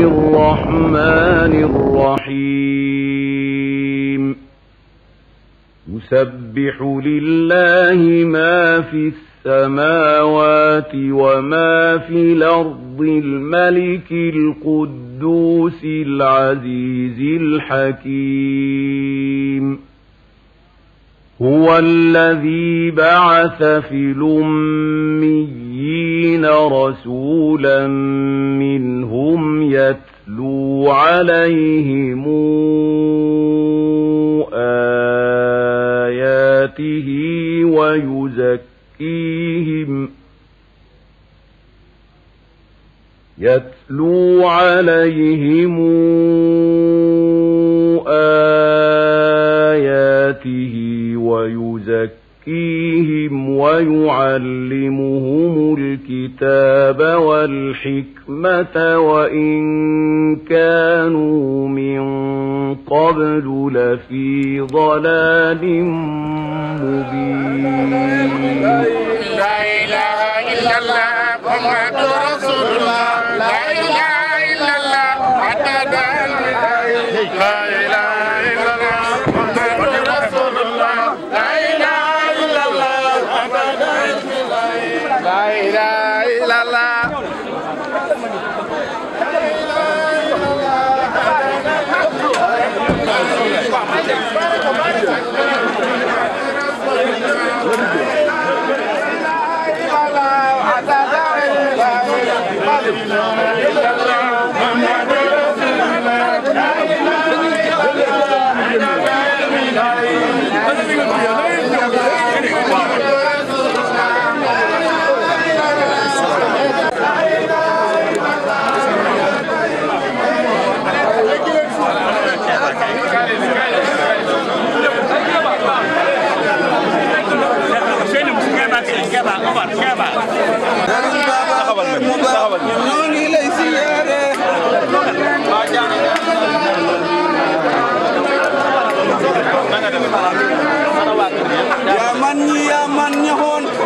الرحمن الرحيم يسبح لله ما في السماوات وما في الأرض الملك القدوس العزيز الحكيم هو الذي بعث في الأمي الْمُرْسَلِينَ رَسُولًا مِنْهُمْ يَتْلُو عَلَيْهِمْ آيَاتِهِ وَيُزَكِّيهِمْ يَتْلُو عَلَيْهِمْ آيَاتِهِ وَيُزَكِّيهِمْ يزكيهم ويعلمهم الكتاب والحكمة وإن كانوا من قبل لفي ضلال مبين لا إله إلا الله محمد رسول الله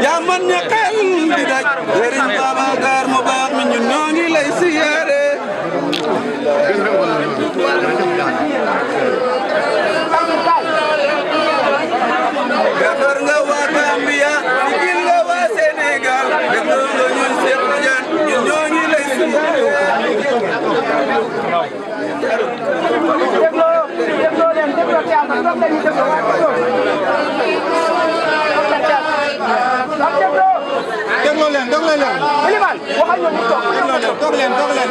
yaa man ña xel di daj Sëriñ Babacar mu baax mi ñun ñoo ngi siyaare gafar nga waa Gambia digil nga waa Sénégal dégloo nga ñun siyaare déglu leen déglu leen. Elimane waxal ñoom ñu toog. déglu leen déglu leen.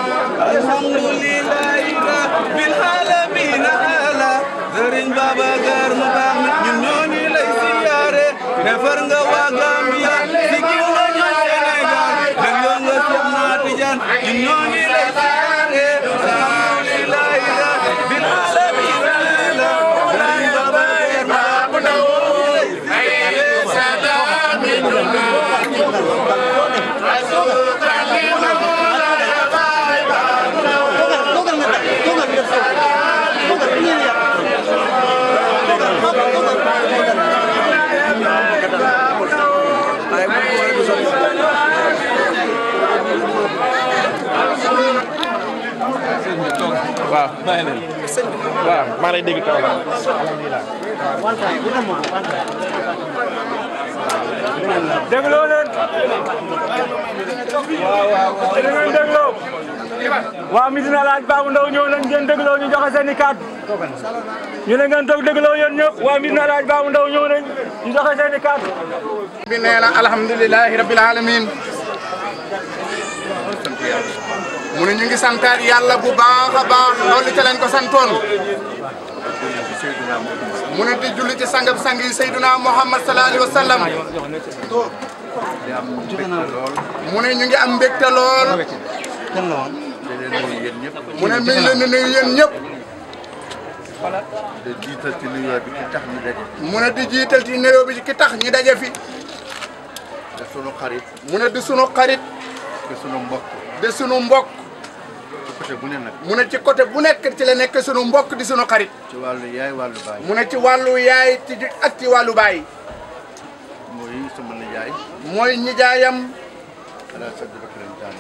alhamdulilahi rabbil alamin ala Serigne Babacar mu baax mi ñun ñoo ni lay siyaare defar nga waa Gambia si kii nga ñu Sénégal déglu nga Cheikh Tidiane ñun ñoo ni lay siyaare waaw maa ngi waaw maa lay dégg taw la alhamdulilah. dégloo leen. waaw waaw. waa Medina laaj Babou Ndao ñëw nañ ngeen dégloo ñu joxe seen i kàddu ñu ne ngeen ñu rabbil alamin mu ñu ngi santaat yàlla bu baax a baax loolu ko santoon mu di julli ci sangam sang yi Seydina Muhammad sallallahu alayhi mu ne mi ngi leen di nuyu yéen ñëpp. di jiital ci nuyoo bi ki tax ñu daje. di jiital ci nuyoo bi ki tax ñu daje fi. de sunu xarit. mu ne di sunu xarit. de sunu mbokk. de sunu mbokk. ci côté bu ne nag. mu ne ci côté bu nekk ci la nekk sunu mbokk di sunu xarit. ci wàllu yaay wàllu baay. mu ne ci wàllu yaay ci ak ci wàllu baay. mooy sama nijaay. mooy nijaayam.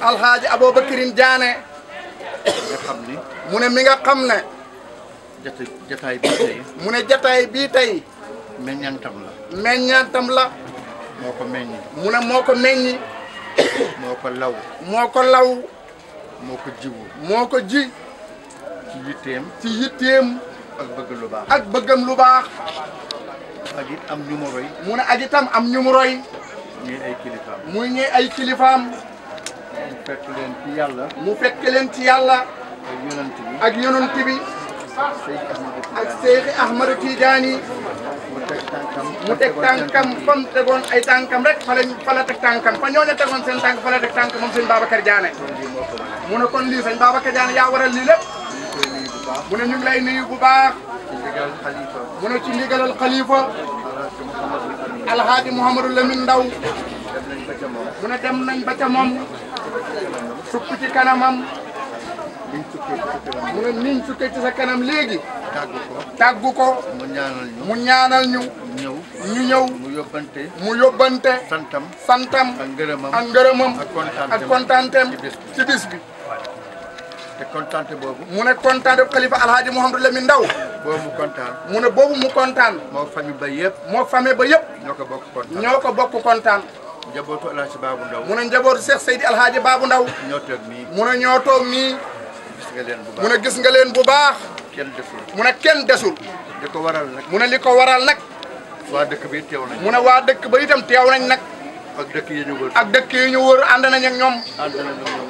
alxaaji Aboubacrine Diané. nga xam ni. mu ne mi nga xam ne. jata jataay bii tey. mu ne jataay bii tey. meññantam la. meññantam la. moo ko meññi. mu ne moo ko meññi. moo ko law. moo ko law. moo ko jiwu. moo ko ji. ci yitteem. ci yitteem. ak bëgg lu baax. ak bëggam lu baax. ak am ñu mu ne ak itam am ñu mu roy. ñuy kilifaam. muy ñuy ay kilifaam. mu fekk leen ci yàlla. mu fekk leen ci yàlla. ak yonent bi ak yonent bi. ak Seydi Ahmad Tidiane. mu teg tànkam mu teg tànkam fa mu tegoon ay tànkam rek fa lañ fa la teg tànkam fa ñooñu tegoon seen tànk fa la teg tànk moom sëñ Babacar Diané. mu ne kon lii sëñ Babacar Diané yaa waral lii lépp. mu ne ñu ngi lay nuyu bu baax. mu ne ci ndigalal xalifa. alhaaji Mouhamadou Lamine Ndaw mu ne dem nañ ba ca moom sukk ci kanamam mu ne niñ sukkee ci sa kanam léegi tàggu ko ko mu ñaanal ñu ñu ñëw mu yóbbante mu yóbbante santam santam ak ngërëmam ak ngërëmam ak ci bis bi boobu mu ne kontaante bu xalifa alhaaji Mouhamadou Lamine Ndaw boobu mu kontaan mu ne boobu mu moo famille ba yëpp ñoo ko bokk kontaan ñoo ko kontaan njabootu alhaaji baabu ndaw mu njabootu Cheikh Seydi alhaaji baabu ndaw ñoo toog nii mu ne ñoo toog nii gis nga leen bu baax mu gis nga leen bu baax kenn desul mu ne kenn desul li ko waral nag mu ne li ko waral nag waa dëkk bi teew nañ mu a waa dëkk ba itam teew nañ nag ak dëkk yi ñu wër ak dëkk yi ñu wër ànd nañ ak ñoom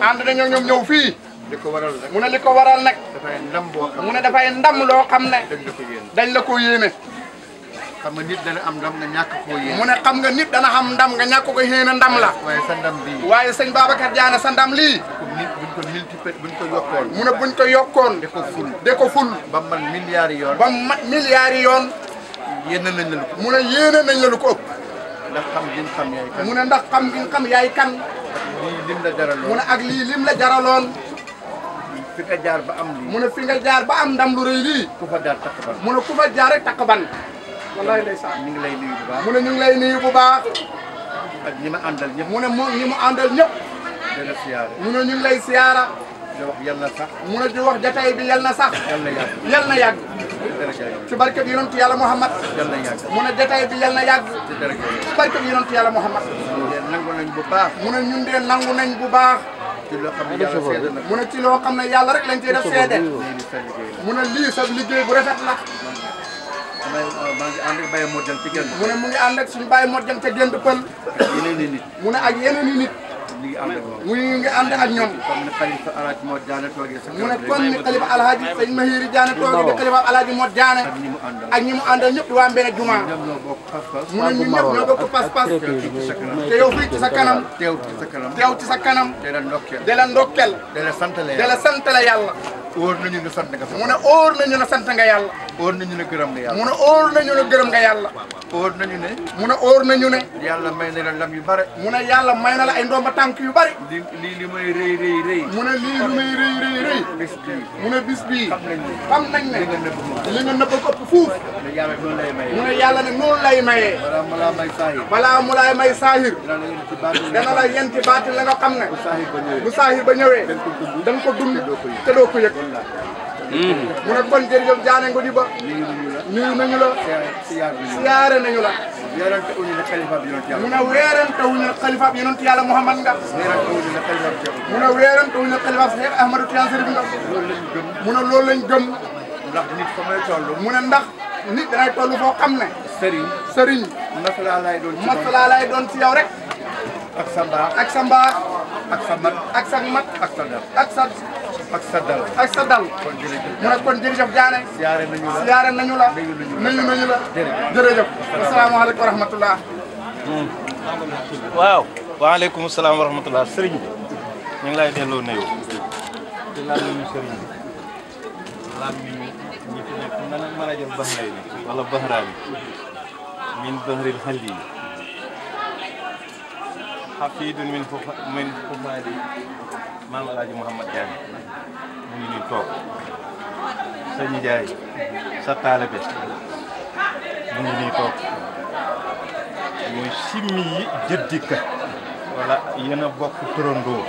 ànd nañ ak ñoom ñëw fii li ko waral nag mu ne li ko waral nag dafay ndam boo xam mu ne dafay ndam loo xam ne dañ la ko dañ la ko yéene xam nga nit dana am ndam nga ñàkk koo yéene. mu ne xam nga nit dana am ndam nga ñàkk ko yéene ndam la. waaye sa ndam lii. waaye sëñ Babacar Diagne sa ndam lii. buñ ko multiplié buñ ko yokkoon. mu ne buñ ko yokkoon. de ko ful de ko ful. ba mu mat milliards yi yoon. ba mu mat milliards yi yoon. yéene nañ la lu ko. mu ne yéene nañ la lu ko ëpp. ndax xam gi xam yaay kan. mu ne ndax xam gi xam yaay kan. lii lim la jaraloon mu ne ak lii lim la jaraloon. fi nga jaar ba am lii. mu ne fi nga jaar ba am ndam lu rëy lii. ku fa jaar takk ban mu ne ku fa jaar rek takk ban wallaay ndeysaan ñu ngi lay nuyu bu baax mu ne ñu ngi lay nuyu bu baax ak ñi ma ñëpp mu ne moom ñi mu àndal ñëpp dana siyaara mu ne ñu ngi lay siyaara di wax yal na sax mu ne di wax jataay bi yal na sax yal na yàgg yal na yàgg ci barke bi yonentu yàlla Muhammad ci barke bi yonentu nañ bu baax mu ne ñun bu baax xam na mu ne ci loo xam ne yàlla rek lañ cee liggéey bu rafet Euh, maa ngi ànd ak Baye Mor Dieng te génn. mu ne mu ngi ànd ak suñu Baye Mor Dieng te génn pël. ak yeneen i nit. mu ne ak yeneen i nit. mi ngi ànd a moom mu a ànd ak ñoom comme ni xalifa alaaji moo jaane toogee Mahiri jaane toogee di xalifa alaaji moo jaane ak ñi mu àndal waa Mbène Juma mu ne ñu ñëpp ñoo pas-pas te yow fii ci kanam teew ci sa kanam teew ci sa kanam da la ndokkel da la ndokkel da la santale da nga mu ne óor nañu ne nga yàlla óor nañu ne gërëm nga yàlla mu ne na la lam yu bare mu la ay ndomba tànk yu bari. li may rëy rëy rëy. mu ne lii lu may rëy rëy rëy. bis bii mu ne bis bii. xam nañ ne li nga nëbb moom nga nëbb ko ëpp fuuf. mu ne yàlla ne noonu lay mayee. mu ne yàlla ne noonu lay mayee. balaa mu laa may saahir. balaa mu laa may saahir. dana la yéen ci la nga xam ne. bu saahir ba ñëwee. bu saahir ba ñëwee. da nga ko dund te doo ko yëg. mu ne kon jërëjëf jaane ngodi ba nuyu nañu la siyaare nañu la weerante wuñu ne xalifa bi yonent yàlla mu ne weerante wuñu ne xalifa bi yonent yàlla Muhammad nga mu ne weerante wuñu ne xalifa bi Cheikh Ahmadou Tidiane Chérif nga mu ne loolu lañ ndax nit fa may toll mu na ndax nit danay toll foo xam ne sëriñ sëriñ masalaa lay doon ci yow rek ak sa mbaax ak sa mbaax ak sa mat ak sa mat ak sa dal ak sa ak sa dal ak sa dal kon jërëjëf mu ne kon jërëjëf Diané siyaare nañu la siyaare nañu la nañu nañu la jërëjëf asalaamaaleykum wa rahmatullah hmm. waaw waaleykum salaam wa rahmatullah sëriñ bi ñu ngi lay delloo nuyoo di laaj ñu sëriñ bi laaj ñu ñi fi nekk nan mën a jël baxray bi wala baxraa bi min baxril xalli yi hafidun min fof min fofadi mam alaji mouhamad diagne mu ngi ni toog sañi jaay sa taalibe mu ngi ni toog muy simmi yi wala yéen a bokk turandoo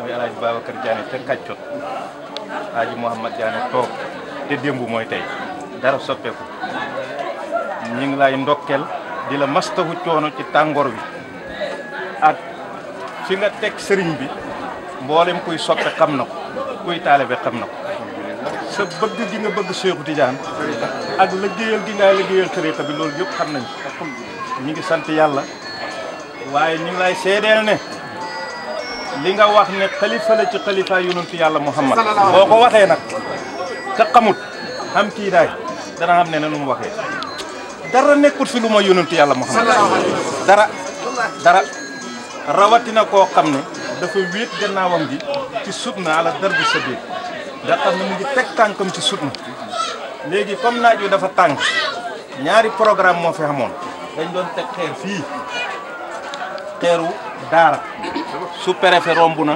muy alaji babacar diagne te kaccot alaji mouhamad diagne toog te démb mooy tey dara soppeeku ñu ngi lay ndokkel di la mastawu coono ci tàngoor bi at ci nga teg sëriñ bi mboolem kuy soppe xam na ko kuy taalibe xam na ko sa bëgg gi nga bëgg Seexu Tijaan ak liggéeyal gi nga liggéeyal tariixa loolu yëpp xam nañ ko ñu ngi sant yàlla waaye ñu ngi lay seedeel ne li nga wax ne xalifa la ci xalifa yonentu yàlla Muhammad boo ko waxee nag ka xamut xam kii daay dana xam ne ne nu mu waxee dara nekkut fi lu ma yonentu yàlla Muhammad dara dara rawatina koo xam ne dafa wéet gannaawam gi ci sutna ala darbu sa biir nga xam ne mu ngi teg tànkam ci sutna léegi comme naaj wi dafa tànk ñaari programme moo fi amoon dañ doon teg xeer fii xeeru daara su préfet romb na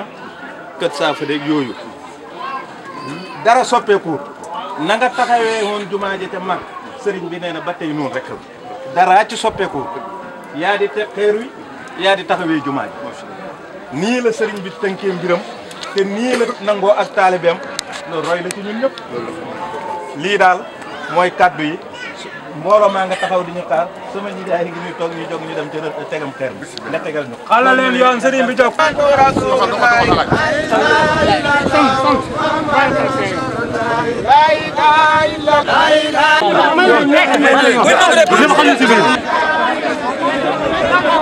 kët saa dégg yooyu dara soppeeku na nga taxawee woon jumaa ji te sëriñ bi nee na ba tey noonu rek la daraa ci yaa di teg xeer wi yaa di taxawee jumaa ji nii la sëriñ bi tënkee mbiram te nii la nangoo ak taalibeem loolu roy la ci ñun ñëpp lii daal mooy kàddu yi mbooloo maa nga taxaw di ñu xaar sama nijaay ngi ñuy toog ñu jóg ñu dem jël tegam xeer bi nga tegal ñu xala leen yoon sëriñ bi jóg lay lay lay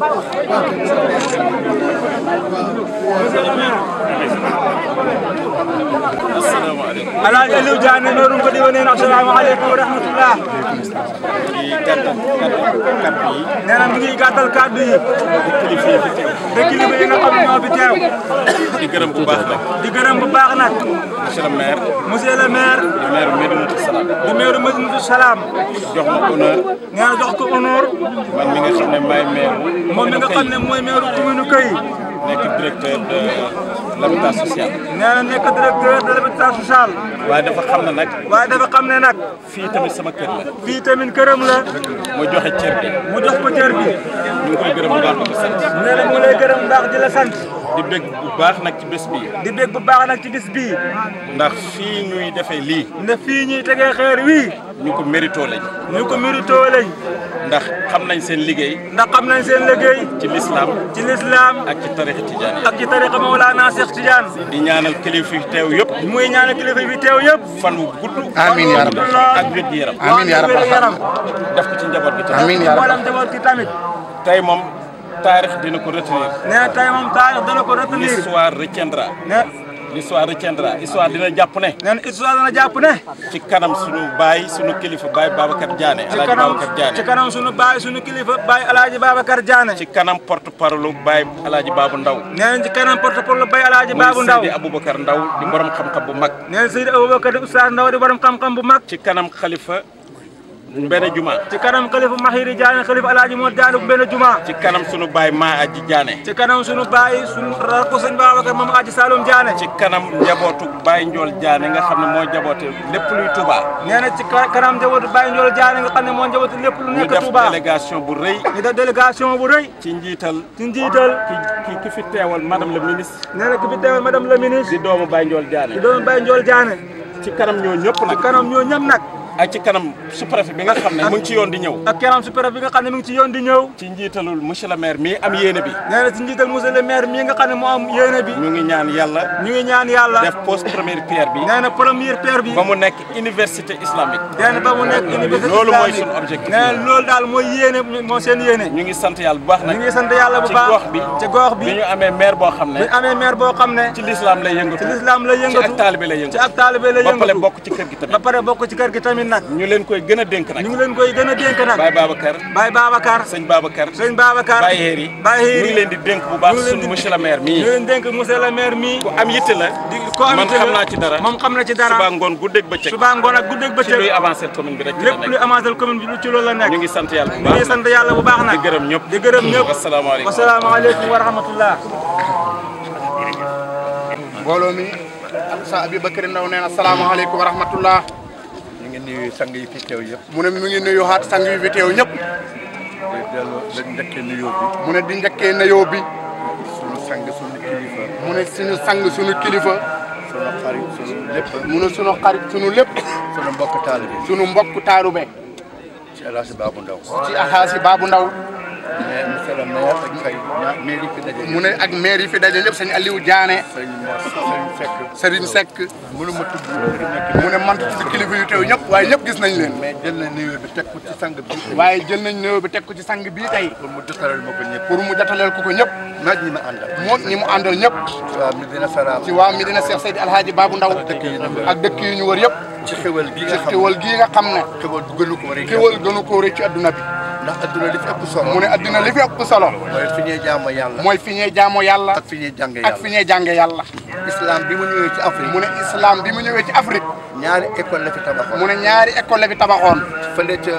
Thank you. alaaji Aliou Diané Noor nga di wane ne asalaamaaleykum wa rahmatulah. di gàttal kàddu yi. nee na mi ngi gàttal kàddu yi. di kilifa yi fi teew. di kilifa yi nga xam ne ñoo fi teew. di gërëm bu baax nag. di gërëm bu baax nag. monsieur le maire. monsieur le maire. di maire Médinatoul Salam. di maire Médinatoul Salam. jox ma honneur. nee na jox ko honneur. man mi nga xam ne maay maire. moom mi nga xam ne mooy maire commune Kay. nekk directeur de l' habitat social. nee na nekk directeur de l' habitat social. waaye dafa xam ne nag. waaye dafa xam ne nag. fii tamit sama kër la. fii tamit këram la. mu joxe cër bi. mu jox ko cër bi. ñu ngi koy gërëm bu baax di ko sant. nee na mu ngi lay gërëm baax di la sant. di bég bu baax nag ci bés bii. di bég bu baax nag ci bés bii. ndax fii ñuy defee lii. ndax fii ñuy tegee xeer wii. ñu ko mérito lañ. ñu ko mérito lañ. ndax xam nañ seen liggéey. ndax xam nañ seen liggéey. ci lislaam ci lislaam ak ci tarixa tijaan yi. ak ci tarixa Mawlana Cheikh Tidiane. di ñaanal kilifa yi teew yëpp. muy ñaanal kilifa yi teew yëpp. fan wu gudd. amiin yaa rabbi ak wér yaram. amiin yaa rabbi yaram. def ci njaboot gi tamit. amiin yaa rabbi tamit. tey moom taarix dina ko retenir. nee na tey taarix dina ko retenir. l'histoire retiendra. l'histoire retiendra histoire dina jàpp ne. nee na histoire dina jàpp ne. ci kanam sunu baay sunu kilifa baay Babacar Diané. ci kanam ci kanam sunu baay sunu kilifa baay El Hadj Babacar Diané. ci kanam porte parole baay El Hadj Babou Ndaw. nee na ci kanam porte parole baay El Hadj Babou Ndaw. muy Seydi Aboubacar Ndaw di borom xam-xam bu mag. nee na Seydi Aboubacar di Oustaz Ndaw di borom xam-xam bu mag. ci kanam xalifa. duñu benn juma. ci kanam xalifu Mahiri Diané xalifu alaaji moo Diané bu benn juma. ci kanam sunu baay maa aji Diané. ci kanam sunu baay sunu rakku sëñ Babacar moom aji Saloum Diané. ci kanam njabootu Baye Ndiol Diané nga xam ne moo njaboote lépp luy Touba. nee na ci kanam njabootu Baye Ndiol Diané nga xam ne moo njabootu lépp lu nekk Touba. ñu def délégation bu rëy. ñu def délégation bu rëy. ci njiital. ci njiital ki ki fi teewal madame la ministre. nee na ki fi teewal madame la ministre. di doomu Baye Ndiol Diané. di doomu Baye Ndiol Diané. ci kanam ñoo ñëpp nag. ci kanam ñoo ñëpp nag ak ci kanam sous bi nga xam ne mu ci yoon di ñëw ak kanam mu ngi ci yoon di am yéene bi nee ci njiital monsieur le maire mii nga am yéene bi ñu ngi ñaan yàlla ñu ngi ñaan def pose première pierre bi nee na pierre bi mu nekk université islamique nee ba mu nekk université islamique loolu mooy suñu objectif nee loolu daal mooy yéene moo seen yéene ñu ngi sant yàlla bu baax nag ñu ngi sant yàlla bu baax ci ci gox bi bi ñu amee maire boo xam ne ci l'islam lay yëngatu nag ñu leen koy gën a dénk nag ñu leen koy gën a dénk nag Baye Babacar Baye Babacar sëñ Babacar sëñ Babacar Baye leen di dénk bu baax suñu monsieur le maire mii ñu leen am yitte la ku am yitte naa ci dara moom xam na ci dara suba ngoon guddeeg bëccëg suba ngoon ak guddeeg bëccëg ci luy avancé commune bi rek lépp luy avancé commune bi lu ci loolu la nekk ñu ngi sant yàlla bu baax ñu ngi sant yàlla bu baax nag di gërëm ñëpp di gërëm ñëpp asalaamaaleykum asalaamaaleykum wa rahmatullah mbooloo mi sa Abibakar Ndaw nee na salaamaaleykum wa ngi nuyu sang yi fi teew yëpp. mu ne mi ngi nuyu sang yi bi. mu ne di bi. sang suñu kilifa. mu ne kilifa. xarit suñu lépp. mu ne suñu xarit suñu lépp. suñu mbokk taalibe. suñu mbokk taalibe. ci alaasi baabu ndaw. ci alaasi ndaw. mu ne ak maire yi fi daje ñëpp sëñ Aliou Diané. Serigne Seck. mënuma tudd mu ne man tudd kilifa yu teew waaye ñëpp gis nañ leen. mais jël nañ néew bi teg ko ci sang bi. waaye jël nañ néew bi teg ko ci sang bii tey. pour mu jotaleel ma ko ñëpp. pour mu ko ko ñëpp. naaj ñi ma àndal. moom ñi mu àndal ñëpp. ci waa Medina Saraba. ci waa Medina Cheikh Seydi Alhaji Babou Ndaw. ak dëkk yi ñu wër yëpp. ci xewal gi nga xam ne ci xewal gi nga xam ne. xewal gënu ko rëy xewal gënu ko rëy ci adduna bi. ndax adduna li fi ëpp solo. mu ne adduna li fi ëpp solo. mooy fi ñuy jaamoo yàlla. mooy fi ñuy jaamoo yàlla. ak fi ñuy jàngee yàlla ak fi ñuy jàngee yàlla. islam bi mu ñëwee ci Afrique. mu ne islam bi mu ñëwee ci Afrique. ñaari école la fi tabaxoon. mu ne ñaari école la fi tabaxoon. fële ca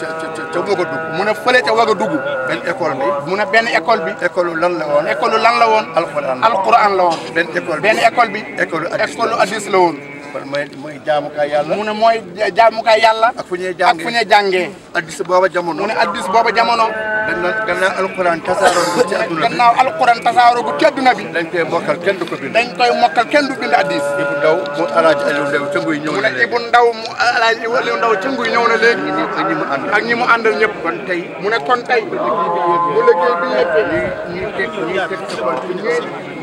ca ca ca Ouagadougou. mu ne fële ca Ouagadougou. benn école bi. mu ne benn école bi. école lan la woon. école lan la woon. alquran la woon alquran la woon. benn école bi benn école bi. école hadis la woon kon mooy mooy jaamukaay yàlla. mu ne mooy jaamukaay yàlla. ak fu ñuy jàngee ak fu ñuy jàngee. addis booba jamono mu ne addis booba jamono. gannaaw gannaaw alquran tasaaroo gu ci adduna bi gannaaw alquran tasaaroo gu ci adduna bi. dañ koy mokkal kenn du ko bind. dañ koy mokkal kenn du bind addis. Ibou Ndaw mu alaaji Aliou Ndaw cënguy ñëw na léegi mu ne Ibou Ndaw mu alaaji Aliou Ndaw cënguy ñëw na léegi. mu àndal ñëpp. kon tey mu ne kon tey.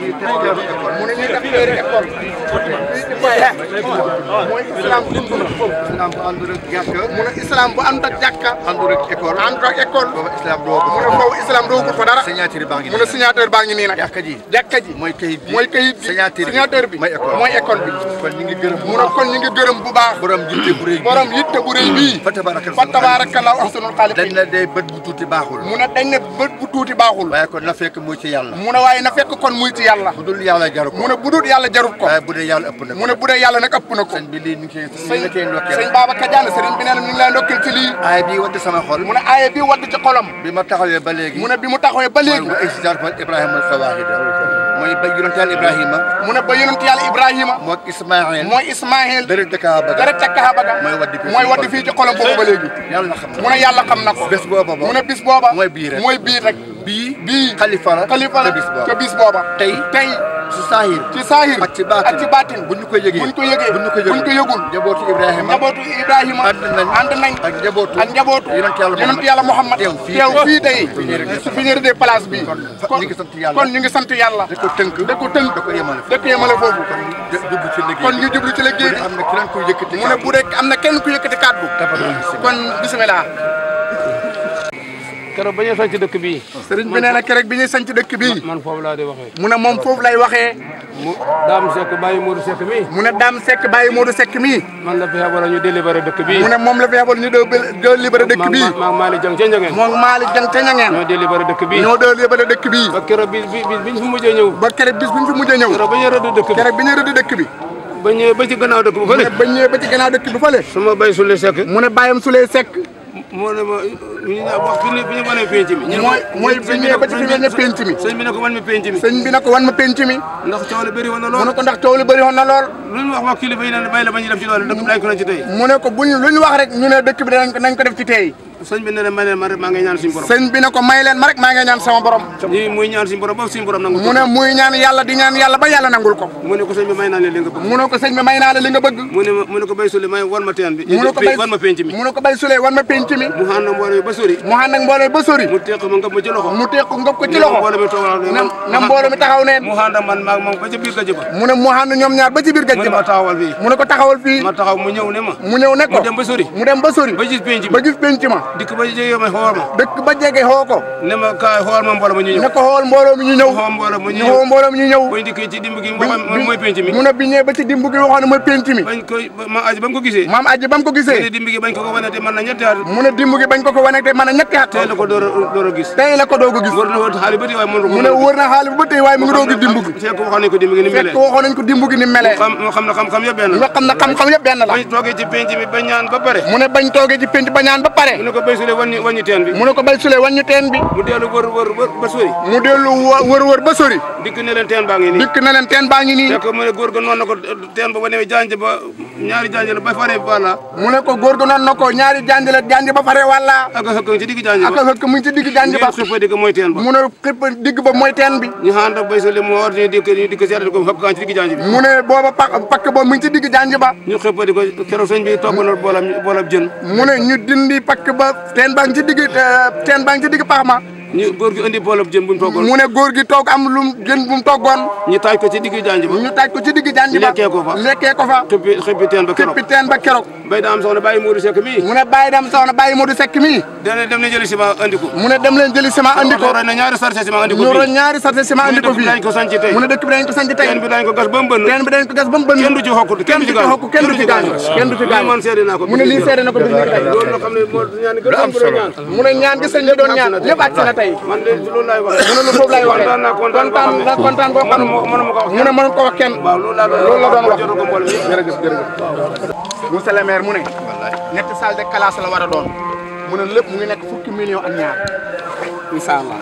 mu ne ñuy a heure école mooy a bu dund islam bu àndul ak jàkka mu ne islam bu ànd ak jàkka àndul ak école àndul ak école boobu islam doo ko mu ne boobu islam fa dara signature baa ngi mu ne signature baa ngi nii nag jàkka ji jàkka ji mooy kayit bi mooy kayit bi signature bi mooy école ñu ngi gërëm mu ne kon ñu ngi gërëm bu baax borom yitte bu rëy borom yitte bu rëy bii fa tabarakallahu ahsanul xaaliqiin dañ ne day bët bu tuuti baaxul mu ne dañ ne bët bu tuuti baaxul waaye kon na fekk muy ci yàlla mu ne waaye na fekk kon muy ci yàlla bu dul yàlla jaru ko mu ne bu dul yàlla jarut ko waaye bu dee yàlla ëpp na ko mu ne bu dee yàlla nag ëpp na ko sëñ bi lii ñu koy sëñ sëñ Baba Kadiane sëriñ bi nee na ñu ngi lay ndokkeel ci lii aaya bi wadd sama xol mu ne aaya bi wadd ci xolam bi ma taxawee ba léegi mu ne bi mu taxawee ba léegi wa exidar Ibrahima sawahida mooy ba yonent yàlla Ibrahima. mu ne ba yonent yàlla Ibrahima. mooy Ismaël. mooy Ismaël. dara takka baga dara takka baga. mooy waddi fii ci mooy waddi fii ci xolam boobu ba léegi. yàlla xam na mu ne yàlla xam na ko. bés booba ba mu ne bés booba. mooy bii rek mooy bii rek. bii bii xalifa la xalifa la ca bis booba tey tey ci saahir ci saahir ak ci baatin ak ci baatin buñ ñu ko yëgee buñ ko yëgee buñ ko yëgul buñ ko yëgul njabootu Ibrahima njabootu Ibrahima ànd nañ ànd nañ ak njabootu ak njabootu yonent yàlla Muhammad teew fii teew fii tey su fi ñu rëddee place bi kon ñu ngi sant yàlla kon ñu ngi sant yàlla da ko tënk da ko tënk da ko yemale da ko yemale foofu kon ñu jublu ci liggéey bi am na kenn ku yëkkati mu ne bu rek am na kenn ku yëkkati kàddu kon bismillah keroog ba ñuy sanc dëkk bii sëriñ bi nee na keroog bi ñuy sanc dëkk bii man foofu laa di waxee mu ne moom foofu lay waxee mu daam sekk bàyyi Modou Seck mii mu daam sekk bàyyi Modou Seck mii man la fi xebal ñu délibéré dëkk bii mu ne moom la fi xebal dëkk bii maa maali jang ca njangeen maali jang ca njangeen ñoo délibéré dëkk bii ñoo délibéré dëkk bii ba keroog bis bi biñ fi mujjee ñëw ba keroog bis biñ fi mujjee ñëw keroog ba ñuy rëdd dëkk bi keroog bi ñuy dëkk bi ba ñëwee bay sulee sekk moo ne ma ñu naan wax bi ñu wane penc mooy mooy bi ñu ne ba ci ko wan ma penc mi. sëñ ko wan ma penc mi. ndax coow li bëri woon lool. mu ko ndax coow li bëri woon na lool. lu ñu wax wax kilifa yi naan bàyyi la ba ñu dem ko doon ci lu ñu wax rek ñu ne dëkk bi danañ nañ ko def ci tey. sëñ bi ne leen may leen ma rek maa ngi ñaan suñu borom sëñ bi ne ko may leen ma rek maa ngi ñaan sama borom ñi muy ñaan suñu borom ba suñu borom nangul mu ne muy ñaan yàlla di ñaan yàlla ba yàlla nangul ko mu ne ko sëñ bi may naa leen li nga bëgg mu ne ko sëñ bi may naa la li nga bëgg mu ne mu ne ko bay sule may wan ma teen bi wan ma penc mi mu ne ko bay sule wan ma penc mi mu xànd ak mbooloo ba sori mu xànd ak mbooloo ba sori mu teeq ma ngëb ma ci loxo mu teeq ngëb ko ci loxo na mbooloo mi taxaw neen mu xànd ak man maag moom ba ci biir gajj ba mu ne mu xànd ñoom ñaar ba ci biir gajj ba taxawal fii mu ne ko taxawal fii ma taxaw mu ñëw ne ma mu ñëw ne ko mu dem ba sori mu dem ba sori ba gis penc ma ba gis penc ma dëkk ba jege ma xool ma dëkk ba jege xoo ko ne ma kaay xool ma mbooloo mi ñu ñëw ne ko xool mbooloo mi ñu ñëw xool mbooloo mi ñu ñëw xool mbooloo mi ñu ñëw bañ dikkee ci dimb gi mooy penc mi mu ne bi ñëwee ba ci dimb gi waxoon ne mooy penc mi bañ ko maam aji ba mu ko gisee maam aji ba mu ko gisee mu ne dimb gi bañ ko ko wanete mën na ñetti at mu ne dimb gi bañ ko ko wanete mën na ñetti at tey la ko door a gis tey la ko doog a gis wër na xaalis ba tey waaye mënu ko mu ne wër na xaalis ba tey waaye mu ngi doog a dimb gi fekk waxoon nañ ko dimb gi ni melee fekk waxoon nañ ko dimb gi ni melee moo xam na xam-xam yëpp benn la moo xam na xam-xam yëpp benn la bañ toogee ci penc mi ba ñaan ba pare mu ne bañ toogee ci penc ba ñaan ba pare ko bay sule waññi waññi teen bi mu ko bay sule teen bi mu dellu wër wër ba sori mu wër wër ba dikk ne teen baa ngi nii dikk ne teen baa ngi nii ñaari janj la ba fare walla ko góor ga noonu na ñaari janj la janj ba walla ak a a ngi ci digg janj ba xippa xippa digg ba teen ba ñu xippa di ko keroog bi togg na jën mu ñu dindi pakk ba teen baa ngi ci digg eh, teen baa ngi ci pax ma ñu góor gi indi boolab jën bu mu toggoon ne góor gi toog am lum jën bu mu toggoon ñu taaj ko ci digg janj ba ñu taaj ko ci digg janj ba lekkee ko fa lekkee ko fa xëppi teen ba keroog teen ba keroog bay daam soxna bàyyi Modou Seck mii mu ne bàyyi soxna bàyyi Modou Seck mii dana dem leen jëli ciment andi ko dem leen jëli ciment andi ko ñu ñaari sarse ciment andi ko ñu ñaari sarse ciment andi ko fii dañ bi dañ ko sanc tey teen bi dañ ko gas ba mu bënn bi dañ ko gas ba mu bënn du ci xokku kenn du ci xokku kenn du ci gaañu kenn du ci gaañu man seede naa ko mu ne lii seede na ni tey loolu loo xam ne ñaan gën a doon ñaan ñaan gi doon ñaan na man de wax lu wax na xam wax la doon wax mu ne. wallaay ñetti de classe a doon. mu ne lépp mu ngi nekk fukki million ak ñaar. incha allah.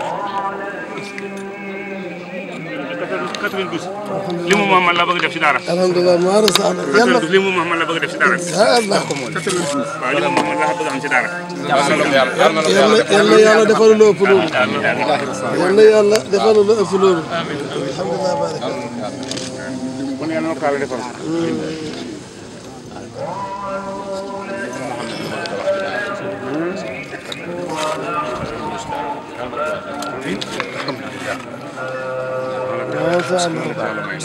92 li mu Mouhamad la bëgg def ci daara. alhamdulilah maa rasa am. yàlla li mu Mouhamad la bëgg def ci daara. alhamdulilah waaw li mu Mouhamad la bëgg am ci daara. yàlla yàlla defal lu ëpp loolu. yàlla yàlla defal lu ëpp loolu. alhamdulilah. mën nga mën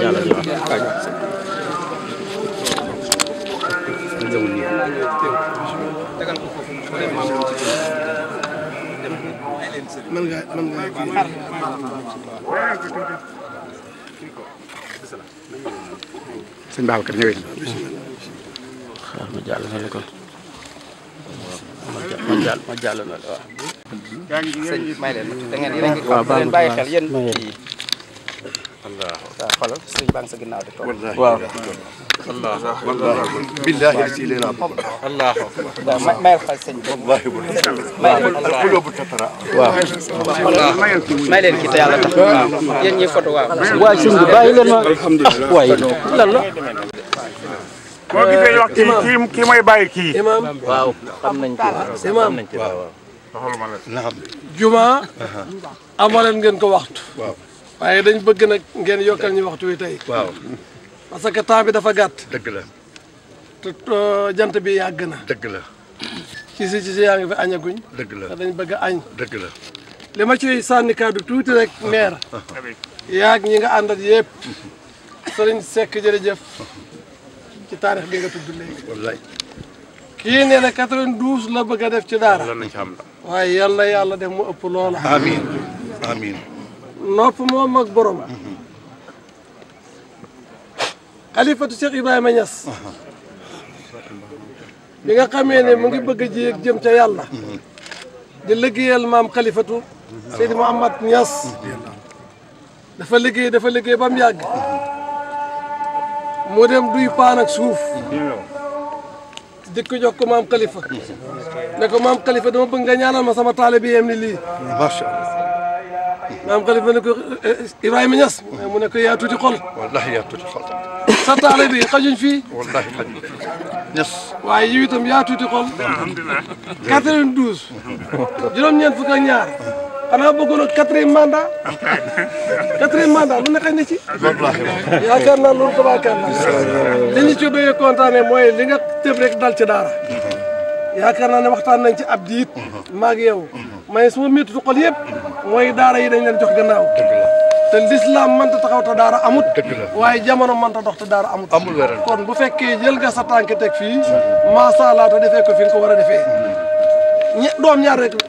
nga sëñ Babacar ñëwee xaar ma jàll ma jàll ma jàll loolu waaw. sëñ bi may leen da ngeen yéen a ngi xam ngeen bàyyi xel yéen kii yi. waaw xoolal sëñ baa ngi sa ginnaaw di toog. waaw. billahi la si leen am. allah waaw mayal xel sëñ bi. may leen waaw may leen kii te yàlla tax. waaw yéen ñii photo waaw. waaw sëñ bi bàyyi leen ma ah waay lan la. koo gisee wax kii kii kii mooy bàyyi kii. imam waaw xam nañ ci waaw xam nañ ci waaw. juma. amaloon ngeen ko waxtu. waaw waaye dañ bëgg nag ngeen yokkal ñu waxtu wi tey. waaw parce que temps bi dafa gàtt. dëgg la. te jant bi yàgg na. dëgg la. ci si ci si yaa añaguñ. dëgg la dañ bëgg añ. dëgg la. li ma ciy sànni tuuti rek maire. yaag ñi nga àndat yëpp. Sëriñ Seck jërëjëf. ci taarix bi nga tudd kii nee na 92 la bëgg a def ci daara. lañ ci am waaye yal na yàlla def mu ëpp loola. amiin amiin. nopp moom ak borom. Mhm. xalifatu Cheikh Ibrahima Niass. Mhm. bi nga xamee ne mu ngi bëgg a jéeg jëm ca yàlla. Mhm. di liggéeyal maam xalifatu Seydi Mouhamad Niass. dafa liggéey dafa liggéey ba mu mu dem duy paan ak suuf di ko jox ko maam kalifa ne ko maam Khalifa dama bëgg nga ñaanal ma sama taale bi yem ni lii macha allah maam Khalifa ne ko eh, Ibrahima Niass mu ne ko yaa tuuti xol wallahi yaa tuuti xol sa taale bi xajuñ fii wallahi xajuñ fii Niass waaye yow yaa tuuti xol alhamdulilah 92 juróom-ñeent fukk ñaar xanaa bëggoon na quatrième mandat. quatrième mandat lu ne xëy na ci. yaakaar naa loolu tabaakaar naa. li ñu ci bëggee kontaanee mooy li nga tëb dal ci daara. yaakaar naa ne waxtaan nañ ci ab diit. maag yow may suma méttiitu xol yëpp. mooy daara yi dañ leen jox gannaaw. te lislaam mënta taxaw te daara amut. waaye jamono ta dox te daara amut. amul kon bu fekkee jël nga sa tànk teg fii. macha allah te defee ko fi nga war a defee. ñe doom ñaar rek.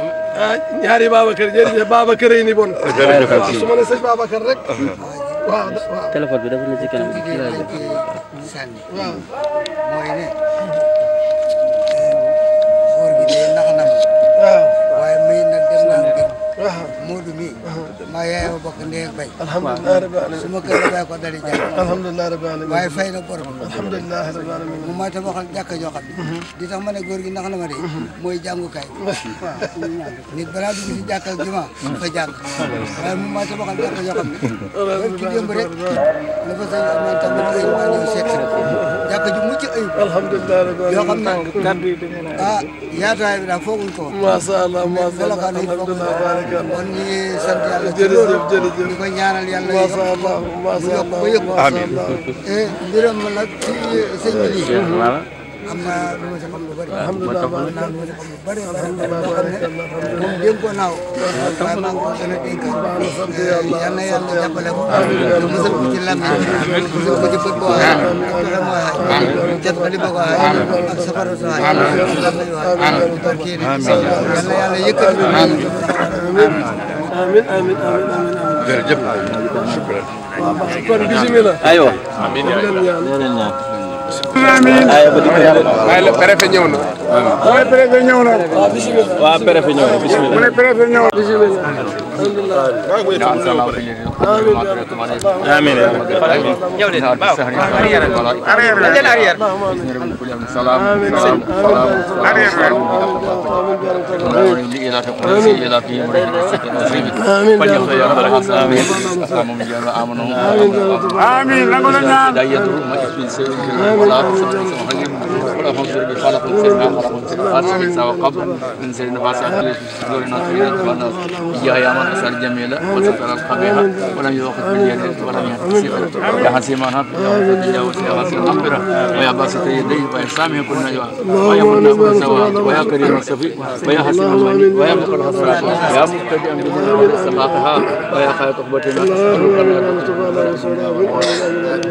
ah ñaari Babacar jërëjëf Babacar yi ni bon. jërëjëf waaw ah, su ma ne sëñ Babacar rek. Ah. waaw waaw téléphone bi dafa na ci kanam. sànni. waaw mooy ne. góor gi de nax na ma. waaw waaye may nag dem naa kër. waaw Modou mii. maa yaayoo bokk ndee ak bay. alhamdulilah rabbil alamin suma kër a bàyyi ko dari jàpp. alhamdulilah rabbil fay na borom. alhamdulilah rabbil alamin mu ma tabaxal jàkka joo xam ne. Mhm. di tax ma ne góor gi ndax na ma de. Mhm. mooy jàngukaay. waaw nit balaa dugg si jàkka ak juma. fa jàng waaye mu ma tabaxal jàkka joo xam ne. alhamdulilah ki démb rek. la fa sëñ Ousmane tam ma tëjee maa ñëw seet si. jàkka ju mucc ayib. alhamdulilah rabbil yaataay bi daal fooguñ ko woon. macha allah macha allah alhamdulilah baraka allah kon ñu ngi sant yàlla. jërëjëf jërëjëf ñu ko ñaanal yàlla yëpp. macha allah macha allah yokk ba yëpp. amiin mbiram nag ci sëñ bi lii. am naa lu ma si xam lu bëri. alhamdulilah am naa lu ma si xam lu bëri. alhamdulilah loo xam ne moom dénkoo naa ko. waaw maa ngi ko gën a dénkaat. yal na yàlla jàppale ko. musal ko ci làmmiñ. musal ko ci bët boo waay. ak lam waay. jot ko li bëgg waay. ak safara sa waay. lam lay waay. kii nii yal na yàlla yëkkati ko. amiin amiin amiin amiin jërëjëf. waaw kon bisimilah. aywa. amiin yaa ngi leen ñaan. amiin waaye le préfet ñëw na. waaw préfet ñëw na. waaw bisimilah waaw préfet ñëw na bisimilah. mu ne préfet ñëw na bisimilah. آمين آمين آمين آمين آمين كلها فانظر بي خلق سيدنا خلق سيدنا سيدنا وقبر من سيدنا فاسع خلق سيدنا طويلا خلاص يا يا من أسر جميلة وستر القبيحة ولم يؤخذ باليد ولم يحتسب يا حسيمانها تجاوز يا غسل أمبرة ويا باسط يديه ويا سامي كل نجوى ويا من كل سواد ويا كريم الصفي ويا حسيم المني ويا مقر حسرات يا مبتدئ من سخاطها ويا خيط قبتنا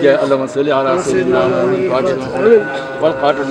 يا اللهم صل على سيدنا والقاتل والقاتل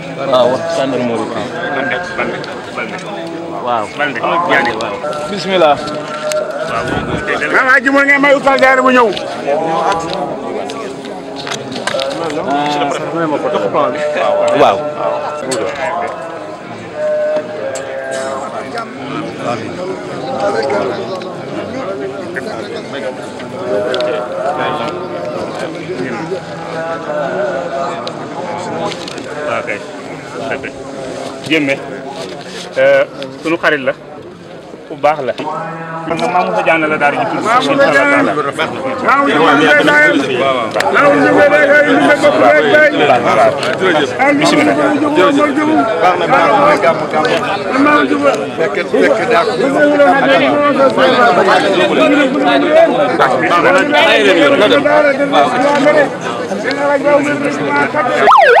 Ah, wow, gendarmerie waaw bismillah xamante jémme euh, suñu xarit la bu baax la. kon nag maa Moussa Diagne la daal di tudd. waaw Moussa Diagne la baax na. waaw ñu ngi lay laaj. waaw waaw ñu ngi lay laaj ñu ngi bokk rek bay. waaw jërëjëf. bisimilah jërëjëf. baax na baax na gàmm gàmm. fekk fekk daa ko. waaw waaw waaw.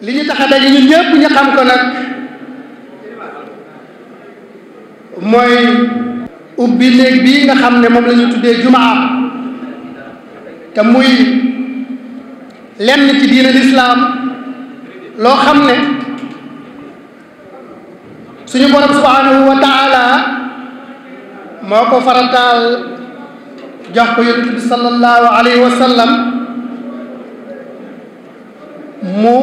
li ñu tax a daje ñun ñëpp ñu xam ko nag mooy ubbi néeg bii nga xam ne moom la ñu tuddee jumaa te muy lenn ci diine lislaam loo xam ne suñu borom subhanahu wa taala moo ko farataal jox ko yonent bi sallallahu mu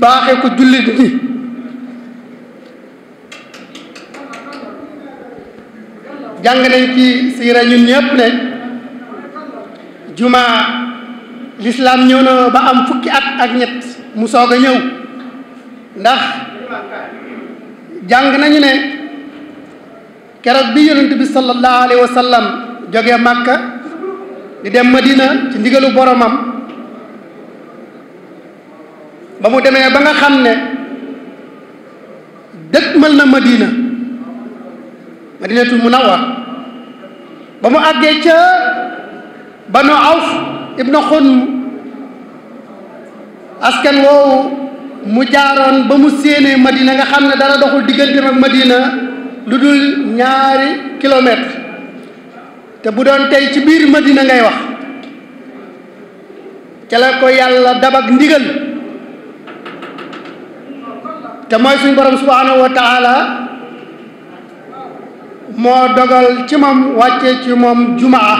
baaxe ko jullit ñi jàng nañ ci siira ñun ñëpp ne juma lislaam ñëw na ba am fukki at ak ñett mu soog a ñëw ndax jàng nañu ne keroog bi yonent bi sallallahu alayhi wa sallam jógee màkka di dem madina ci ndigalu boromam ba mu demee ba nga xam ne dëkkmal na madina madinatul munawwar ba mu àggee ca banu awf ibnu xunm askan woowu mu jaaroon ba mu séenee madina nga xam ne dara doxul diggante ak madina lu dul ñaari kilomètre te bu doon tey ci biir madina ngay wax ca la ko yàlla dabak ndigal te mooy suñ borom subhanahu wa taala moo dogal ci moom wàcce ci moom jumaa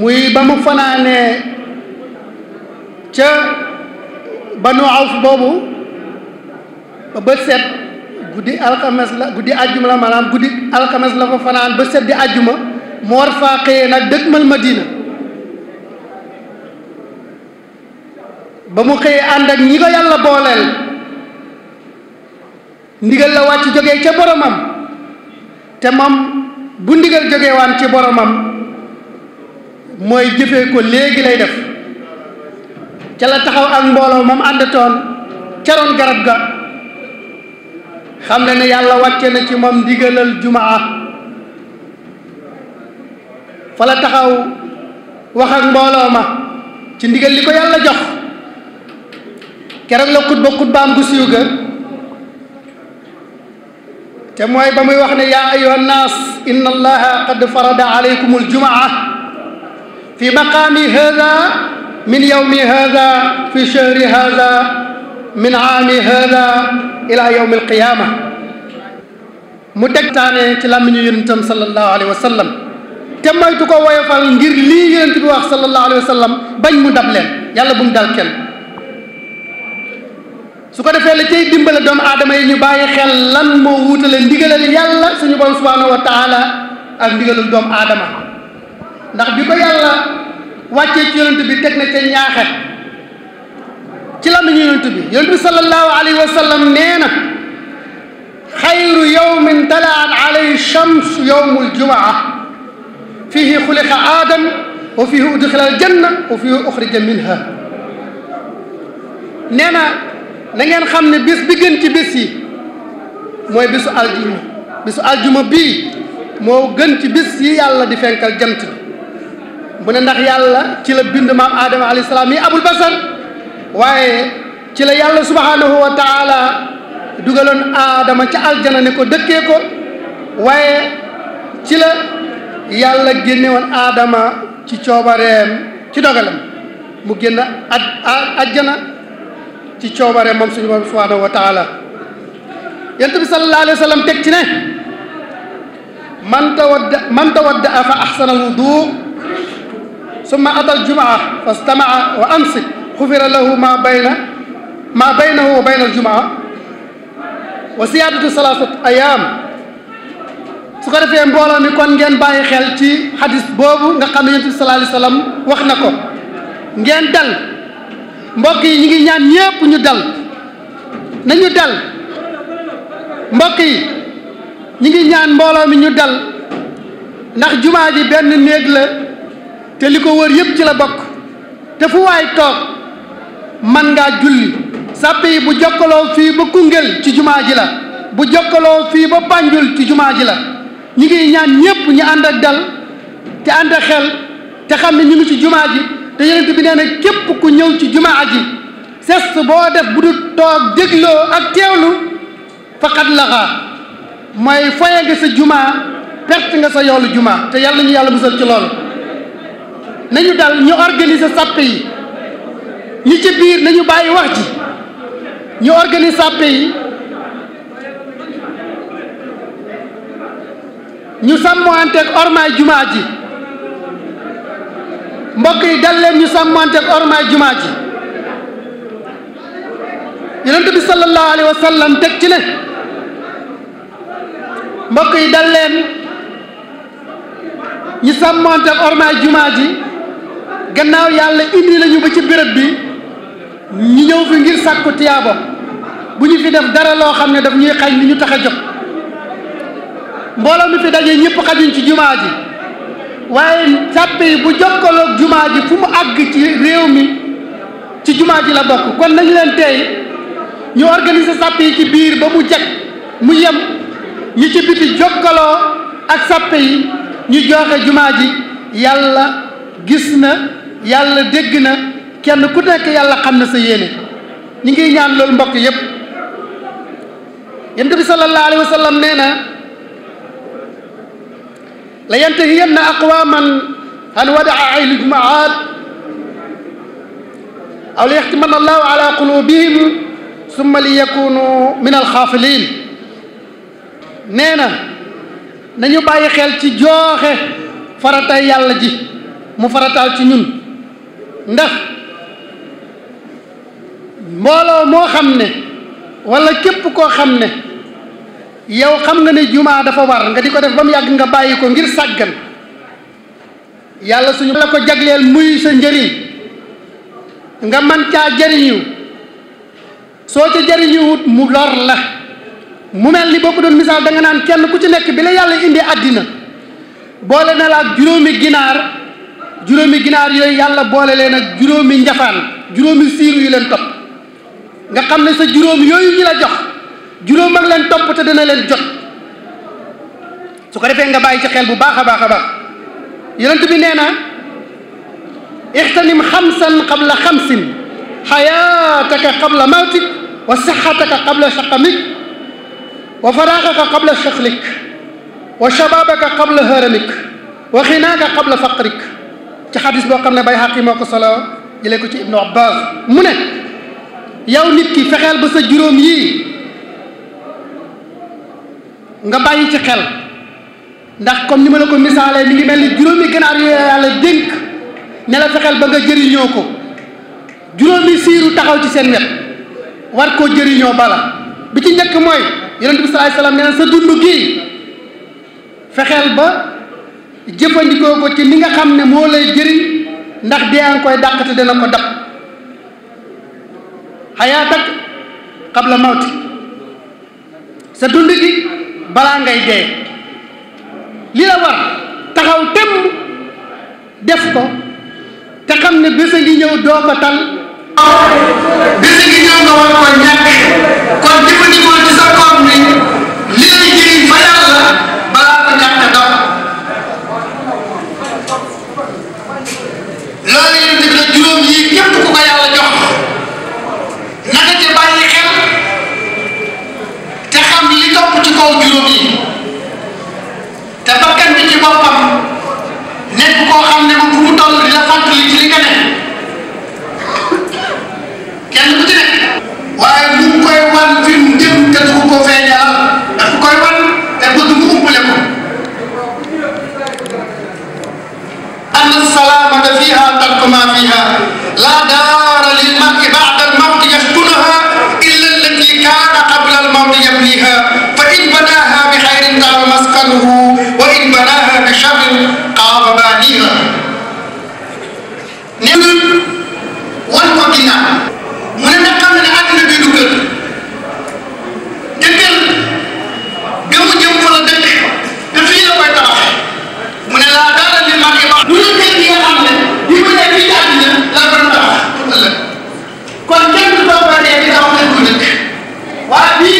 muy ba mu fanaanee ca banu awf boobu ba bët set guddi alxames la guddi àjjuma la maanaam guddi alxames la fa fanaan bët set di àjjuma mu war faa xëyee nag dëgmal madina ba mu xëyee ànd ak ñi ko yàlla booleel ndigal la wàcc jógee ca boromam te moom bu ndigal jógee ci boromam mooy jëfee ko léegi lay def ca la taxaw ak mbooloo moom ànd toon ca roon garab ga xam ne ne yàlla wàcce na ci moom ndigalal jumaa fa la taxaw wax ak mbooloo ma ci ndigal li ko yàlla jox keroog la kut ba kut baam gu siiw ga te mooy ba muy wax ne yaa ayuha nnaas inna allaha qad farada alaykum aljumaa fi maqaami hada min yawmi hada fi shahri hada min aami hada ila yawmi alqiyaama mu tegtaane ci làmmiñu yonentam sallallahu alayhi wa sallam te moytu ko woyofal ngir lii yonent bi wax sallallahu alayhi wa sallam bañ mu dab leen yàlla bu mu dal kenn suko defé la tay dimbale doom adama yi ñu bàyyi xel lan mo wutalé ndigalal yàlla suñu borom subhanahu wa taala ak ndigalul doom adama ndax biko yàlla wacce ci yoonte bi tek na ci ñaaxe ci lan ñu yoonte bi yoonte sallallahu alayhi wa sallam neena khayru yawmin talaat alayhi shams yawmul jumaa فيه خلق آدم وفيه أدخل الجنة وفيه أخرج منها uxrija na ngeen xam ne bis bi gën ci bis yi mooy bisu aljuma bisu aljuma bii moo gën ci bis yi yàlla di fenkal jant bi mu ne ndax yàlla ci la bind maam aadama alayhi salaam yi abul basar waaye ci la yàlla subhaanahu wa taala dugaloon aadama ca aljana ne ko dëkkee ko waaye ci la yàlla génne woon ci coobareem ci dogalam mu génn a ajjana ci ciobare mom suñu borom subhanahu wa taala yent sallallahu alayhi wasallam tek ci ne man tawadda man tawadda a fa ahsana alwudu summa ata aljumaa fa stamaa wa amsik khufira lahu ma bayna ma baynahu wa bayna aljumaa wa siyadatu salasat ayaam su ko defee mbooloo mi kon ngeen bàyyi xel ci xadis boobu nga xam ne yent bi sallallahu alayhi wa sallam wax na ko ngeen dal mbokk yi ñu ngi ñaan ñépp ñu dal nañu dal mbokk yi ngi ñaan mbooloo mi ñu dal ndax jumaa ji benn néeg la te li ko wër yépp ci la bokk te fu waay toog man ngaa julli sàpp bu jokkaloo fii ba Koungheul ci jumaa ji la bu jokkaloo fii ba Banjul ci jumaa ji la ñu ngi ñaan ñépp ñu ànd ak dal te ànd ak xel te xam ne ñu ngi ci jumaa ji te yonent bi nee na képp ku ñëw ci jumaa ji sest boo def bu dul toog dégloo ak teewlu faqat laxaa mooy foye nga sa jumaa perte nga sa yoolu jumaa te yàlla ñu yàlla musal ci loolu nañu dal ñu organiser sàppe yi ñi ci biir nañu bàyyi wax ji ñu organiser sàppe yi ñu sàmmoante ak ormaay jumaa ji mbokk yi dal ñu sàmmante ak ormaay jumaa ji yonent bi sallallahu alayhi wa teg ci ne mbokk yi dal ñu sàmmante ak ormaay jumaa ji gannaaw yàlla indi nañu ba ci béréb bi ñu ñëw fi ngir sàkku tiyaaba bu ñu fi def dara loo xam ne daf ñuy xañ li ñu tax a jóg mbooloo mi fi daje ñëpp xajuñ ci jumaa ji waaye sàppe yi bu jokkaloog jumaa ji fu mu àgg ci réew mi ci jumaa ji la bokk kon nañu leen tey ñu organiser sàppe yi ci biir ba mu jag mu yem ñi ci biti jokkaloo ak sàppe yi ñu joxe jumaa ji yàlla gis na yàlla dégg na kenn ku nekk yàlla xam na sa yéene ñu ngi ñaan loolu mbokk yépp yonent bi sallallahu alayhi wa sallam nee na لينتهين أقواما هل ودع أي الجماعات أو ليختمن الله على قلوبهم ثم ليكونوا من الخافلين نينا نيو باي خيل تي جوخه فراتا يالا جي نون ندخ مولو مو خمني ولا كيب كو خامني yow xam nga ne jumaa dafa war nga di ko def ba mu nga bàyyi ngir sàggan yàlla suñu la ko jagleel muy sa njëriñ nga man caa jëriñu soo ca jëriñuwut mu lor la mu mel ni boo ko doon misaal da nga naan kenn ku ci nekk bi la yàlla indi àddina boole na la ak juróomi ginaar juróomi ginaar yooyu yàlla boole leen ak juróomi njafaan juróomi siiru yu leen topp nga xam sa juróom yooyu ñu la jox جروم مغ لن توب تا دنا لن جوت سو كاري فين غا باي سي خيل بو باخا باخا با يونت اختنم خمسا قبل خمس حياتك قبل موتك وصحتك قبل سقمك وفراغك قبل شخلك وشبابك قبل هرمك وخناك قبل فقرك تي حديث بو خامني باي حقي مكو صلو ابن عباس مونيك يا ولدي كي فخال با سا nga bàyyi ci xel ndax comme ni ma la ko misaalee mi ngi mel ni juróomi ganaar yooyu yàlla dénk ne la fexeel ba nga jëriñoo ko juróomi siiru taxaw ci seen wet war koo jëriñoo bala bi ci njëkk mooy yonente bi salaay salaam nee na sa dund ba jëfandikoo ko ci li nga xam ne moo lay jëriñ ndax dee an koy dàqate dana ko dab xayaatak qabla sa gi balaa ngay dee li la war taxaw temm def ko te xam ne bés ngi ñëw doo ko ngi ñëw nga war ko ñàkk kon jëfandikoo sa koom ni li lay jëriñ fa yàlla balaa ko ñàkk dox loolu yëpp def na juróom yi képp ku ko yàlla jox naka kaw juróom yi te bakkan bi ci boppam nekk koo xam ne bu mu toll di la fàttali ci li nga nekk kenn ku ci nekk waaye bu mu koy wan fi mu jëm te du ko feeñal daf koy wan te bëgg mu umpale ko an salaamata fiha tarku ma fiha la daara lil mar'i ba'da al mawti yaftunaha illa allati kaana qabla al mawti yabniha إن بناها بخير طاب مسكنه وإن بناها بشر قاب باليها نمن والمدينة من نقم من أدنى بدوكر دكر جمو جمو لدك كفيلة ويترح من لا دار لمن إبا نذكر يا أمن يقول أبيد أمن لا برنترح كنت تبقى بني أبيد أمن بدك وأبيد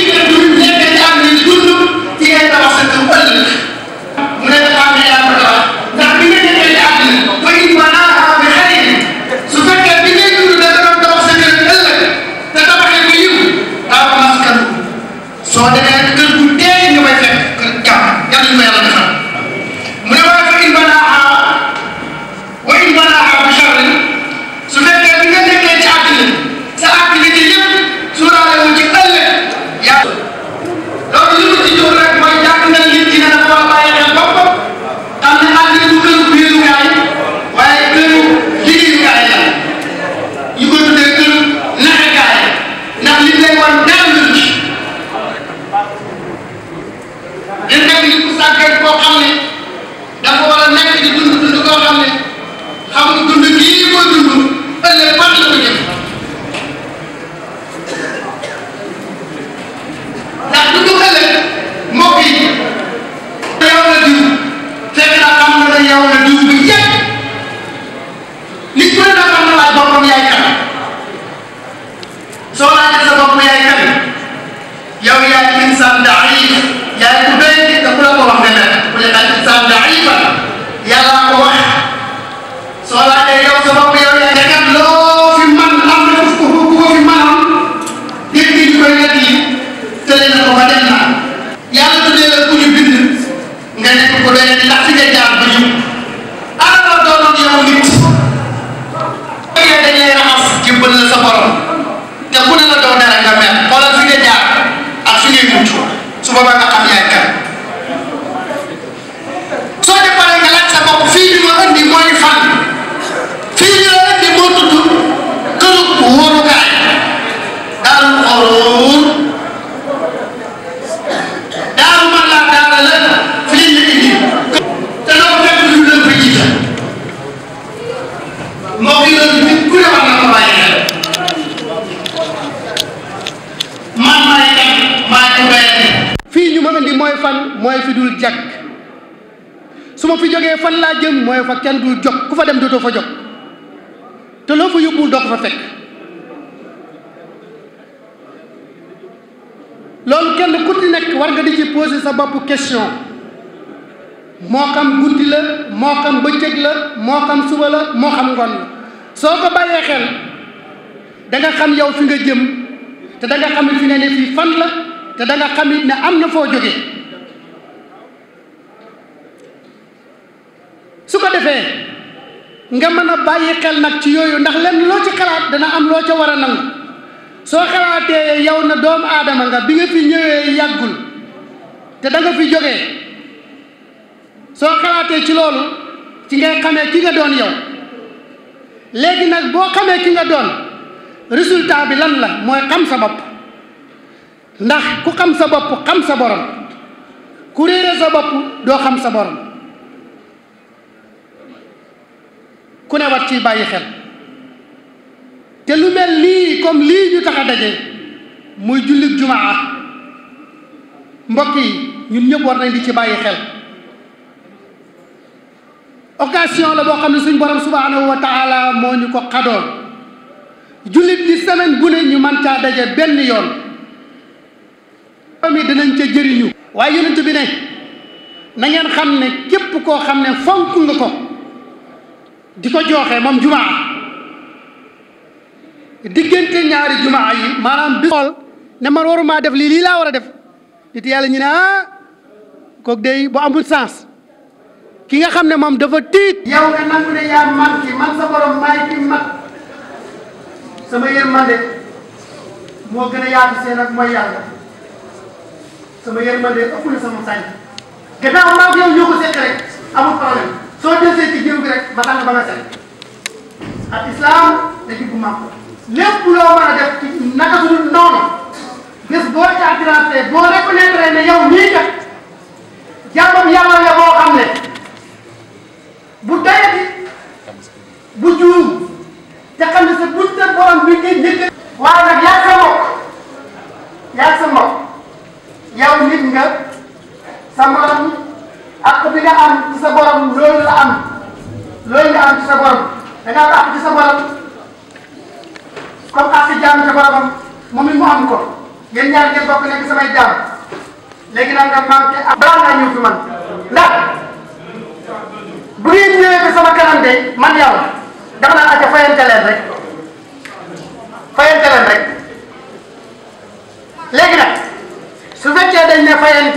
na foo jógee su ko defee nga na a bàyyi xel nag ci yooyu ndax lenn loo ci xalaat dana am loo ca war a nangu soo xalaatee yow na doomu aadama nga bi nga fi ñëwee yàggul te danga fi jógee soo xalaatee ci loolu ci ngay xamee ki nga doon yow léegi nag boo xamee ki nga doon résultat bi lan la mooy xam sa bopp ndax ku xam sa bopp xam sa borom ku réere sa bopp doo xam sa borom ku ne war ciy bàyyi xel te lu mel lii comme lii ñu tax a daje muy jullit jumaa mbokk yi ñun ñëpp war nañ di ci bàyyi xel occasion la boo xam ne suñ borom subhanahu wa taala moo ñu ko xadoon jullit di semaine bu ne ñu man caa daje benn yoon amee dinañ ca jëriñu waaye yonent bi ne na ngeen xam ne képp koo xam ne fonk nga ko di ko jooxee Juma jumaa diggante ñaari jumaa yi maanaam bi xool ne man waruma def lii def nit ah, bu amul sens ki nga xam ne moom dafa tiit yow nga nangu ne yaa manqué man sa borom maay ki mag sama yaatu seen ak sama yërmande ëpp na sama sañ gannaaw maa ngi yow ñoo ko seq rek amul problème soo desee ci jiw bi rek ma tànn ba nga set ak islam da ci bu màpp lépp loo mën a def ci naka suñu noonu bés boo ci attirante boo reconnaître ne yow mii kat jaamam yàlla nga boo xam ne bu doyati bu juum te xam ne sa bunte borom bi ngay njëkk waaye nag yaa sa mbokk yaa sa mbokk yow nit nga sa maam ak bi nga am ci sa borom loolu la am loolu nga am ci sa borom da ngaa tax sa borom comme ak jaam ca boromam moom it mu am ko ngeen ñaar ngeen bokk nekk samay jaam léegi nag nga manqué ak balaa ngaa ñëw fi man ndax bu ngeen ñëwee ba sama kanam de man yàlla dama naan aja fayante leen rek.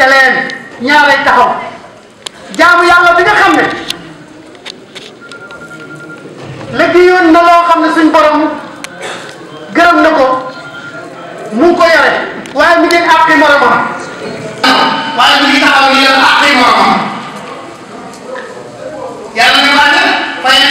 respecté leen ñaaray taxaw jaamu yàlla bi nga xam ne liggéeyoon na loo xam ne suñ borom gërëm na ko mu ngi ko yore waaye mi ngi àqi moromam waaye mi ngi taxaw yi yor àqi moromam yàlla na maa ne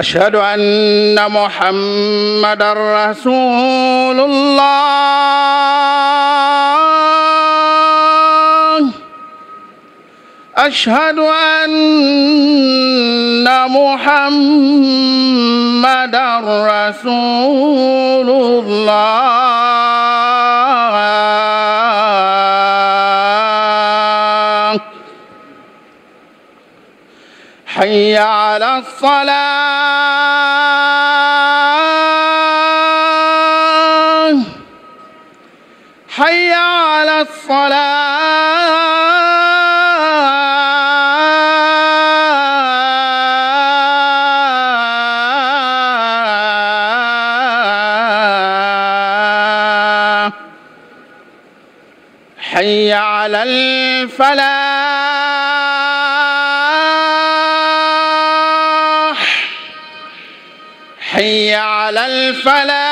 أشهد أن محمد رسول الله أشهد أن محمد رسول الله حي على الصلاه على الصلاة حي على الفلاح حي على الفلاح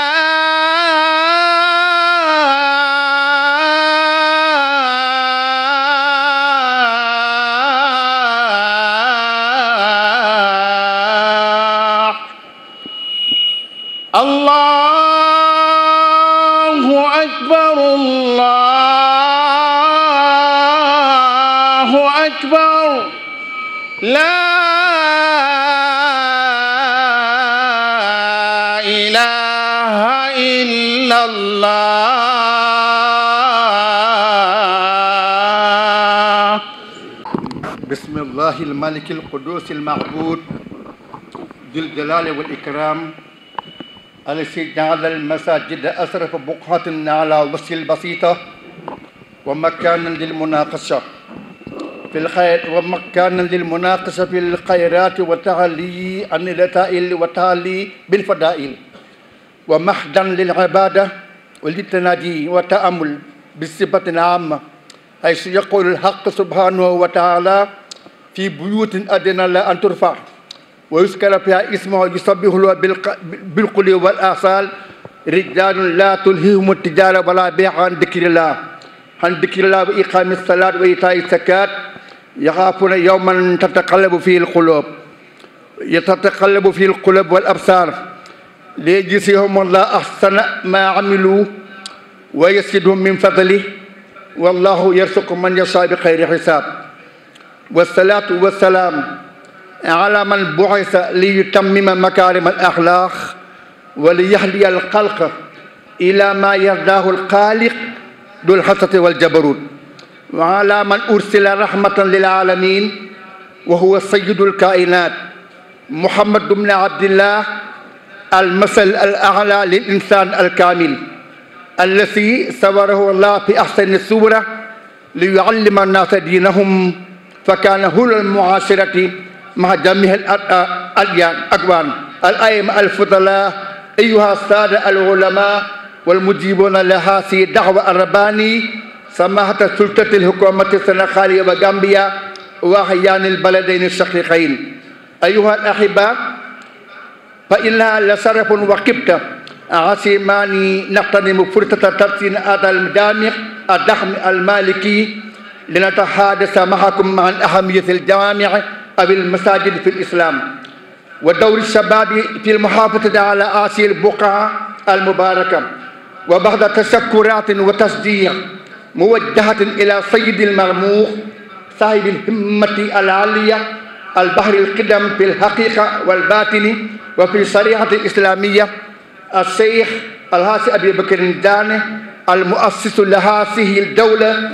الملك القدوس المعبود ذو الجلال والإكرام الذي جعل المساجد أسرف بقعة على وسع البسيطة ومكانا للمناقشة في الخير ومكانا للمناقشة في الخيرات وتعلي عن الرتائل وتعلي بالفضائل ومحدا للعبادة وللتناجي وتأمل بالصفة العامة حيث يقول الحق سبحانه وتعالى في بيوت أذن الله أن ترفع ويذكر فيها اسمه يسبح له بالقل والآصال رجال لا تلهيهم التجارة ولا بيع عن ذكر الله عن ذكر الله وإقام الصلاة وإيتاء الزكاة يخافون يوما تتقلب فيه القلوب يتتقلب فيه القلوب والأبصار ليجزيهم الله أحسن ما عملوا ويسدهم من فضله والله يرزق من يشاء بخير حساب والصلاة والسلام على من بعث ليتمم مكارم الأخلاق وليهدي الخلق إلى ما يرضاه الخالق ذو الحصة والجبروت وعلى من أرسل رحمة للعالمين وهو سيد الكائنات محمد بن عبد الله المثل الأعلى للإنسان الكامل الذي صوره الله في أحسن الصورة ليعلم الناس دينهم فكان هول المعاصرة مع جميع الأديان أقوام الأئمة الفضلاء أيها السادة العلماء والمجيبون لها في دعوة الرباني سماحة سلطة الحكومة السنغالية وغامبيا وأحيان البلدين الشقيقين أيها الأحباء فإلا لشرف وقبت عاصماني نقتنم فرصة ترسين هذا الجامع الدحم المالكي لنتحادث معكم عن أهمية الجوامع أو المساجد في الإسلام ودور الشباب في المحافظة على آسي البقعة المباركة وبعد تشكرات وتصديق موجهة إلى سيد المرموخ صاحب الهمة العالية البحر القدم في الحقيقة والباطن وفي الشريعة الإسلامية الشيخ الهاسي أبي بكر الداني المؤسس لهذه الدولة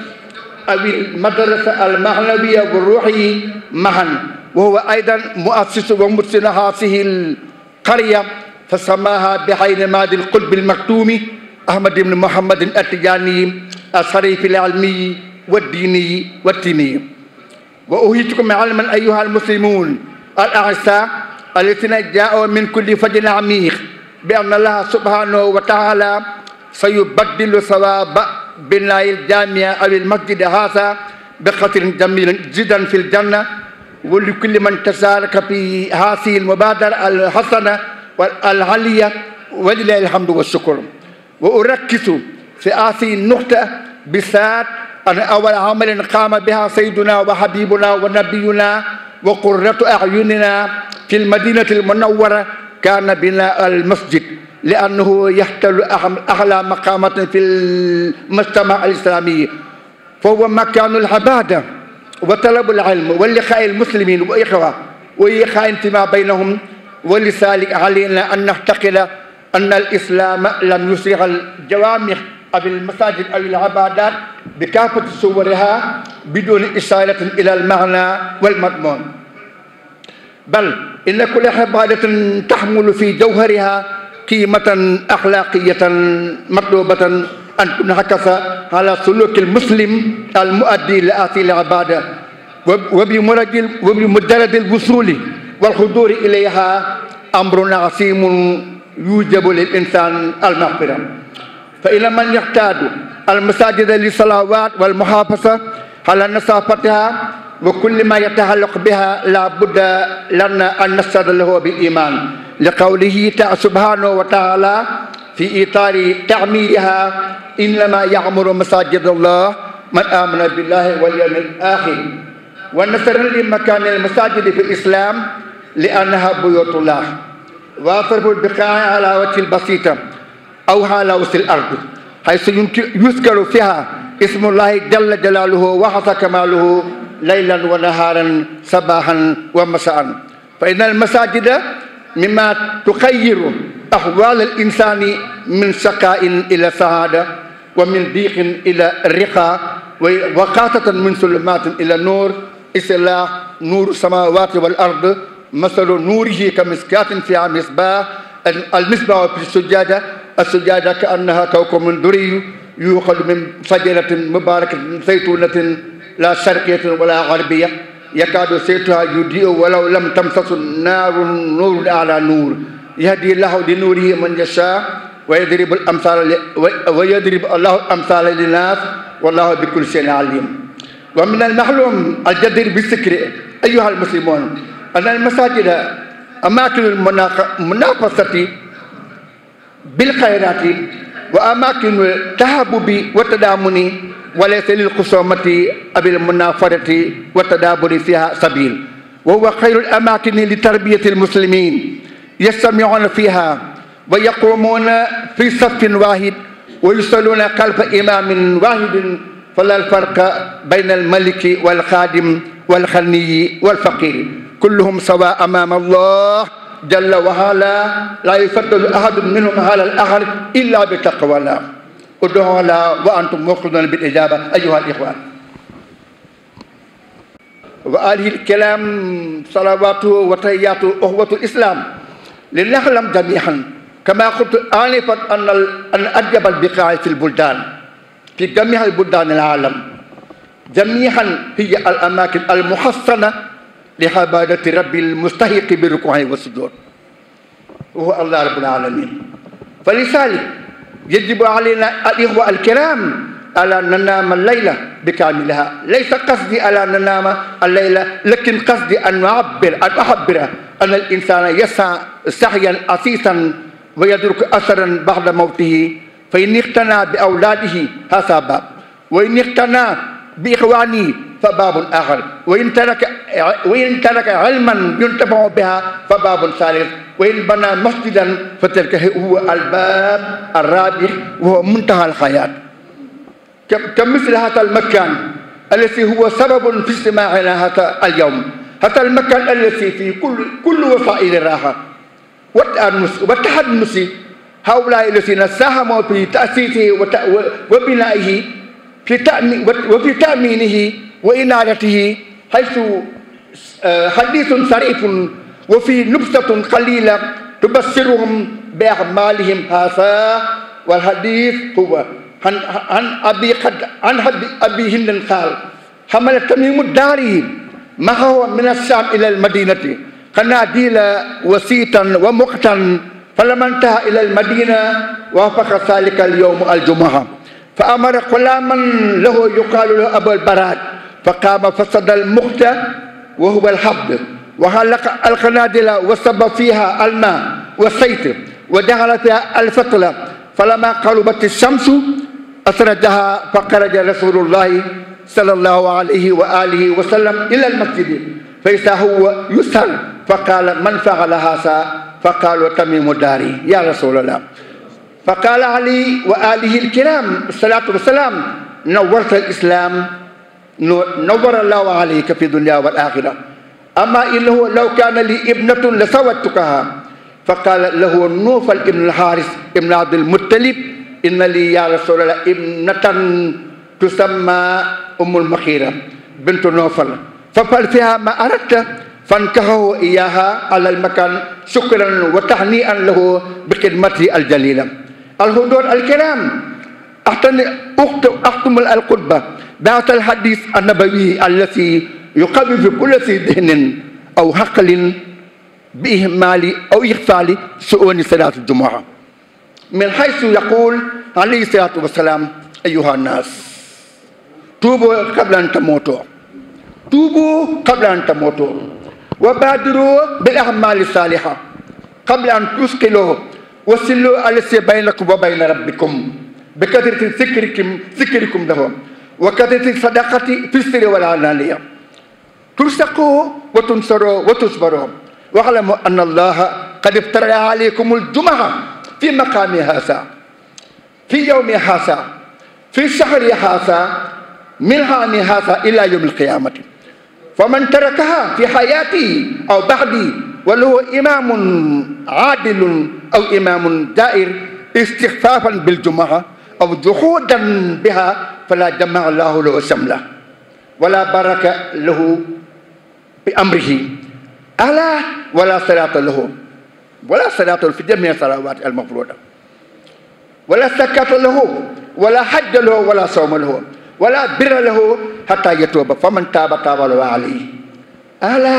أبي المدرسة المعنوية بالروحي معا وهو أيضا مؤسس ومرسل هذه القرية فسماها بحين ماد القلب المكتوم أحمد بن محمد الأتجاني الشريف العلمي والديني والتيني وأهيتكم علما أيها المسلمون الأعزاء الذين جاءوا من كل فجر عميق بأن الله سبحانه وتعالى سيبدل ثواب بناء الجامعة أو المسجد هذا بقتل جميل جدا في الجنة ولكل من تشارك في هذه المبادرة الحسنة والعلية ولله الحمد والشكر وأركز في هذه النقطة بالذات أن أول عمل قام بها سيدنا وحبيبنا ونبينا وقرة أعيننا في المدينة المنورة كان بناء المسجد لأنه يحتل أعلى مقامة في المجتمع الإسلامي فهو مكان العبادة وطلب العلم واللقاء المسلمين وإخوة وإخاء انتماء بينهم ولذلك علينا أن نعتقد أن الإسلام لم يسرع الجوامع أو المساجد أو العبادات بكافة صورها بدون إشارة إلى المعنى والمضمون بل إن كل عبادة تحمل في جوهرها قيمة أخلاقية مطلوبة أن تنعكس على سلوك المسلم المؤدي لآتي العبادة وبمجرد الوصول والحضور إليها أمر عظيم يوجب للإنسان المغفرة فإلى من يحتاج المساجد للصلوات والمحافظة على نصافتها وكل ما يتعلق بها لا بد لنا أن نستعد له بالإيمان لقوله سبحانه وتعالى في إطار تعميرها إنما يعمر مساجد الله من آمن بالله واليوم الآخر ونسر لمكان المساجد في الإسلام لأنها بيوت الله واصرف البقاع على وجه البسيطة أو على وجه الأرض حيث يذكر فيها اسم الله جل جلاله وحث كماله ليلا ونهارا صباحا ومساء فإن المساجد مما تخير أحوال الإنسان من شقاء إلى سعادة ومن ضيق إلى رخاء وقاتة من سلمات إلى نور إسلا نور السماوات والأرض مثل نوره كمسكات فيها مصباح المصباح في السجادة السجادة كأنها كوكب دري يوقد من شجرة مباركة زيتونة لا شرقية ولا غربية يكاد سيتها يديو ولو لم تمسس النار النور على نور يهدي الله لنوره من يشاء ويضرب الأمثال ويضرب الله الأمثال للناس والله بكل شيء عليم ومن المعلوم الجدير بالذكر أيها المسلمون أن المساجد أماكن المنافسة بالخيرات وأماكن تهبب والتدامن وليس للخصومة أو المنافرة والتدابر فيها سبيل وهو خير الأماكن لتربية المسلمين يجتمعون فيها ويقومون في صف واحد ويصلون خلف إمام واحد فلا الفرق بين الملك والخادم والغني والفقير كلهم سواء أمام الله جل وعلا لا يفضل أحد منهم على الآخر إلا بتقوى الله ادعوا الله وأنتم موقنون بالإجابة أيها الإخوان وآله الكلام صلواته وتحياته أخوة الإسلام لنعلم جميعا كما قلت آنفا أن أن أجب البقاع في البلدان في جميع البلدان العالم جميعا هي الأماكن المحصنة لعبادة ربي المستحق بالركوع والسجود وهو الله رب العالمين فلذلك يجب علينا الإخوة الكرام ألا ننام الليلة بكاملها ليس قصدي ألا ننام الليلة لكن قصدي أن نعبر أن أعبر أن الإنسان يسعى سعيا أسيسا ويترك أثرا بعد موته فإن اقتنى بأولاده هذا باب وإن اقتنى بإخوانه فباب آخر وإن ترك وإن ترك علما ينتفع بها فباب ثالث وإن بنى مسجدا فتلك هو الباب الرابع وهو منتهى الحياة كمثل هذا المكان الذي هو سبب في استماعنا هذا اليوم هذا المكان الذي فيه كل كل وسائل الراحة والتحدث هؤلاء الذين ساهموا في تأسيسه وبنائه في وفي تأمينه وإنارته حيث آه، حديث صريف وفي نبذة قليلة تبصرهم بأعمالهم هذا والحديث هو عن عن أبي قد عن أبي هند قال حمل تميم الداري معه من الشام إلى المدينة قناديل وسيطا ومقتا فلما انتهى إلى المدينة وافق ذلك اليوم الجمعة فأمر غلاما له يقال له أبو البراد فقام فصد المخت وهو الحبل وغلق القنادل وصب فيها الماء والسيط ودخل فيها الفطلة فلما قربت الشمس أسردها فخرج رسول الله صلى الله عليه وآله وسلم إلى المسجد فإذا هو يسهل فقال من فعل هذا فقالوا تميم داري يا رسول الله فقال علي وآله الكرام الصلاة والسلام نورت الإسلام نور الله عليك في الدنيا والآخرة أما إنه لو كان لي ابنة لسوتكها فقال له نوفل ابن الحارث ابن عبد المطلب إن لي يا رسول الله ابنة تسمى أم المخيرة بنت نوفل ففعل فيها ما أردت فانكحه إياها على المكان شكرا وتهنيئا له بخدمته الجليلة الهدور الكرام أختم الخطبة بعد الحديث النبوي الذي في كل ذهن أو حقل بإهمال أو إغفال شؤون صلاة الجمعة من حيث يقول عليه الصلاة والسلام أيها الناس توبوا قبل أن تموتوا توبوا قبل أن تموتوا وبادروا بالأعمال الصالحة قبل أن تشكلوا وصلوا على بينكم وبين ربكم بكثرة ذكركم ذكركم لهم وكثرة الصدقة في السر والعلانية ترزقوا وتنصروا وتصبروا واعلموا أن الله قد افترى عليكم الجمعة في مقام هذا في يوم هذا في شهر هذا من عام هذا إلى يوم القيامة فمن تركها في حياته أو بعدي وله إمام عادل أو إمام دائر استخفافا بالجمعة أو جحودا بها فلا جمع الله له شمله ولا بركة له بأمره ألا ولا صلاة له ولا صلاة في جميع الصلوات المفروضة ولا زكاة له ولا حج له ولا صوم له ولا بر له حتى يتوب فمن تاب تاب الله عليه ألا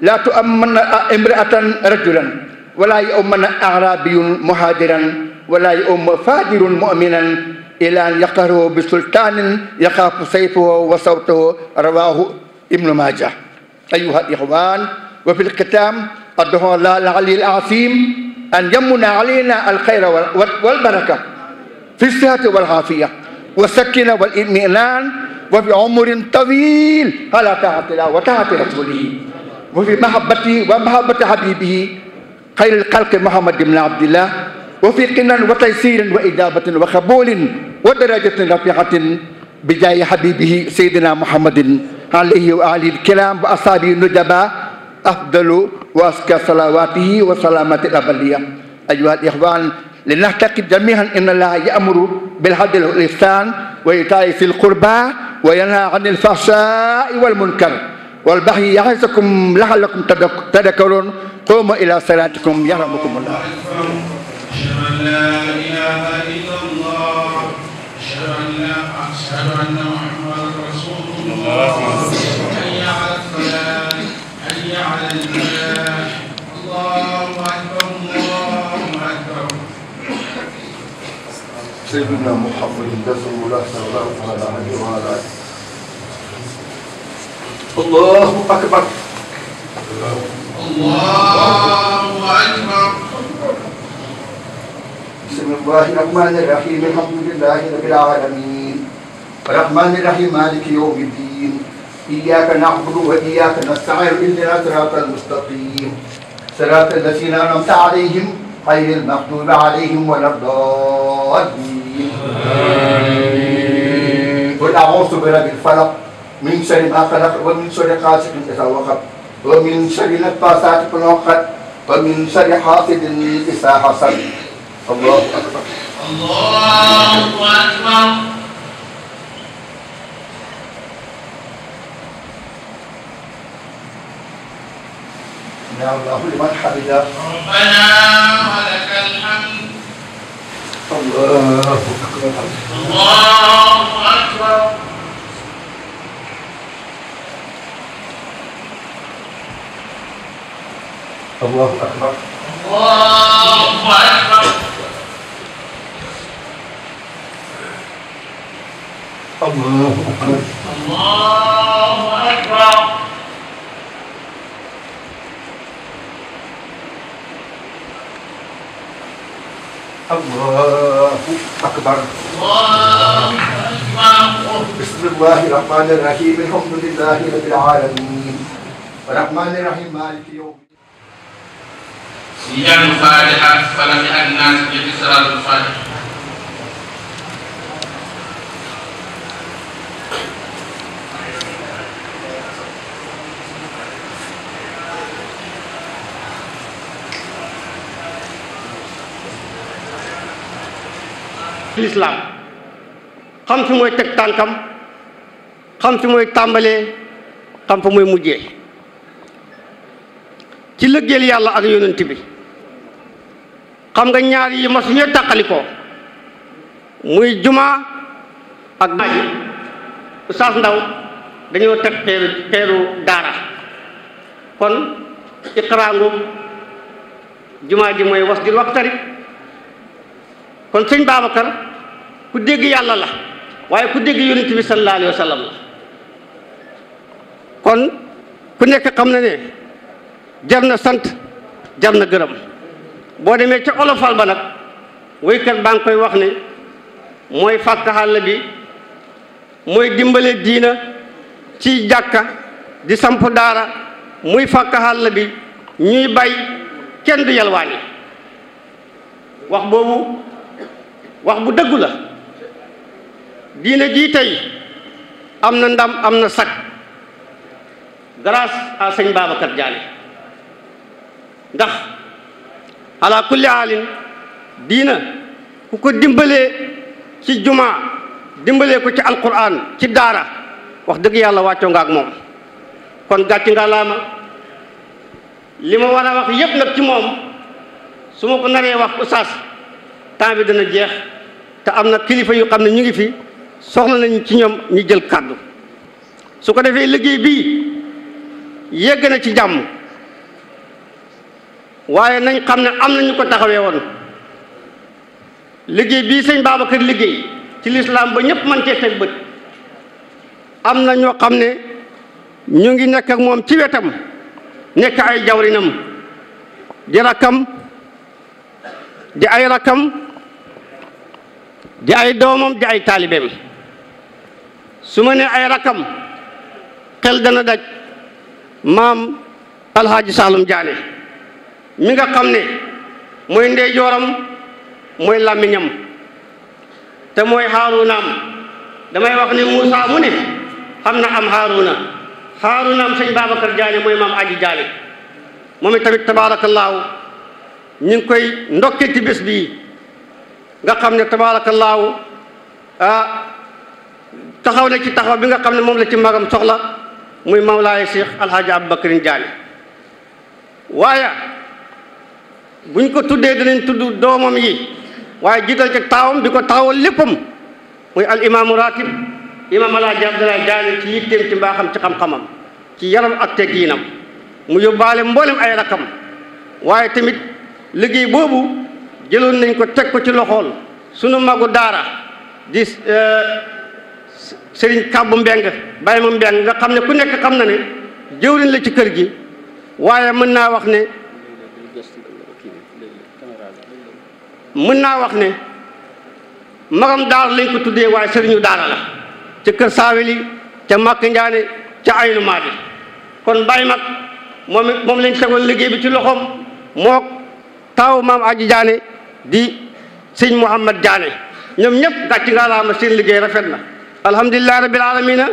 لا تؤمن امرأة رجلا ولا يؤمن أعرابي مهاجرا ولا يؤم فاجر مؤمنا إلى أن يقهره بسلطان يخاف سيفه وصوته رواه ابن ماجه أيها الإخوان وفي الختام أدعو الله العلي العظيم أن يمن علينا الخير والبركة في الصحة والعافية والسكينة والإطمئنان وفي عمر طويل على طاعة الله وطاعة رسوله وفي محبته ومحبة حبيبه خير الخلق محمد بن عبد الله وفي قنا وتيسير وإدابة وقبول ودرجة رفيعة بجاه حبيبه سيدنا محمد عليه وآله الكلام وأصحابه النجباء أفضل وأزكى صلواته وسلامة الأبدية أيها الإخوان لنعتقد جميعا ان الله يامر بالعدل والاحسان وايتاء ذي القربى وينهى عن الفحشاء والمنكر والبحي يعزكم لعلكم تذكرون قوموا الى صلاتكم يرحمكم الله لا إله إلا الله أشهد أن لا أشهد أن محمدا رسول الله حي على الفلاح حي على الفلاح الله أكبر الله أكبر سيدنا محمد رسول الله صلى الله عليه وعلى الله أكبر الله أكبر بسم الله الرحمن الرحيم الحمد لله رب العالمين الرحمن الرحيم مالك يوم الدين إياك نعبد وإياك نستعين إلا صراط المستقيم صراط الذين أنعمت عليهم غير المغضوب عليهم ولا الضالين قل أعوذ برب الفلق من شر ما خلق ومن شر قاسق إذا وقب ومن شر نفاسات في العقد ومن شر حاسد إذا حصل الله أكبر الله أكبر نعم له لمن حمده ربنا ولك الحمد الله أكبر الله أكبر الله أكبر الله أكبر الله أكبر الله أكبر الله أكبر بسم الله الرحمن الرحيم الحمد لله رب العالمين الرحمن الرحيم مالك يوم سيان الفاتحة فلم الناس بإسراء الفاتحة lislaam xam fi mooy teg tànkam xam fi mooy tàmbalee xam fa mooy mujjee ci lëggeel yàlla ak yonent bi xam nga ñaar yi ma suñu tàqalikoo muy jumaa ak daji Oustaz Ndaw dañoo teg teeru daara kon iqraangu jumaa ji mooy was di waxtari kon sëñ Babacar ku dégg yàlla la waaye ku dégg yonent bi sallallahu alayhi wa kon ku nekk xam na ne jar na sant jar na gërëm boo demee ca olofal ba nag wéykat baa ngi koy wax ne mooy fàkk xàll bi mooy dimbale diina ci jàkka di samp daara muy fàkk xàll bi ñuy bay kenn du yalwaani wax boobu wax bu dëggu la diina jii tey am na ndam am na sag grâce à sëñ Babacar Diané ndax ala kulli haalin diina ku ko dimbalee ci jumaa dimbalee ko ci alquran ci daara wax dëgg yàlla wàccoo nga ak moom kon gàcc nga laa ma li ma war a wax yépp nag ci moom su ma ko naree wax oustaz temps bi dana jeex te am na kilifa yu xam ne ñu ngi fi soxla nañu ci ñoom ñu jël kàddu su ko defee liggéey bii yegg na ci jàmm waaye nañ xam ne am na ñu ko taxawee woon liggéey bii sëñ Babacar liggéey ci lislaam ba ñëpp man cee teg bët am na ñoo xam ne ñu ngi nekk moom ci wetam nekk ay jawrinam di rakkam di ay rakkam di ay doomam di ay taalibeem su ma ne ay rakkam xel dana daj maam alhaaji saalum jaane mi nga xam ne mooy ndeyjooram mooy làmmiñam te mooy xaarunaam damay wax ne Moussa mu ne xam na am xaaruna xaarunaam sëñ Babacar Diagne mooy maam aji Diagne moom it tamit tabaarakallaahu ñu ngi koy ndokkee ci bés bii nga xam ne tabaarakallaahu ah taxaw na ci taxaw bi nga xam ne moom la ci magam soxla muy Mawlaay Cheikh Alhaji Aboubacarin Diagne waaye buñ ko tuddee dinañ tudd doomam yi waaye jiital ci taawam di ko taawal léppam muy al imaamu ratib imaam alaaji abdalaa jaane ci yitteem ci mbaaxam ci xam-xamam ci yaram ak teggiinam mu yóbbaale mboolem ay rakam waaye tamit liggéey boobu jëloon nañ ko teg ko ci loxool sunu magu daara di eh, sëriñ kàbbu mbeng bay ma mbeng nga xam ne ku nekk xam na ne jëwriñ la ci kër gi waaye mën naa wax ne mën naa wax ne magam daara lañ ko tuddee waaye sëriñu daara la ca kër saaweli ca màkk njaane ca aynu maadi kon bàyyi mag moom moom lañ tegoon liggéey bi ci loxoom moo taaw maam aji jaane di sëñ Mouhamad jaane ñoom ñëpp gàcc nga laama seen liggéey rafet na alhamdulilahi rabbil alamina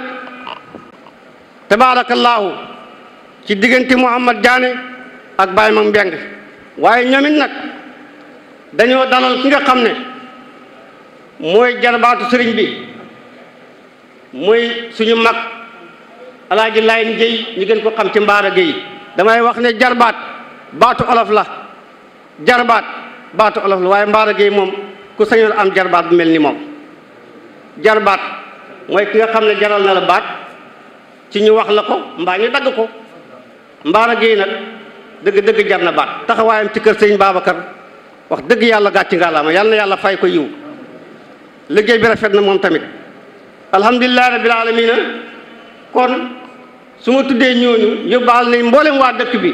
tabaarakallaahu ci diggante Mouhamad jaane ak bàyyi mag mbeng waaye ñoom nag dañoo dalal ki nga xam ne mooy jarbaatu sëriñ bi mooy suñu mag alaaji Laayeen Géy ñu gën ko xam ci mbaara géy damay wax ne jarbaat baatu olof la jarbaat baatu olof la waaye mbaara géy moom ku sañoon am jarbaat bu mel ni moom jarbaat mooy ki nga xam ne jaral na la baat ci ñu wax la ko mbaa ñu dagg ko mbaara géy nag dëgg dëgg jar na baat taxawaayam ci kër sëriñ Babacar wax dëgg yàlla gàcc ngaalaama yàlla na yàlla fay ko yiw liggéey bi rafet na moom tamit alhamdulilah rabbil alamina kon su tuddee ñooñu yóbbaal nañ mboolem waa dëkk bi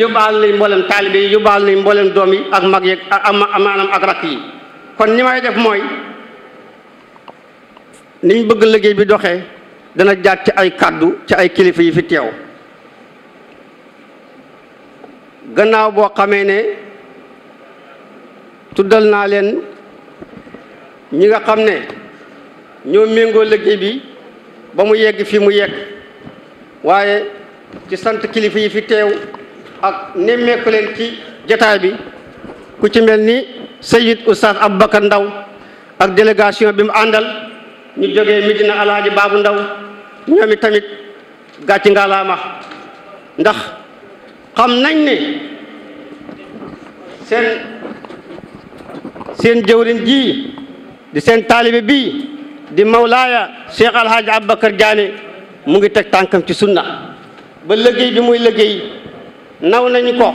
yóbbaal nañ mboolem taalibe yi yóbbaal nañ mboolem doom yi ak mag yeeg maanaam ak rakk yi kon ni may def mooy niñ bëgg liggéey bi doxee dana jaar ci ay kàddu ci ay kilifa yi fi teew gannaaw boo xamee ne dal naa leen ñi nga xam ne ñoo méngoo liggéey bi ba mu yegg fi mu yegg waaye ci sant kilifa yi fi teew ak nemmeeku leen ci jataay bi ku ci mel ni Seyid Oustaz Aboubacar Ndaw ak délégation bi mu àndal ñu jógee Medina Alaaji Baabu Ndaw ñoom tamit gàcci nga laa ma ndax xam nañ ne seen seen jëwrin ji di seen taalibe bii di mawlaaya cheikh alhaaji aboubacar diaane mu ngi teg tànkam ci sunna ba liggéey bi muy liggéey naw nañu ko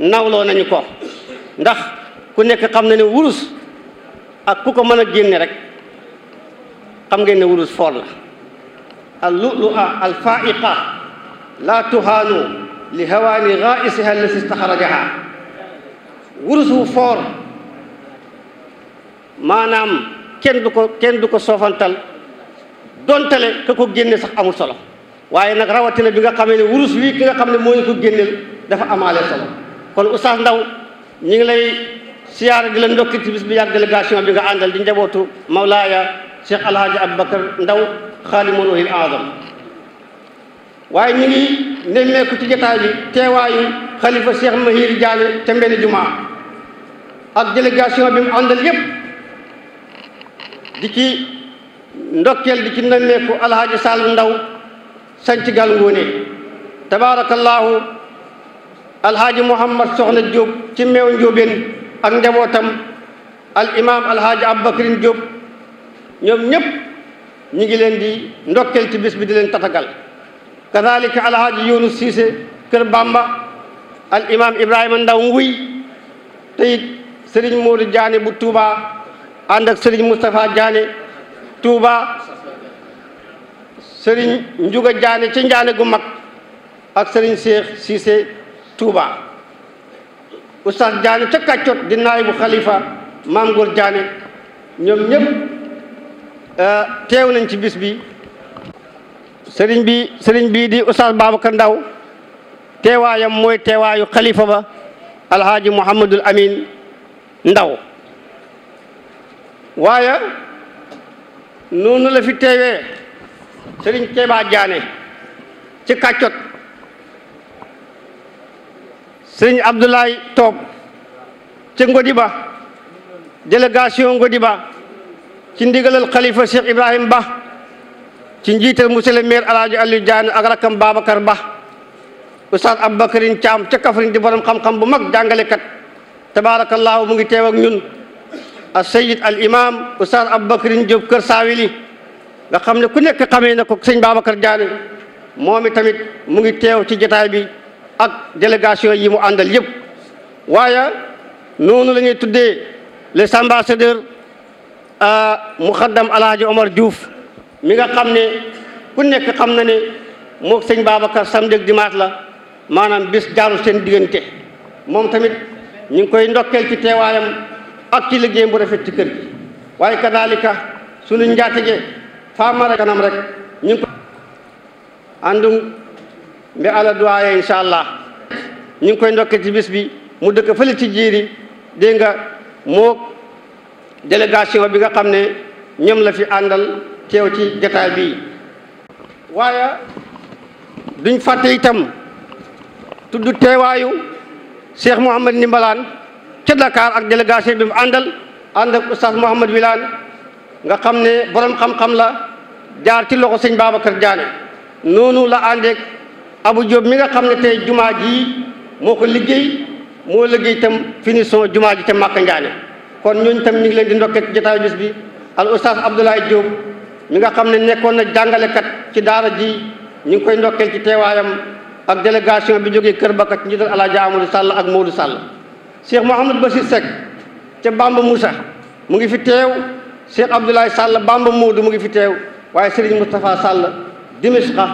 nawloo nañu ko ndax ku nekk xam na ne wurus ak ku ko mën a génne rek xam ngeen ne wurus foor la al lulua al faiqa la tuhaanu li hawaani raisiha allati staxrajaha wurus wu foor maanaam kenn du ko kenn du ko soofantal dontale ka ko génne sax amul solo waaye nag rawatina bi nga xamee ne wurus wi ki nga xam ne moo ñu ko génneel dafa amaale solo kon Oustaz Ndaw ñu ngi lay siyaara di la ndokki bi yàgg délégation bi nga àndal di njabootu Mawlaaya Cheikh Alhaji Aboubacar Ndaw xaalimun wahil aadam waaye ñu ngi nemmeeku ci jotaay bi teewaayu xalifa Cheikh Mahir Diallo te mbenn jumaa ak délégation bi mu àndal yépp di ci ndokkeel di ci nemmeeku alhaaji Saalu Ndaw sanc gal ngoone tabaarakallaahu alhaaji Mouhamad Soxna Diop ci meew njóobeen ak njabootam al imaam alhaaji Aboubacrine Diop ñoom ñëpp ñu ngi di ndokkeel ci bis bi di leen tatagal kadalika alhaaji Younus Cissé kër Bamba al imaam Ndaw nguy te it Sëriñ Jaane bu tuuba ànd ak Serigne Moustapha Diané Touba Serigne Ndiouga Diané ci Ndiané gu mag ak Serigne Cheikh Cissé Touba Oustaz Diané ca Kàccot di naay bu xalifa Maam Góor ñoom ñëpp euh, teew nañ ci bis bi Serigne bi Serigne bii di Oustaz Babacar Ndaw teewaayam mooy teewaayu xalifa ba Alhaaji Mouhamadul Amin Ndaw waaye noonu la fi teewee sëriñ Keba Jaane ci kàccot sëriñ Abdoulaye Toob ci Ngodiba délégation Ngodiba ci ndigalal xalifa Cheikh Ibrahim Ba ci njiital monsieur le maire Alaaji Aliou Diané ak rakam Babacar Ba am Aboubacarine Thiam ca kafrin di borom xam-xam bu mag jàngalekat tabaarakallaahu mu ngi teew ñun asayid al imam oustaz Aboubacrine Diop Kër Saawili nga xam ne ku nekk xamee na ko sëñ Babacar Diané moom tamit mu ngi teew ci jotaay bi ak délégation yi mu àndal yëpp waaye noonu la tudde tuddee les ambassadeurs euh, muxaddam alhaji Omar Diouf mi nga xam ne ku nekk xam na ne moog sëñ Babacar samedi ak dimanche la maanaam bis jaaru seen diggante moom tamit ñu koy ndokkeel ci teewaayam ak ci liggéeyam bu rafet kër gi waaye kadaalika suñu njaatige faamara kanam rek ñu ngi ko àndum mbi ala duwaaye allah ñu ngi koy ndokke ci bis bi mu dëkk fële ci jiiri dégg nga moo délégation bi nga xam ne ñoom la fi àndal teew ci jataay bii waaye duñ fàtte itam tudd teewaayu Cheikh Mouhamad Ndimbalaan ca Dakar ak délégation bi mu àndal ànd ak oustaz Mouhamed nga xam ne borom xam-xam la jaar ci loxo sëñ Babacar Diané noonu la àndeek Abu Diop mi nga xam ne te jumaa ji moo ko liggéey moo liggéey itam finition jumaa ji te Màkka Ndiané kon ñooñu tam ñu ngi leen di ndokkee ci jotaayu bis bi al oustaz Abdoulaye Diop mi nga xam ne nekkoon na kat ci daara ji ñu ngi koy ndokkeel ci teewaayam ak délégation bi jógee Kër Bakka ci njiital Alaaji Amadou Sall ak Modou Sall Cheikh Mouhamadou Bachir Seck ca Bamba Moussa mu ngi fi teew Cheikh Abdoulaye Sall Bamba Moodu mu ngi fi teew waaye Serigne Moustapha Sall Dimishqa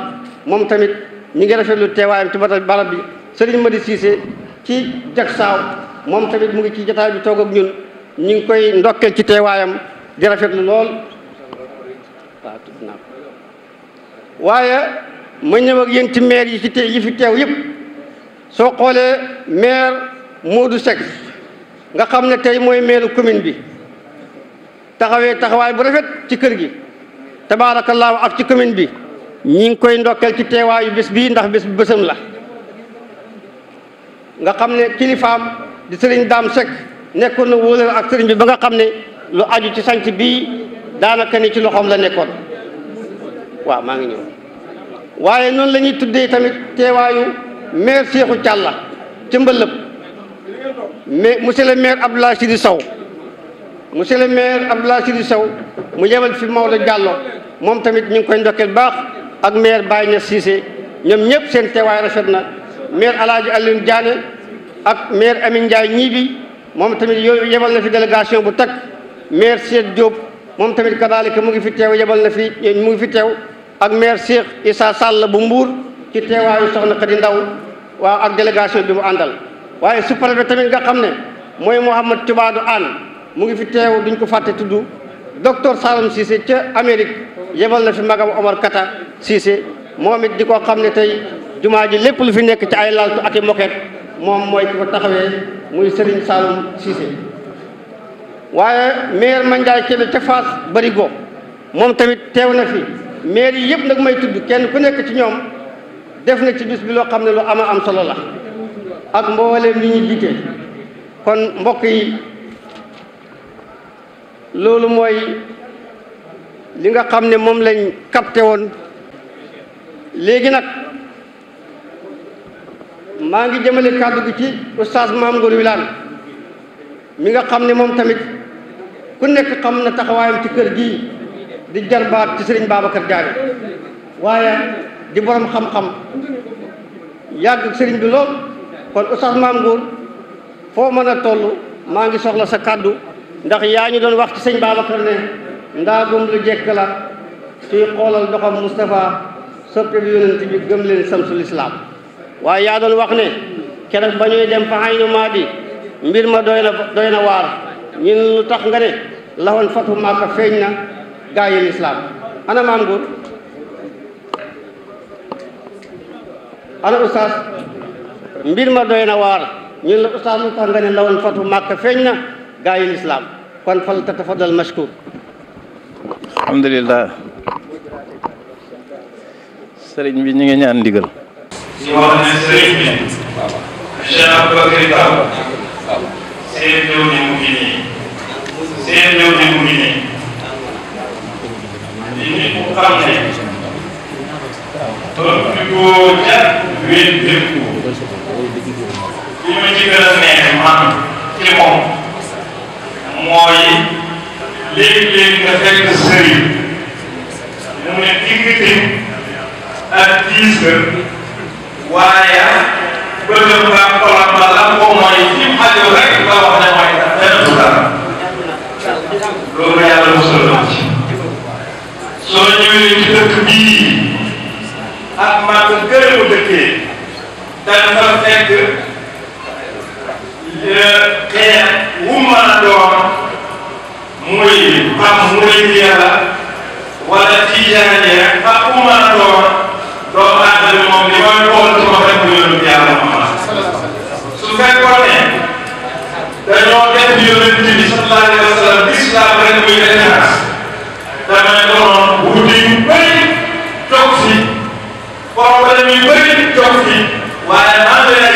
moom tamit ñi ngi rafetlu teewaayam ci bata barab bi Serigne Madi Cissé ci Jaksaaw moom tamit mu ngi ci jotaay bi toog ak ñun ñu ngi koy ndokkeel ci teewaayam di rafetlu lool waaw tudd naa waaye ma ñëw ak ci maire yi ci te yi fi teew yëpp soo xoolee maire du Seck nga xam ne tey mooy meeru commune bi taxawee taxawaay bu rafet ci kër gi tabaarakallaahu ak ci commune bi ñi ngi koy ndokkeel ci teewaayu bés bii ndax bés bu bésam la nga xam ne kilifaam di sëriñ Daam Seck nekkoon na wóolal ak sëriñ bi ba nga xam ne lu aju ci sanc bii daanaka ni ci loxoom la nekkoon waaw maa ngi ñëw waaye noonu lañuy tuddee tamit teewaayu maire Seexu Càlla ci mbëlëb mais monsieur le maire Abdoulaye Sidi Sow monsieur le maire Abdoulaye Sidi Sow mu yebal fi Maodo Diallo moom tamit ñu ngi koy ndokkeel baax ak maire Baye Niass Cissé ñoom ñëpp seen teewaay rafet na maire Alaaji Alioune Diané ak maire Amine Ndiaye ñiibi moom tamit yooyu yebal na fi délégation bu takk maire Cheikh Diop moom tamit kadaalika mu ngi fi teew yebal na fi mu ngi fi teew ak maire Cheikh Issa Sall bu Mbour ci teewaayu soxna Khady Ndaw waaw ak délégation bi mu àndal waaye su préfet tamit nga xam ne mooy Mouhamad Tibaadu Ann mu ngi fi teew duñ ko fàtte tudd docteur Saloum Cissé ca Amérique yebal na fi magam Omar Kata Cissé moom it di ko xam ne tey jumaa ji lépp lu fi nekk ci ay laltu ak i moket moom mooy ki ko taxawee muy Serigne Saloum Cissé waaye maire Mandiaye Kébé ca Fass Barigo moom tamit teew na fi maire yi yëpp nag may tudd kenn ku nekk ci ñoom def na ci bis bi loo xam ne lu ama am solo la ak mboolem li ñu jiite kon mbokk yi loolu mooy li nga xam ne moom lañ capté woon léegi nag maa ngi jëmale kàddu gi ci oustaz Mame Ngor Wilane mi nga xam ne moom tamit ku nekk xam na taxawaayam ci kër gi di jarbaat ci sëriñ Babacar Diagne waaye di borom xam-xam yàgg sëriñ bi lool kon Oustaz Mame Ngor foo mën a toll maa ngi soxla sa kàddu ndax yaa ñu doon wax ci sëñ Babacar ne ndaagum lu jekk la suy xoolal doxam Moustapha soppe bi yonent bi gëm leen samsul islaam waaye yaa doon wax ne keroog ba ñuy dem fa haynu maa bi mbir ma doy na doy na waar ñun lu tax nga ne lawoon fatu Màkka feeñ na gaa yi lislaam ana Mame Ngor ana mbir ma doy na ñun la oustaz lu nga ne lawoon fatu kon fal mashkur alhamdulillah sëriñ bi ñu ngi ñaan ndigal ñu wax ne sëriñ bi Cheikh Aboubacar Taw seen ñëw ni mu di li ci gën a neex man ci moom mooy léeg-léeg nga fekk sëriñ mu ne diggante ak diis ba waaye bëgg nga xoolal ba lan moo mooy ci xajul rek nga wax ne mooy benn bu dara loolu yàlla mosul la ci soo ñëwee ci dëkk bii ak màgg gërëmu dëkkee dana fa fekk. xeex wu mën a doon muy am muridiyya la wala tijaane ak ku mën a doon doomu aadama moom li mooy xool ci moom rek mu yónni yàlla ma su fekkoon ne dañoo def yonent bi sallallahu alayhi wa sallam islam rek muy référence damay doon wuti yu bëri toog fi problème yu bëri toog fi waaye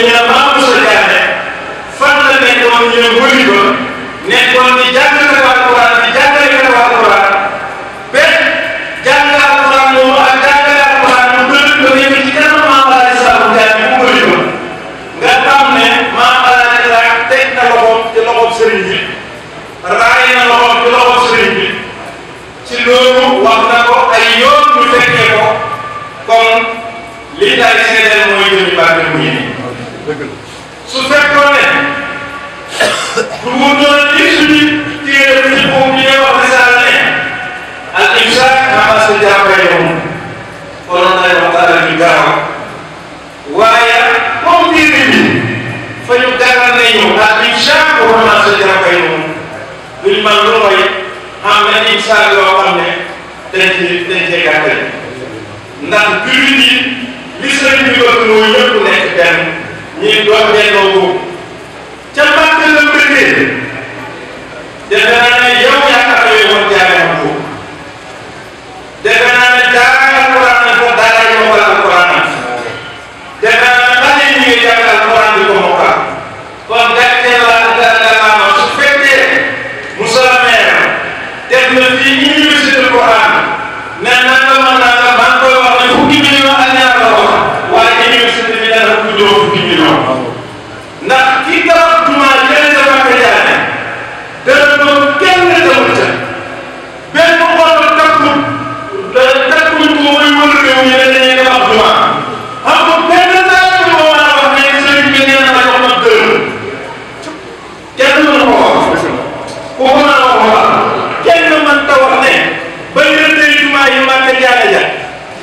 ñu a maamu Sodiane fan la nekkoon ñu ne wëli ba nekkoon di jàng mu doon lii suñu téere bi ñu moom ñu wax misaal ne al imsaak maanaam sa jàppee moom konoon lay wax dara ñu gaaw waaye moom téere bi fa ñu gàllan ne ñu al imsaak wax naa sa jàppee moom duñu man lu mooy am na imsaak yoo xam ne dañ ci dañ cee gàttal ndax jullit yi li sëriñ bi wax mooy ñëpp nekk benn ñi doon bennoo boobu ca Yeah.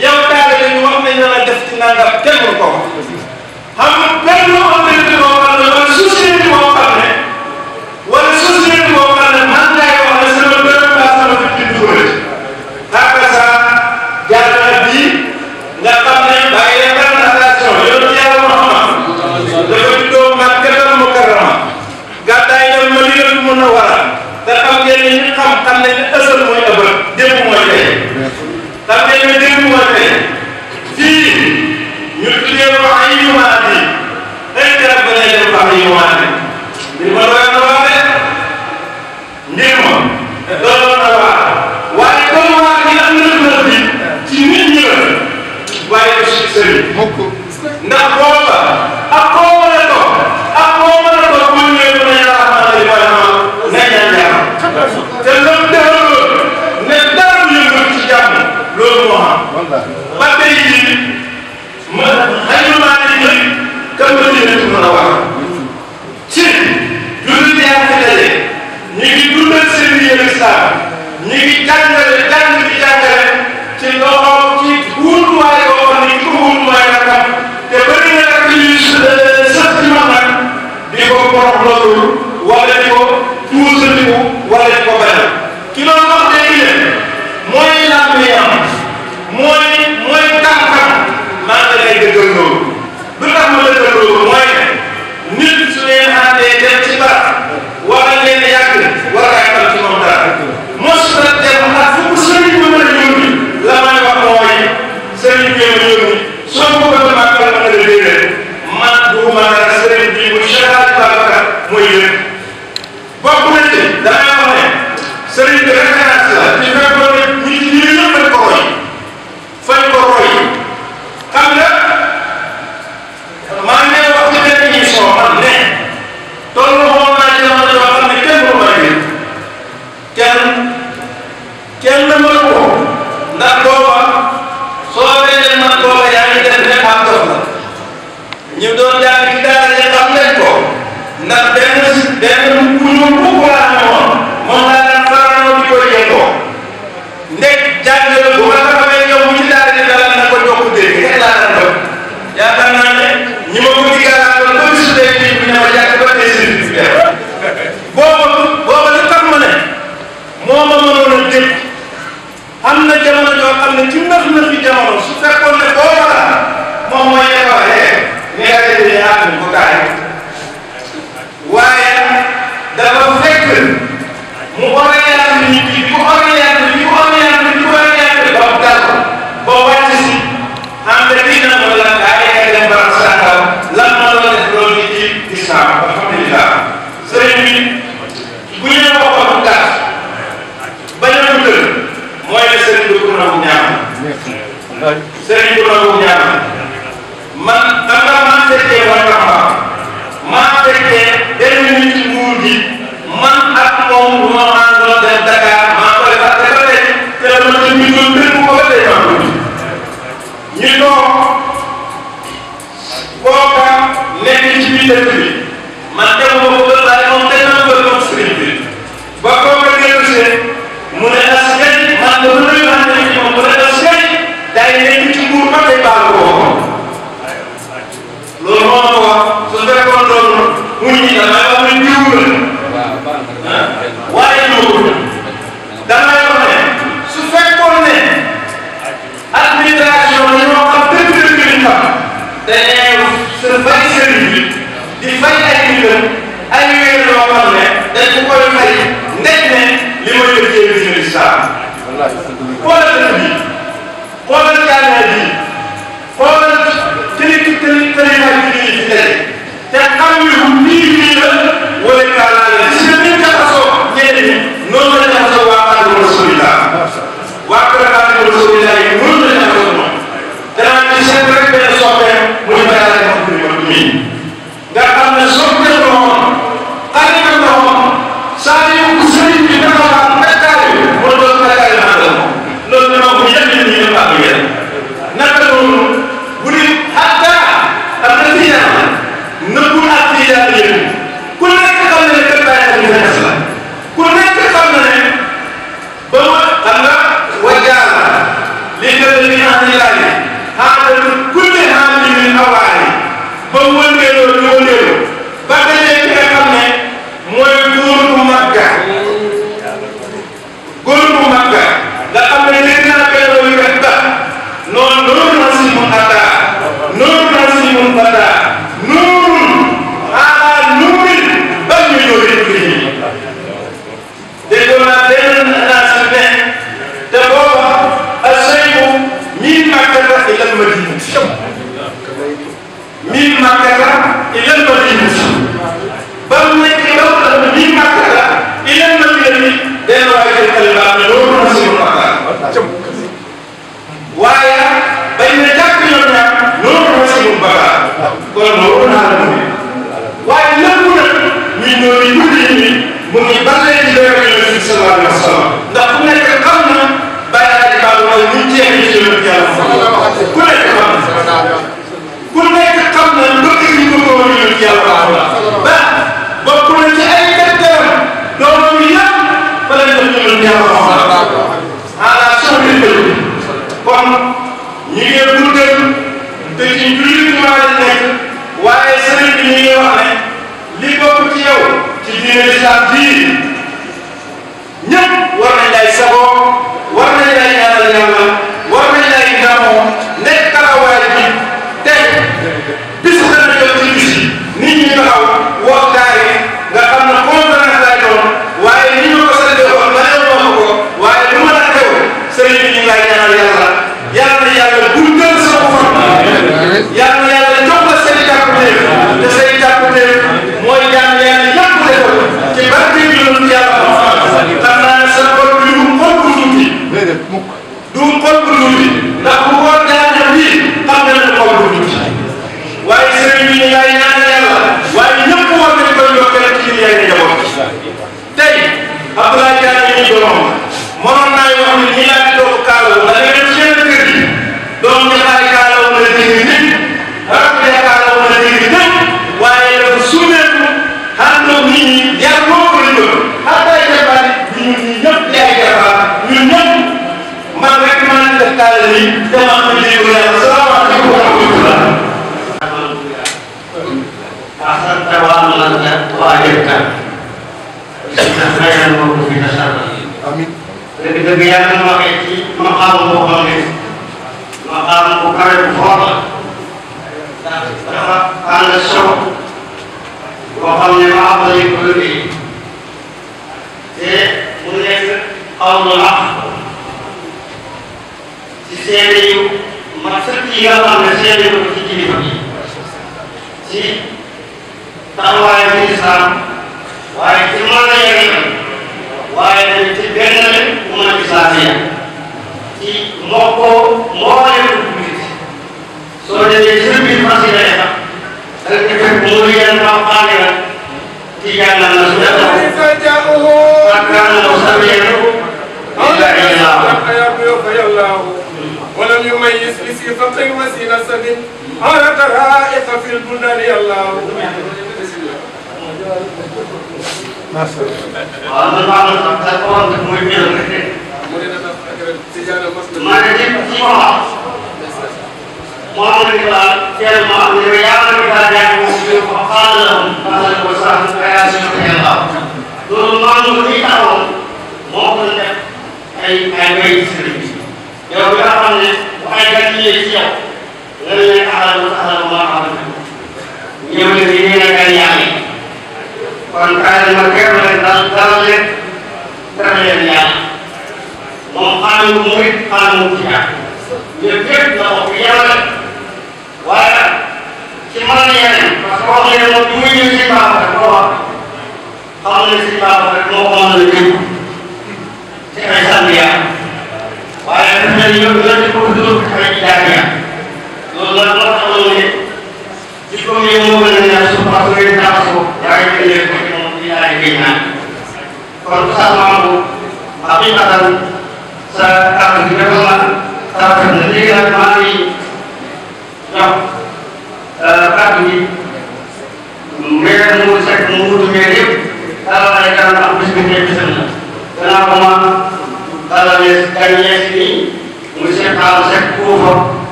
yow daal la ñu wax nañ la def ci nangam kenn ko xam ah, nga benn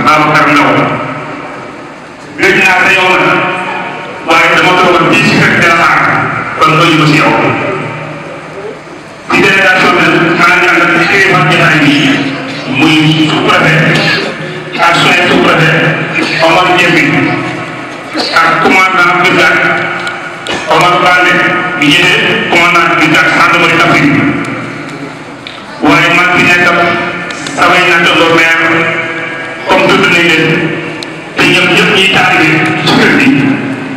Babacar Ndaw dégg naa sa yow la waaye dama toogoon fii si kër Dalla kon doy ko si yow ci délégation bi xanaa ñu ànd ak kilifa jotaay bi muy sous-préfet ak soin sous-préfet Omar Diémbi ak commandant brigade Omar Bane bi ñëwee commandant brigade gendarmerie d'Afrique waaye man fi nekkam samay natt loolu comme tudd nañ leen te ñoom ñëpp ñuy taalibe ci kër bi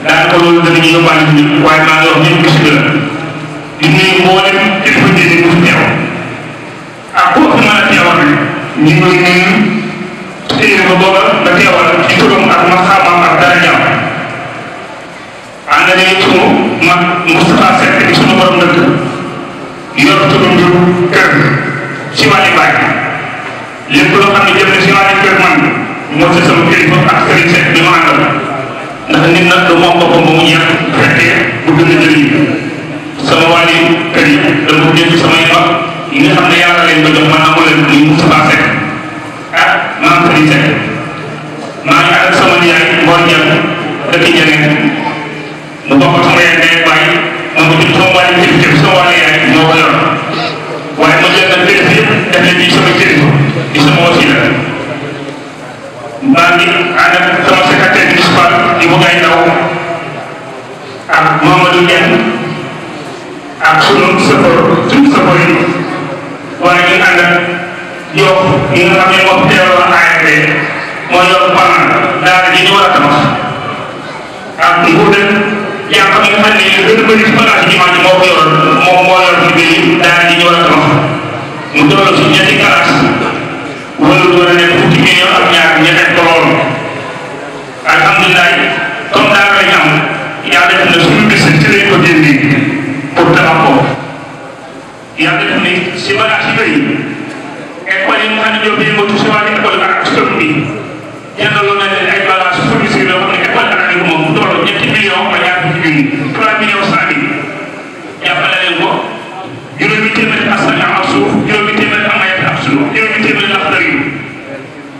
daanaka loolu danañu yóbbaale ñun waaye maa ngi wax ñëpp gis nga di nuyu mboolem kilifa diine bu fi teew ak ah, ku ëpp mën a teewal ñu ngi koy nuyu téye ba booba ba teewal ci turam ak maxaamam ak dara ñaaw ànd nañu sunu mag Moustapha Seck di sunu borom dëkk yor turam ju kër ci wàllu baay lépp loo xam ne jëm na si waaye man moo ci sama kilifa ak sëriñ seet bi ma àndal ndax nit nag moom boppam ba mu ñàkk fekkee bu gën a jëriñ sama waa yi kër yi dama jënd samay mag yi nga xam ne yàlla leen ko jox maanaam wala muy Moustapha Seck ah maam sëriñ Seck maa ngi ak sama nijaay Ngor Dieng dëkk Njëriñ sama yaay bàyyi ma ko jëm sama waa yi kër sama waa yaay moo ko waaye ma jël nag lépp yëpp def leen di sama jëriñ di sama wasila maa ngi sama secrétaire municipal di mu ngay ndaw ak Mamadou Ndiaye ak sunu sapor sunu sapor yi waaye ñu ànd ak yow yi nga xam ne moom teewoo ARD mooy yow Pama ji ñu war a ak nguur nah, yang kami nga xam ne gën a bëri place bi ma moo ko yoroon moom moo yor ci biir daara yang ñu war a tabax mu doon si ñetti yang wala lu war a nekk jadi million ak ñaar ñeneen ko lool alhamdulilah comme daara lañ am yàlla def na suñu bis ci lañ ko jëndi pour tabax ko yàlla def ne si bagage yi bëri école yi nga xam ne junni trois millions cent mille jàppale leen ko juróomi téeméer askan am ak suuf juróomi téeméer am ay ak suuf juróomi téeméer la xar yu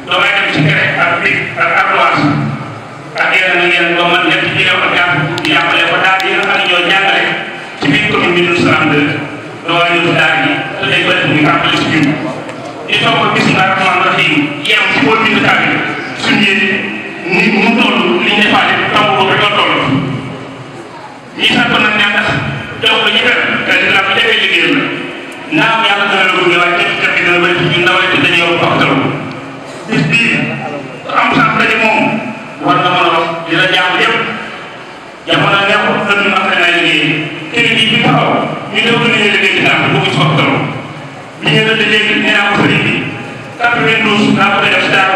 damay dem ci kere ak bic ak ardoise ak yeneen ak yeneen ba man ñett ñi ko jàpp jàppale ko daal yi nga xam ne ñoo jàngale ci biir commune bi ñu salaam de damay ñëw daal yi te day bëri muy àppale ci biir di toog ba bis nga rahman rahim yem ci wóor bi nga tàggat suñu yéen ni mu toll li ñu defaale ñi fàttali nag ñaa tax jox ko ñu def te la bu jafee liggéeyam la naam yàlla dana la gunge waaye tekki tekki dana bëri ñu ndaw rek dañuy yor waxtaan bis bii am sax daje moom war na mën a wax di la jaaxle yëpp jamono neexul lan ñu wax ne naa liggéey te lii bi taxaw ñu def lu ñuy liggéey ci naam bu ko ci waxtaan bi ñu la liggéey nee naa ko sëriñ bi 92 naa ko def si daara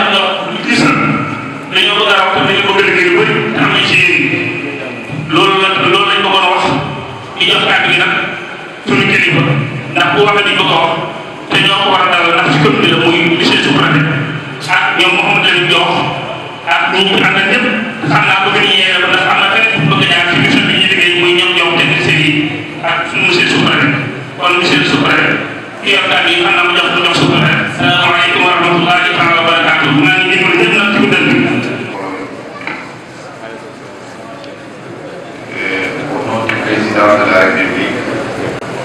xam ñoo gis na dañoo bëgg a rab te dañu bëgg liggéey bëri am ci loolu la loolu lañ bëggoon wax di jox kàddu gi nag suñu kilifa ndax bu waxee di bëgg a wax te ñoo ko war a dal ndax ci kër bi la muy monsieur Soubrane ah ñoom Mouhamed Lamine Diop ah ñu ngi ànd ak ñëpp xam naa bëgg ñu yeeral ndax am na de la République,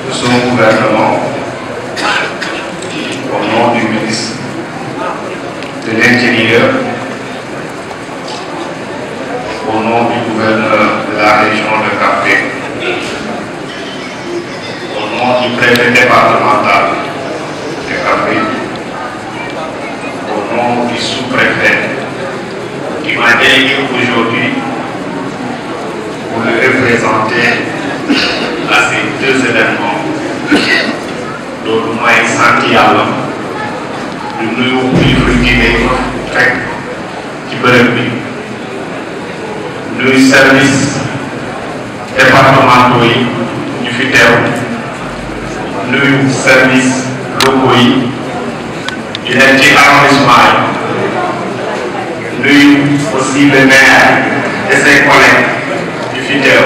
de son gouvernement, au nom du ministre de l'Intérieur, au nom du gouverneur de la région de Café, au nom du préfet départemental de Café, au nom du sous-préfet qui m'a délégué aujourd'hui pour le représenter dialog ñu nuyu kilifa diine rek ci bërëb bi nuyu service départementaux yi ñu fi teew nuyu service locaux yi di nekk ci arrondissement yi nuyu aussi le maire et de collègues ñu fi teew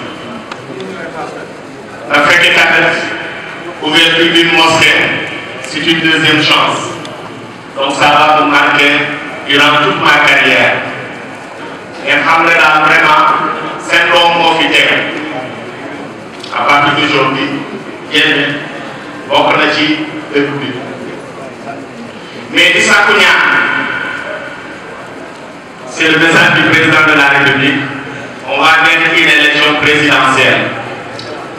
La fête est ouverture d'une mosquée, c'est une deuxième chance. Donc ça va me marquer durant toute ma carrière. Et Alhamdulillah, vraiment, c'est long, profité. À partir d'aujourd'hui, bien, on connaît le public. Mais Issa c'est le message du président de la République. On va amener une élection présidentielle.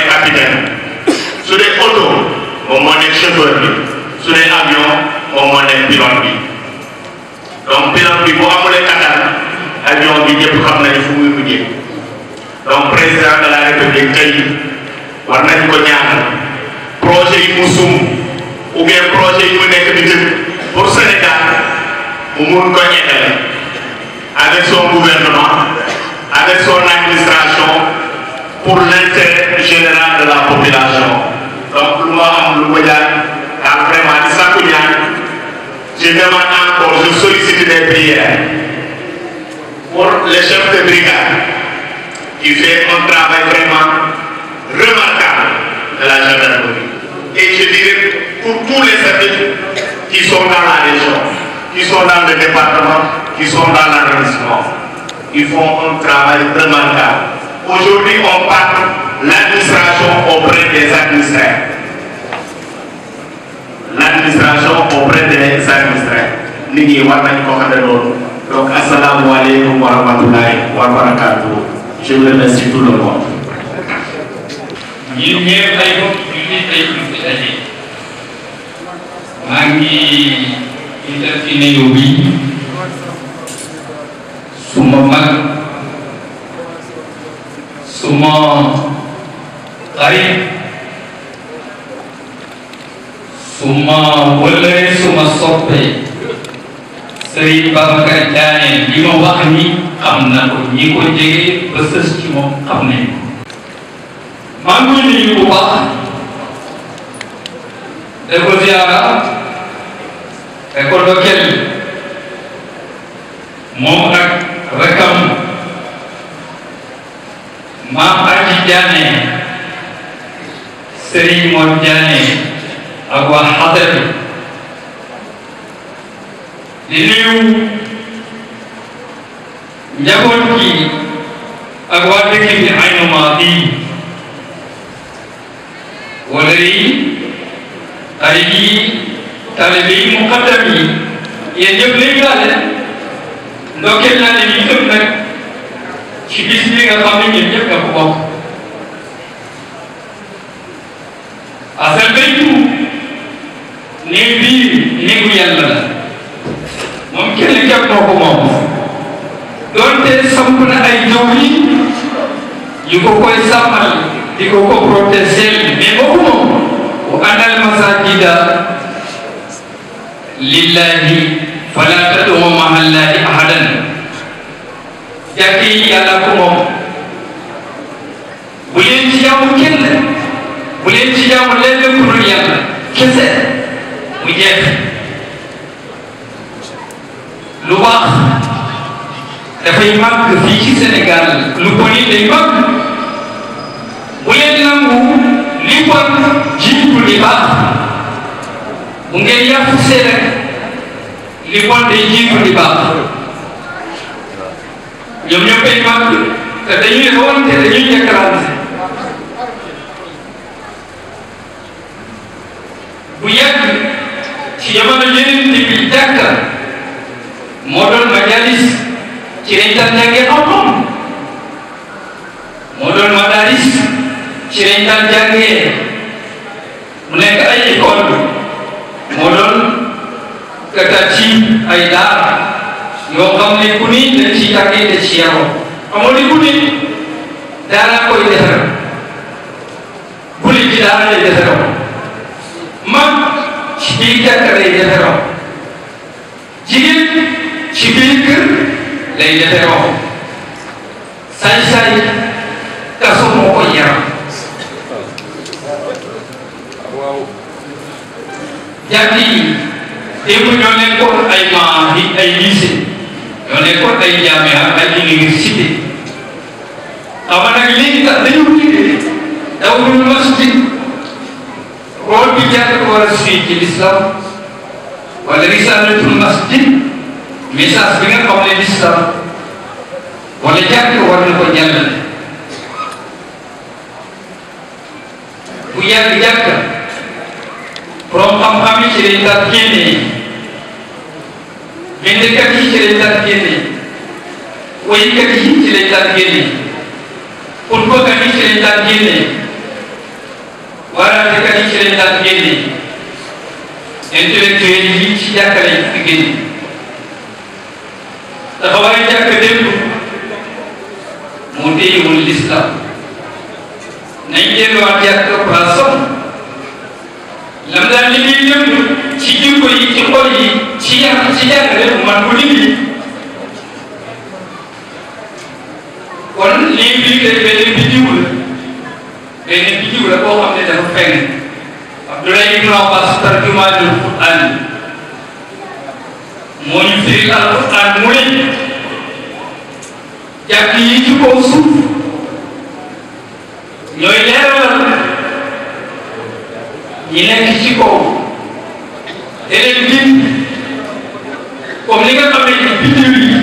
capitaine sur les autos moom moo sur les avions, on pilote donc pilote bi amener les Qatar. avion bi pour amener fu donc président de la république projet de ou bien projet de pour Sénégal avec son gouvernement avec son administration pour l'intérêt général de la population donc moi, ma am je demande encore je sollicite des prières pour les chefs de brigade qui fait un travail vraiment remarquable de la gendarmerie et je dirais pour tous les services qui sont dans la région qui sont dans le département qui sont dans l'arrondissement ils font un travail remarquable Aujourd'hui, on parle l'administration auprès des administrés. L'administration auprès des administrés. Nous avons Donc, assalamu alaikum wa rahmatullahi wa barakatuh. Je vous remercie tout le monde. ñun ñëpp ay bopp jullit ay jullit daje maa ngi itam ci néew bi suma mag suma xarit suma wëllëre suma soppe Sëriñ Babacar Diané li ma wax xam na ko ñi ko jege ba sës ci moom xam nañ ko maa ngi koy nuyu bu baax de ko ziara de ko dokel moom ak rakam ማብራጅጃ ነኝ ስሪ ሞጃ ነኝ አጓ ሐደር ልልዩ ጀጎንቲ አጓ ድክኝ አይኑ ማዲ ወለሪ አሪጊ ታለቢ ሙቀደሚ የጀብልኝ አለ ሎኬላ ለሚትም ነክ ci bis bi nga xam ne ñun ñëpp nga ko bokk asalaamaaleykum néeg bii néegu yàlla la moom kenn képp moo ko na ay jaww yi ko koy sàmmal di ko ko protéger mais bokku moom wa anna al masajida lillahi fala tad'u ma'a allahi jàkk yi yàlla ko moom bu leen ci jaamu kenn bu leen ci jaamu lenn ku dul kese mu jeex lu baax dafay màgg fii ci Sénégal lu ko nii day màgg bu leen nangu li bon jiitu li baax bu ngeen yàqu see rek li bon day jiitu li baax ñoom ñoo koy màgg te dañuy xawante dañuy jàkkalante bu yàgg ci jamono yeneen nit bi jàkka moo doon majalis ci lañ daan jàngee xam-xam moo doon madaris ci lañ daan jàngee mu nekk ay école moo doon kata ci ay daar yoo xam ne takkiɓe ciyam o omo d i b g u ɗ i dara koye d e f a r a b u l i jiɗaɗo e d e f a r a o ma cibi jakkata e d e f a r a o jigin cibi kir ley d e f a r a o sañ sañ kasumo ko yaram j a g i ɗimuñonen kon ay maahi ay lycée loolu école day jàmmee ak ay liggéey ngir cité xam nga nag léegi tax dañu liggéey daw ñu bi jàng ko war a suy ci l'islam wala risalatul masjid message bi nga xam ne l'islam wala jàng war na ko jàllale bu yàgg-yàgg borom xam-xam yi ci lañ bindkat yi ci lañ daan génne waykat yi ci lañ daan génne xutbakat yi ci lañ daan génne waraatekat yi ci lañ daan génne intellectuel yi ci jàkka lañ fi génne dafa war a jàkk démb mu téyewul l'islam nañ delluwaat jàkk place am lam daan li muy yëngu ci jikko yi ci xol yi siang-siang dari man ko libi kon libi beli benn bidiw beli benn bidiw la boo tidak ne Abdullah fenn Abdoulaye Ibn Abbas tarjumaa du Quran moo ñu firi alquran mu ne jàkk yi ci kaw suuf ñooy leeral ñi nekk ci comme li nga xam ne biddiw yi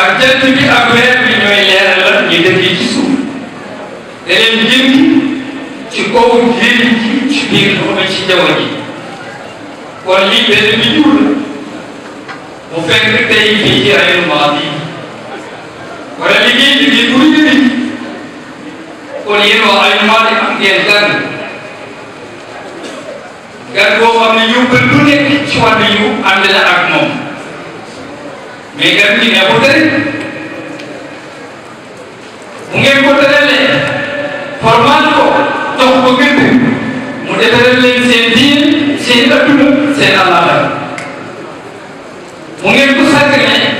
ak jant bi ak weer bi ñooy leeral ñu def yi ci suuf da ci kaw géej gi ci biir ndox ci jaww ji kon lii benn bi jur la mu fekk tey fii ci ay maat yi wala liggéey bi bii pour ñu kon yéen waa ay maat yi am ngeen gan boo xam ne yow ba lu nekk ci wàllu yu ànd la ak moom mais gan bi ko tëri bu ngeen ko tëralee formal ko dox ko gëdd mu defaral leen seen diine seen adduna seen àllaaxira bu ngeen ko sàggane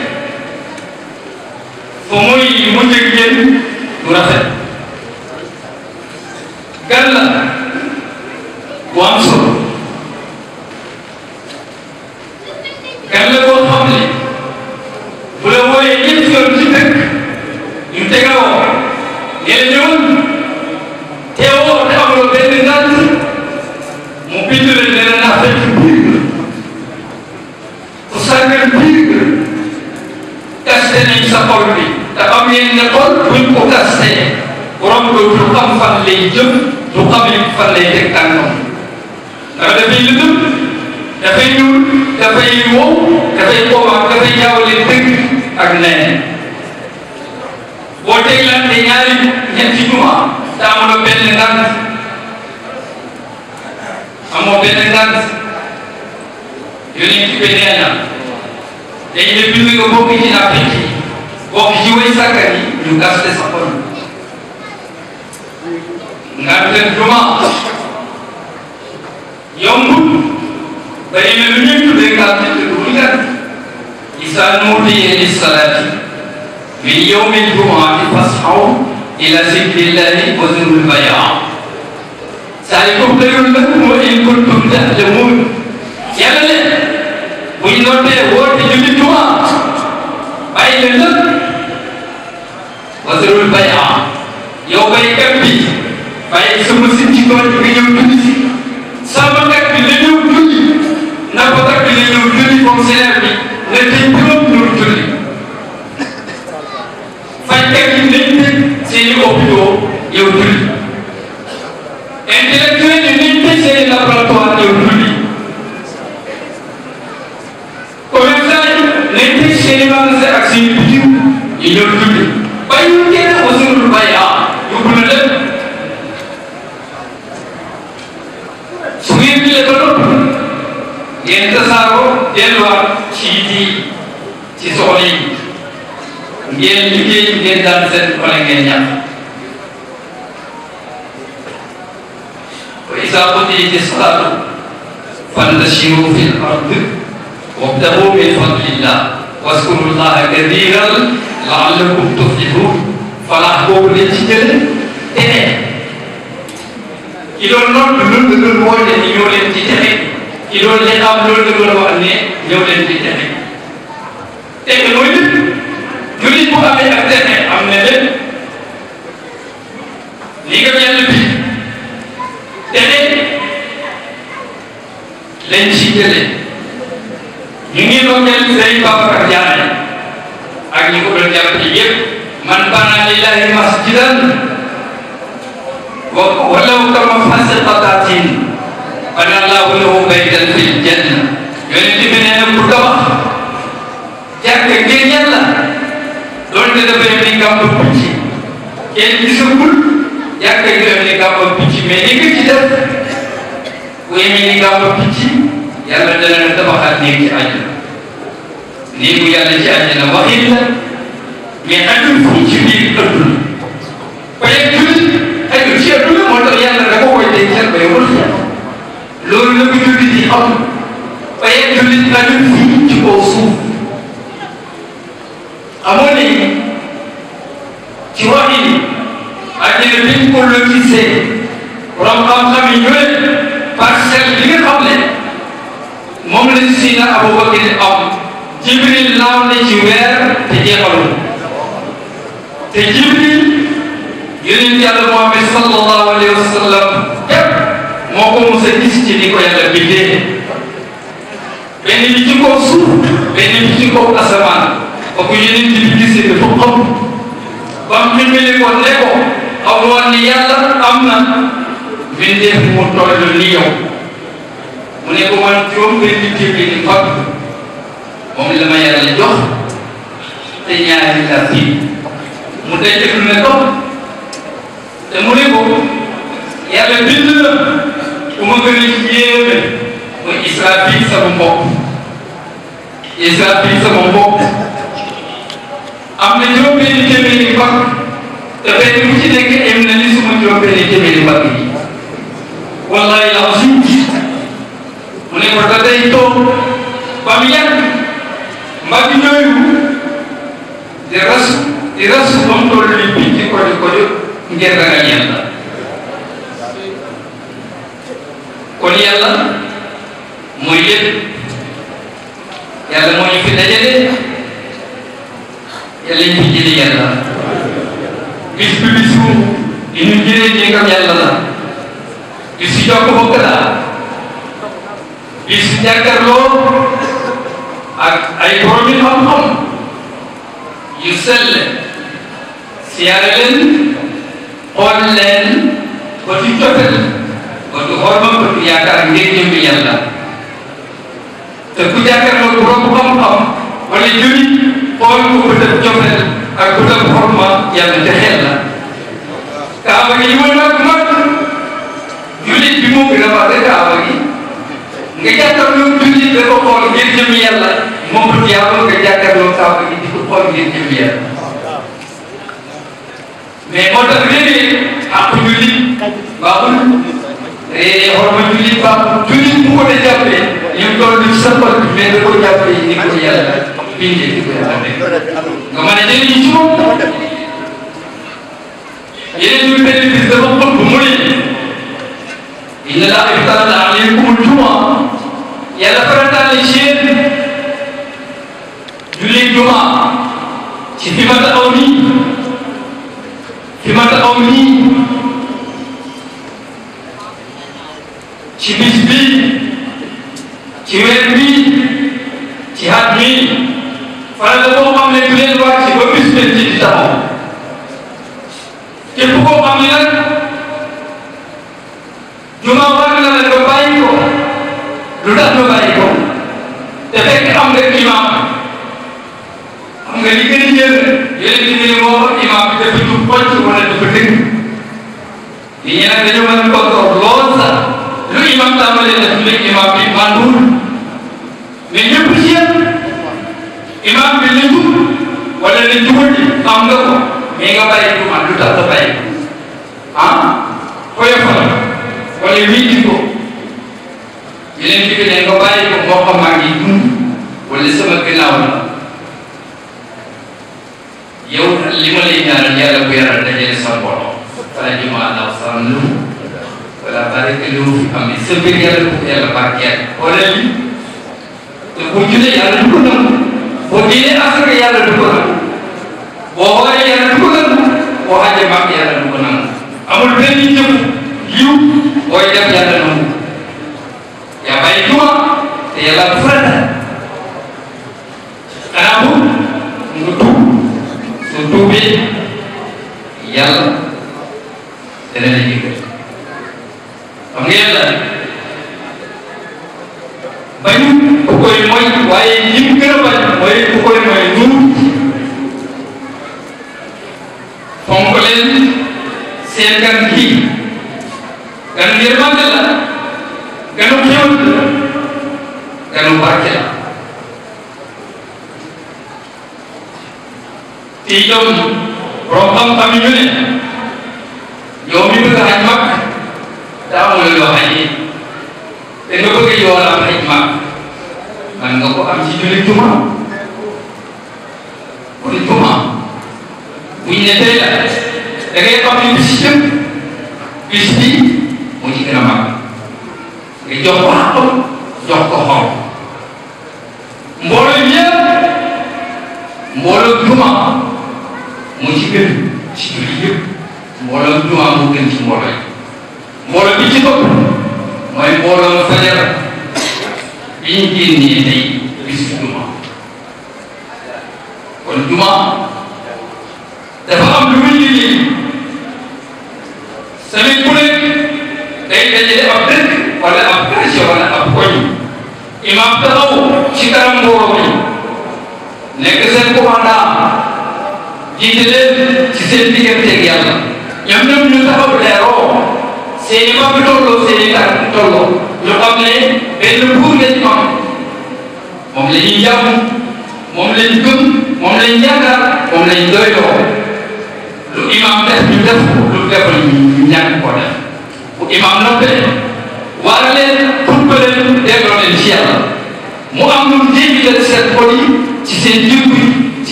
fa mooy mu njëg ngeen du rafet gan la bu am ñu nekkoon buñ ko gasee romb du xam fan lay jëm du xam li fan lay teg tànkam ndax dafay lëndëm dafay ñuul dafay wow dafay koobaam dafay jaawale dëgg ak neen boo teglante ñaari ñetti juma te amuloo benn ngant amoo benn ngant yónnee ci benn dañ ne bind nga bokk ci naafeq yi bokk ci way sàkkat yi ñu gas te saxoon nga leen duma yombul bari na lu ñuy tuddee nga xam ne du gan isaa nuudiya li salaati min yawmi l-jumuati fasxaw ila zikrillahi wa zurul bayaa saa yi comme dayoo la moo in kuntum tahlamuun yàlla ne buñ nootee woote julli jumaa wasalul bay ah yow baykat bi bàyyi sama si ci tool bi nga ñëw dund si sama nga الإسلام فانتشروا في الأرض وابتغوا من فضل الله واذكروا الله كثيرا لعلكم تفلحون falax boobu lañ ci jëlee texe ki doon noonu lu dul dul moo ne ñëw leen ci texe ki doon leen am loolu la doon wax ne ñëw leen ci texe texe mooy lépp jullit bu amee ak texe ñu ngi doon jël Sëriñ Babacar Diané ak ñi ko doon jàppale yëpp man bana lillahi masjidan wa walaw kama fasi qatatin bana allahu lahu baytan fil janna yonent bi nee na bu tabax jàkk ngir yàlla loolu de dafay ni gàmbu picc kenn gisagul jàkk ngir ni gàmbu picc mais li nga ci def wéy ni gàmbu picc yàlla dana leen tabaxaat néeg ci àjjana néegu yàlla ci àjjana la mais ajul fu ci biir ëttu la peut être ajul ci ëttu la moo tax yàlla da ko koy dencal loolu la ko jullit yi am peut être jullit ajul fu ci kaw suuf amoon nañu ci waxin àjjana biñ ko lotisee borom xam-xam yi ñëwee moom lañ si Abubakar am Jibril naaw na ci weer te jeexalu te Jibril yonent yàlla Muhammad sallallahu alayhi wa sallam képp moo ko mos a gis ci ni ko yàlla bindee benn bi ci kaw suuf benn ci kaw asamaan ba ko yonent bi gisee dafa xam ba mu dimbali ko ne ko xamuloon ni yàlla am na mbindeef mu ni yow. mu ne ko man juróom-benni téeméeri xob moom la ma yàlla jox te ñaari tas yi mu denc lu ne ko te mu ne ko yàlla bind na ku ma gën a yéeme mooy Israfil sama mbokk Israfil sama mbokk am na juróom-benni téeméeri xob te benn bu ci nekk am na li suma juróom-benni téeméeri xob yi wallahi la Mariana, Madinoyu, the rest, the rest don't only be the Kodi Kodi, get a Yalla. Kodi Yalla, Moye, Yalla Moye Fidele, Yalla Fidele Yalla. Bis Bibisu, Inugire Jengam Yalla, Bis Yoko Bokala, Bis Nyakarlo, ak ay borom yi xam yu sell siyaare leen leen ba ci jotal ba ci xormam ba ci yaakaar ngeen jëm yàlla te ku jàkkaarloo borom xam-xam wala jëli xool ko bëtam jotal ak bëtam xorma yàlla jaxeel la kaaba gi li ma nag mag julit bi moo gën a mag kaaba gi nga jàkkaarloo julit da ko xool ngeen jëm yàlla moom it yàlla nga jàkkaarloo saako yi di ko xool ngeen jëm yàlla mais moo tax léeg-léeg àqu jullit baaxul xorma jullit baaxul jullit bu ko dee jàppee ñu toll ni sampal bi mais da ko jàppee ni ko yàlla bindee di ko yàlla nga mën a jëriñ ci moom yéen ñu benn bis dafa xut bu mu ne inna laa ibtala alaykum al juma yàlla farataale ci ci himata aw nii himata aw nii ci bis bi ci weer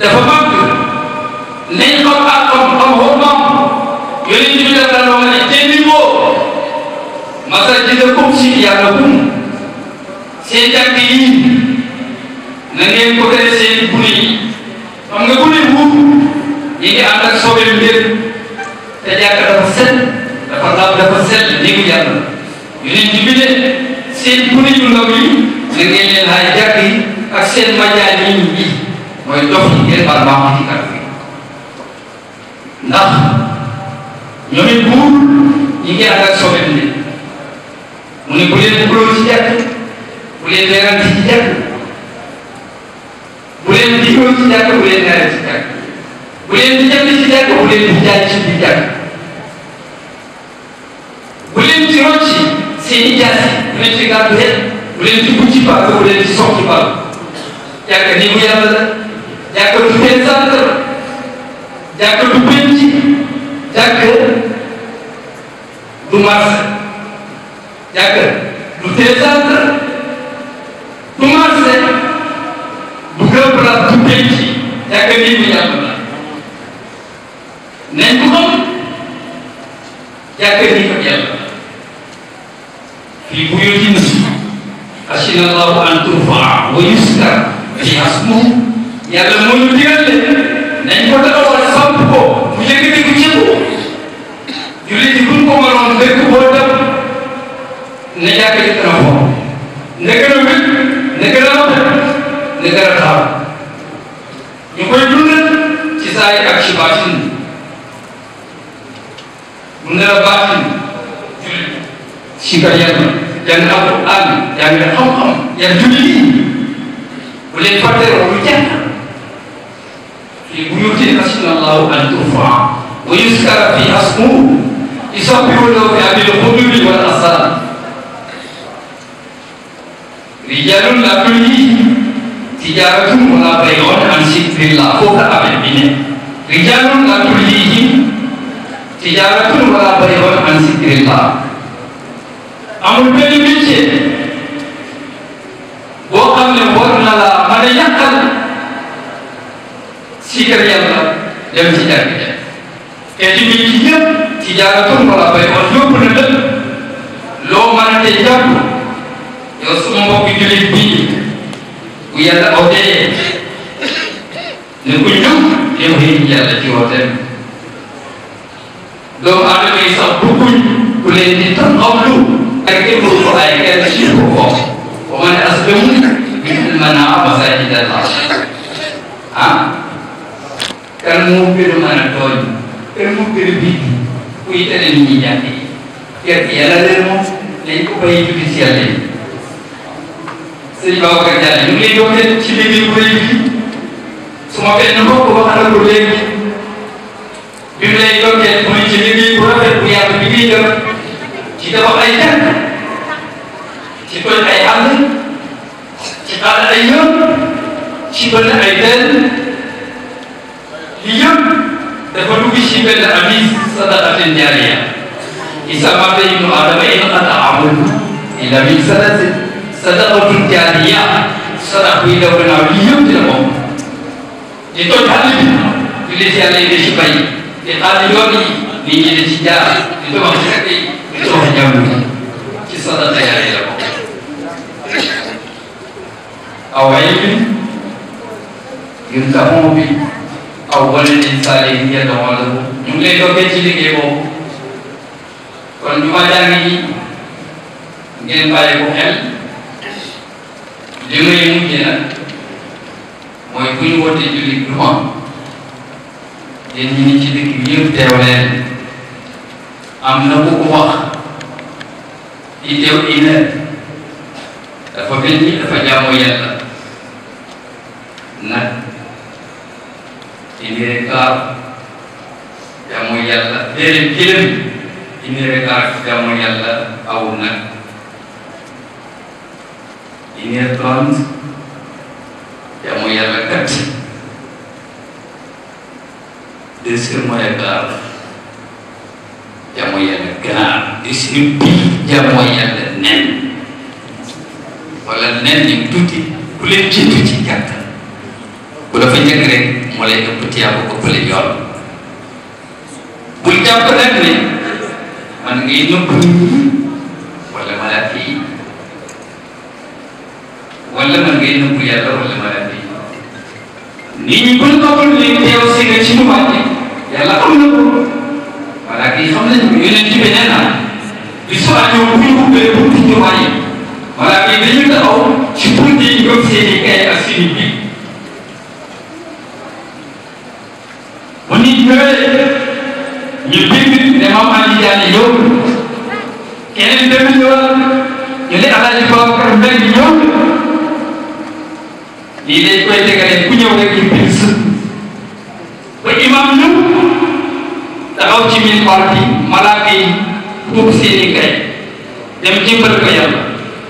dafa màgg nañ xam ak xam xam xormam yooyu ñu def la loo ne te ni boo masal ji nga comme si yàlla bum seen par maam bi ci kàddu gi ndax ñoom it buur ñi ngi ànd ak sobe bi mu ne bu leen buloo ci jàkk bu leen leeral ci jàkk bu leen digloo ci jàkk bu leen leeral ci jàkk bu leen di jënd ci jàkk bu leen di jaay ci biir jàkk bu leen ci rocc seen i jaasi bu leen ci gàddu bu leen ci bucc paaka bu leen ci soxla paaka jàkk nii bu yàlla la. jàkka du seen centre jàkka du penc jàkka du marché jàkka du seen centre du marché du gën place du penc jàkka nit ñi yàlla la nañ ko xam jàkka nit ak yàlla fi buyutin asina allahu an turfaa wa yuskar fi asmuhu yàlla moo ñu digal leen nañ ko dawal samp ko mu yëkkati ko ci ko jullit yi buñ ko mënoon dëkk boo dem na jàkk ji dana fo na gën a wét na gën a rafet na gën a taal ñu koy dundal ci saa yi ak ci baatin mu ne la baatin jullit si ka yàlla jàng alquran jàng xam-xam yàlla jullit yi bu leen fàtte lu يطيع رسول الله أن ترفع ويذكر فيها اسمه يسبح له بها بالقلوب والأصابع رجال لا تلهيهم تجارة ولا بيع عن ذكر الله فوق أبعدنا رجال لا تلهيهم تجارة ولا بيع عن ذكر الله amul benn métier boo xam ne war na laa mën a yàqal sikkar yàlla dem ci jàng te julli ci ñëpp ci jaaratun wala bay woon yóbb na lépp loo mën a tey jàpp yow suma mbokki jullit bii bu yàlla aw dee ne ko ñëw yow xëy yàlla ci wooteem doomu aadama yi sax bëgguñ ku leen di tan xawlu ak ibru ko ay kenn ci ko ko wa man aslamu mimman amana masajid Allah ah kan moo gën a mën a tooñ kan moo gën a tere nit ñi jàpp yi gerte yàlla leen moom lañ ko bàyyi julli si yàlla yi sëñ Babacar Diallo ñu ngi lay doon ci liggéey bu rëy bi su ma benn mbokk wax na ko léegi bi mu lay doon kenn mooy ci liggéey bu rafet bu yàlla bi ngay jot ci tabax ay jàkk ci toj ay àll ci xaaral ay yoon ci bënn ay li yëpp dafa dugg ci benn avis sadaqatin jaariya isa mata ibnu adama inqata amalu illa min sadatin sadaqatin jaariya sadaq yi daw gannaaw li yëpp dina moom di toj àll bi di leen ci yàlla yi ci bay di xaar yoon yi nit ñi di ci jaar di tabax ci rek yi di tabax jàmm yi ci sadaqa yàlla yi la bokk awaye bi yun tamoo bi awwalul insaani yi ngeen doxal la ñu ngi lay dokkee ci liggéey boobu kon ñu ma jàng yi ngeen bàyyi ko xel li may mujj nag mooy bu ñu wootee julli du am yéen ñi ni ci dëkk bi yëpp am na ku ko wax di teew une heure dafa mel ni dafa jaamu yàlla indire kaar jaamu yàlla déedéet jëlem indire kaar jaamu yàlla awul nag indire tont jaamu yàlla kat désir mooy kaar jaamu yàlla ganaar désir bii jaamu yàlla nen wala nen ni tuuti ku leen ci tuuti jàkk ku la fa njëkk rek moo lay ëpp tiyaaba ko pële yoon bul jàpp nag man ngay nëbb wala malaaka yi wala man ngay nëbb yàlla wala malaaka yi nit ñi buñ toppal ni teew si nga ci tubaab yi yàlla am na ko malaaka yi xam nañu yonent bi nee na bi soo ñëw bu ñu ubbee buntu tubaab yi malaaka yi dañu taxaw ci buntu yi ñoom seen i kay ak seen i ñu bind ne moom Aliou Diané ñëw keneen dem ñëwal ñu ne Alaaji Babacar Mbengue ñëw lii dañ koy tegale ku ñëw rek ñu bind ba imam ñu taxaw ci minbar bi malaaka yi tuub seeni kay dem jëmbal ko yàlla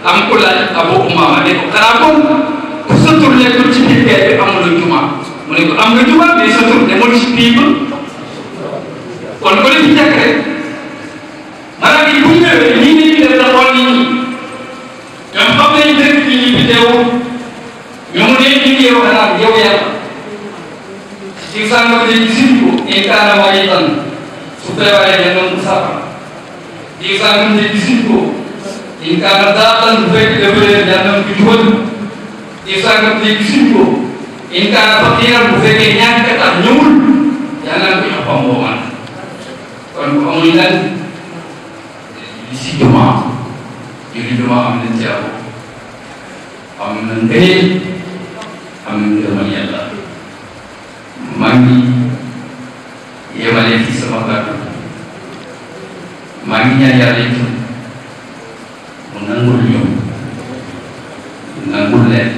am ku laaj Abu Umaama ne ko xanaa kon sa tur nekkul ci biir kay bi amul juma mu ne ko am nga juma mais sa tur demul ci biir kon ko leen ci jàkk rek maanaam bu ñu ñëwee nii nii def la xool ñi nga xam nañ dëkk yi ñu ñu mu yow yow ci tan su feebaree nga doon sàpp ci sàngam dañu simbo in kaana daatan bu fekk dafa leen jànnam bi jubal ci sàngam dañu simbo xam ñi nag li si jumaa julli jumaa am nañ ci amoo am na ngëneel am na ngërëmal yàlla maa ngi yemale fii sama kàddu maa ngi ñaan yàlla itam mu nangul ñoom nangul leen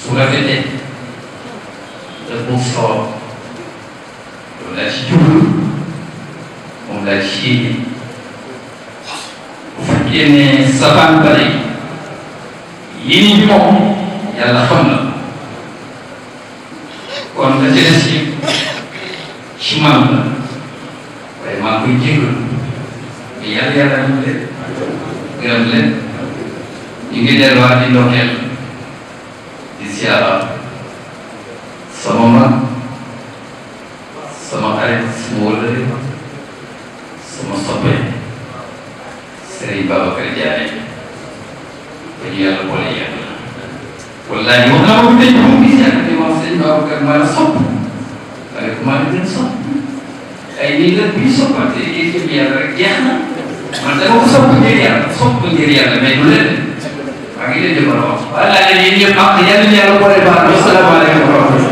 su rafetee daf mu sawar loolu laa ci jublu moom laay siini bu fekkee ne safaan bare yi ni moom yàlla xam na kon la ca des yëpp ci maam la waaye maa ngi koy jégal mais yàlla yàlla ñu leen gërëm leen ñu ngi delluwaat di ndokkeel di siyaara sama mag sama xarit sama sama soppe Serigne Babacar eh. Diané ba ñu yàlla boole yàgg na wallaahi wax na ma bu dee bu gis yàgg di wax Serigne Babacar maa la sopp ma ne ko maa la gën sopp ay eh, nii la bii soppante kii jëm yàlla rek eh. jeex na man dama ko sopp ngir yàlla sopp ngir yàlla mais du leen maa ngi leen di mën a wax. voilà yéen ñëpp ak yàlla yàlla boole baax na salaamaaleykum wa rahmatulah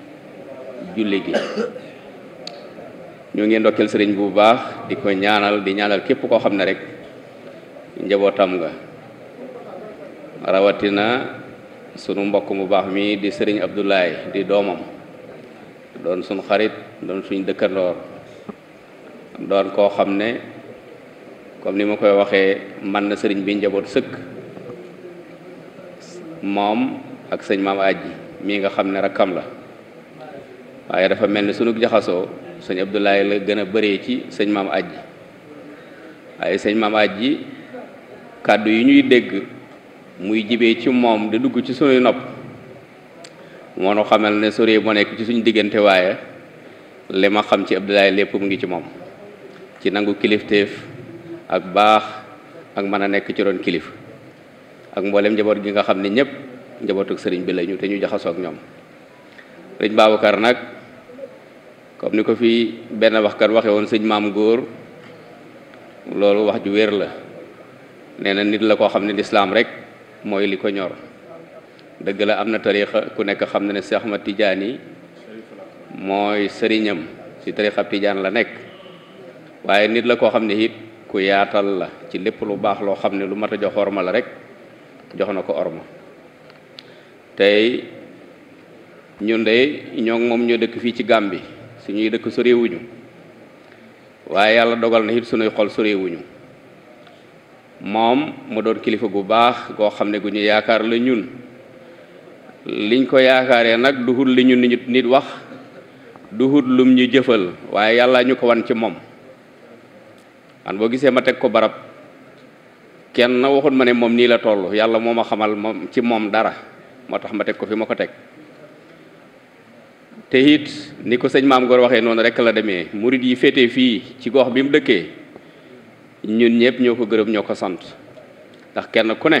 julli gi ñu ngi ndokkeel sëriñ bu baax di ko ñaanal di ñaanal képp koo xam rek njabootam nga rawatina sunu mbokk mu baax mi di sëriñ Abdoulaye di doomam doon suñ xarit doon suñ dëkkandoor doon koo xam ne comme ni ma koy waxee man na sëriñ bi njaboot sëkk moom ak sëñ maam aji mii nga xam ne rakkam la waaye dafa mel ni sunu jaxasoo sëñ Abdoulaye la gën a baree ci sëñ maam ajji waaye sëñ maam ajji kàddu yi ñuy dégg muy jibee ci moom di dugg ci sunuy nopp moo nu xamal ne sore moo nekk ci suñ diggante waaye li ma xam ci Abdoulaye lépp mu ngi ci moom ci nangu kilifteef ak baax ak mën a nekk ci roon kilif ak mboolem njaboot gi nga xam ne ñëpp njabootuk sëriñ bi lañu te ñu jaxasoo ak ñoom sëriñ Babacar nag comme ni ko fi benn waxkat waxe woon sëñ maam góor loolu wax ju wér la nee na nit la koo xam ne lislaam rek mooy li ko ñor dëgg la am na tarixa ku nekk xam ne ne Seex Ahmad Tijaan yi mooy sëriñam ci tarixa Tijaan la nekk waaye nit la koo xam ne it ku yaatal la ci lépp lu baax loo xam ne lu mat a jox orma la rek jox na ko orma tey ñun de ñoo moom ñoo dëkk fii ci suñuy dëkk sorewuñu waaye yàlla dogal na it suñuy xol sorewuñu moom mu doon kilifa gu baax goo xam ne gu ñu yaakaar la ñun liñ ko yaakaaree nag duhut li ñu nit nit wax duhut lum ñu jëfal waaye yàlla ñu ko wan ci moom man boo gisee ma teg ko barab kenn waxut ma ne moom nii la toll yàlla moo ma xamal moom ci moom dara moo tax ma teg ko fi ma ko teg te it ni ko sëñ maam Gor waxee noonu rek la demee murit yi féete fii ci gox bi mu dëkkee ñun ñëpp ñoo ko gërëm ñoo ko sant ndax kenn ku ne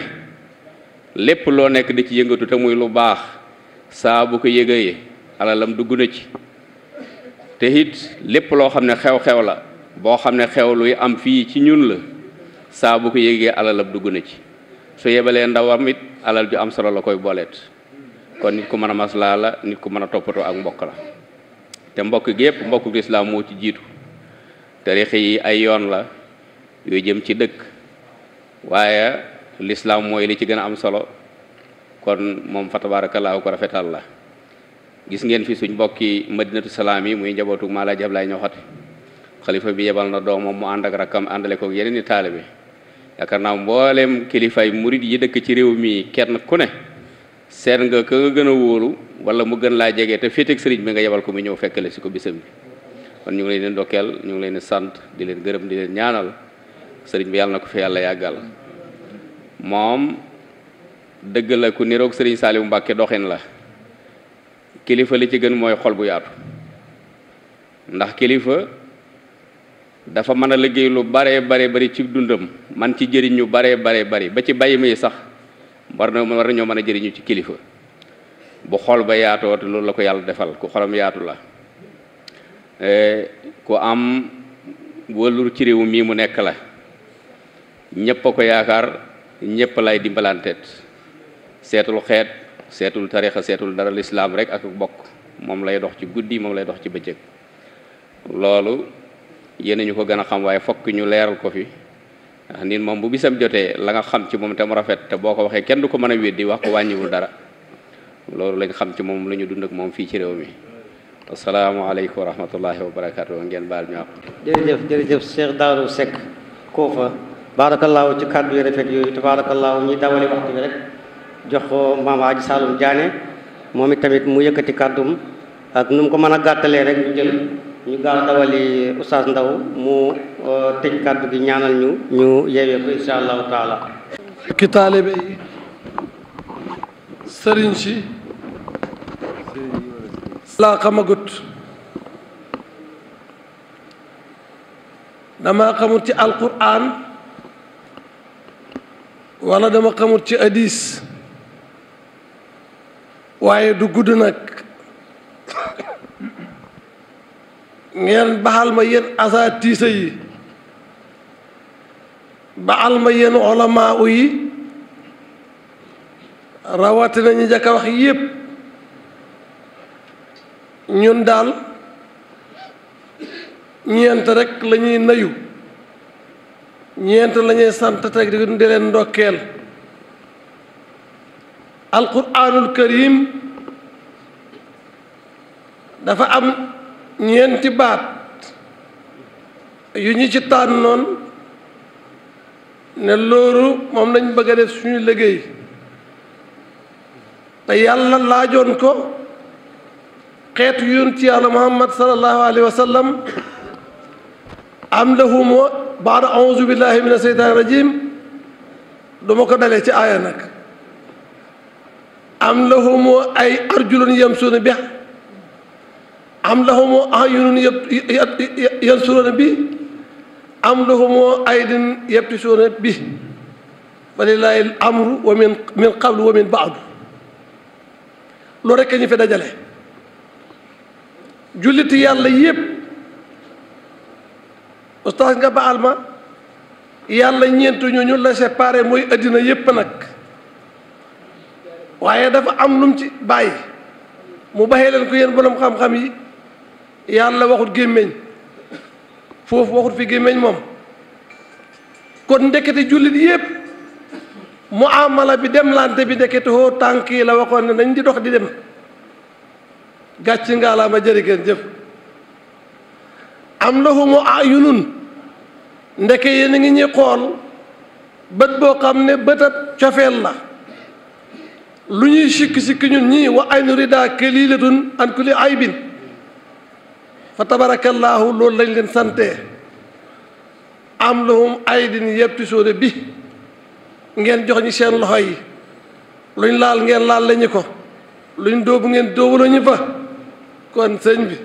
lépp loo nekk di ci yëngatu te muy lu baax saa bu ko yëgee alalam dugg na ci te it lépp loo xam ne xew-xew la boo xam ne xew luy am fii ci ñun la saa bu ko yëgee alalam dugg na ci su yebalee ndawam it alal ju am solo la koy booleet kon nit ku mën a maslaa la nit ku mën a toppatoo ak mbokk la te mbokk gi yëpp mbokku lislaam moo ci jiitu tariix yi ay yoon la yu jëm ci dëkk waaye lislaam mooy li ci am solo kon moom fa tabaarakallaahu ko rafetal la gis ngeen fi suñ mbokki madinatu salaam yi muy njabootu maala jablaay ñoxate xalifa bi yebal na doomam mu ànd ak rakkam àndale ko yeneen i taalibe yaakaar naa mbooleem kilifaay yi dëkk ci réew mi kenn ku ne seet nga ko nga gën a wóolu wala mu gën laa jege te féeteeg sëriñ bi nga yebal ko mu ñëw fekk fekkale si ko bisam bi kon ñu ngi leen di ñu ngi leen di sant di leen gërëm di leen ñaanal sëriñ bi yàlla na ko fi yàlla yàggal moom dëgg la ku niroog sëriñ Saliou Mbacke doxin la kilifa li ci gën mooy xol bu yaatu ndax kilifa dafa mën a liggéey lu bare bare bari ci dundam man ci jëriñ ñu bare bare bari ba ci bay mi sax war na war nañoo mën a jëriñu ci kilifa bu xol ba yaatoo te loolu la ko yàlla defal ku xolam yaatu la eh, ku am wëlur ci réew mii mu nekk la ñépp a ko yaakaar ñépp lay di dimbalanteet seetul xeet seetul tarixa seetul dara lislaam rek ak bokk moom lay dox ci guddi moom lay dox ci bëccëg loolu yéen ñu ko gën a xam waaye fokk ñu leeral ko fi nit moom bu bisam jotee la nga xam ci moom te mu rafet te boo ko waxee kenn du ko mën a weddi wax ko wàññiwul dara loolu lañ xam ci moom la ñu dund ak moom fii ci réew mi asalaamaaleykum wa rahmatullahi wa barakatu ngeen baal ñu àq jërëjëf jërëjëf Cheikh Daawda Seck Koofa baarakallaahu ci kàddu yu rafet yooyu tabaarakallaahu ñuy dawale waxtu bi rek jox ko maama Aji Saalum Diané moom it tamit mu yëkkati kàddum ak nu ko mën a rek ñu jël ñu gaaw dawali oustaz Ndaw mu euh, tëj kàddu gi ñaanal ñu ñu yeewee ko insha allahu taala ki taalibe sëriñ si laa xamagut dama xamut ci alquran wala dama xamut ci hadis waaye du gudd nag ngeen baal ma yéen asaatiisa yi baal ma yéen olamaa u yi rawatina ñu jëkk wax yépp ñun daal ñeent la ñuy ñeent la ñuy sant teg di leen ndokkeel karim dafa am ñeenti baat yu ñu ci tànnoon ne loolu moom lañ bëgg a def suñu liggéey te yàlla laajoon ko xeetu yonent yàlla muhammad sallallahu alayhi wa sallam am lahum baada auzu billahi min asheytaani rajim du ma ko dalee ci aaya nag am lahum ay arjulun yamsuuna biha am lahumu ayunun yansuruuna bi am lahumu aydin yabtishuuna bi walillaahi al-amru wa min min qablu wa min baadu loolu rekk ñu fi dajale julliti yàlla yépp ustaas nga baal ma yàlla ñeent ñooñu la séparé mooy àddina yépp nag waaye dafa am lum ci bàyyi mu baxee leen ko yéen borom xam-xam yi yaan la waxut gémmiñ foofu waxut fi gémmiñ moom kon ndekete jullit yépp mu amala bi dem lante bi ndekete hoo tànk yi la waxoon ne nañ di dox di dem gàcc nga la ma jërigéen jëf am lahumu ayunun ndeke yéen ngi ñuy xool bët boo xam ne bëtab cofeel la lu ñuy sikk sikk ñun ñii wa aynu rida kalilatun an kulli aybin fa tabarakallaahu loolu lañ leen sante am lahum aydin yabtisuuna bi ngeen jox ñi seen loxo yi luñ laal ngeen laal lañu ko luñ dóobu ngeen dóobu lañu fa kon sëñ bi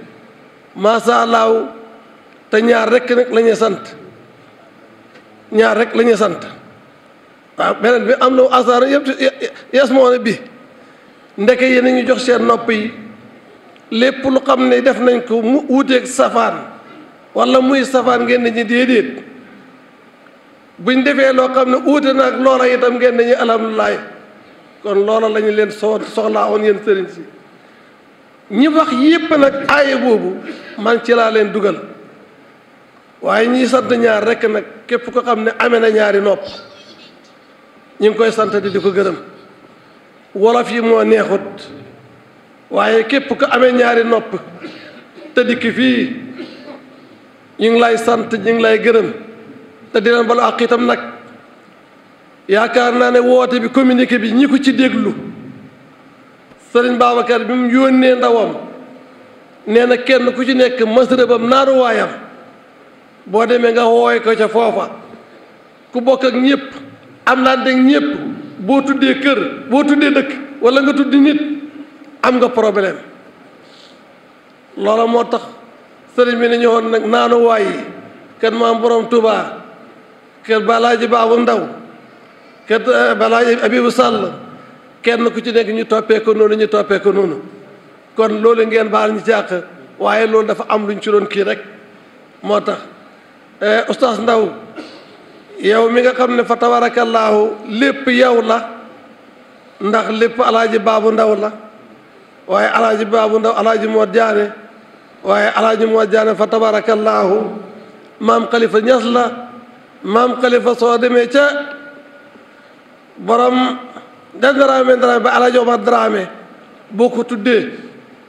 maasa te ñaar rek nag la sant ñaar rek lañuy sant waaw beneen bi am na asaar yëpp yas moo ne bi ndeke yéen a jox seen nopp yi lépp lu xam ne def nañ ko mu wuuteeg safaan wala muy safaan ngeen ñi déedéet buñ defee loo xam ne uute naag loola itam ngeen ñi alhamdulilah kon loola lañu leen soo soxlaa woon yéen sëriñ si ñi wax yépp nag aaye boobu man ci laa leen dugal waaye ñi sant ñaar rekk nag képp ko xam ne ame na ñaari nopp ñu ngi koy sant di ko gërëm wolof yi moo neexut waaye képp ku amee ñaari nopp te dikk fii ñu ngi lay sant ñu ngi lay gërëm te di leen balu itam nag yaakaar naa ne woote bi communiqué bi ñi ko ci déglu sëriñ Babacar bi mu yónnee ndawam nee na kenn ku ci nekk masrëbam naaruwaayam boo demee nga wooy ko ca foofa ku bokk ak ñëpp am lante ñëpp boo tuddee kër boo tuddee dëkk wala nga tudd nit am nga problème loola moo tax sëriñ bi ne ñëwoon nag naanu waay yi kër maam borom Touba kër balaaji baabu ndaw kër eh, balaaji abibu sàll kenn ku ci nekk ñu toppee ko noonu ñu toppee ko noonu kon loolu ngeen baal ñu jàq waaye loolu dafa am luñ ci doon kii rek moo tax eh, oustaz ndaw yow mi nga xam ne fa tabarakallaahu lépp yow la ndax lépp alaaji baabu ndaw la waaye alaaji baabu ndaw alaaji moo jaane waaye alaaji moo jaane fa tabarakallahu maam xalifa ñas la maam xalifa soo demee ca borom da ndaraame ndaraame ba alaaji omar daraame boo ko tuddee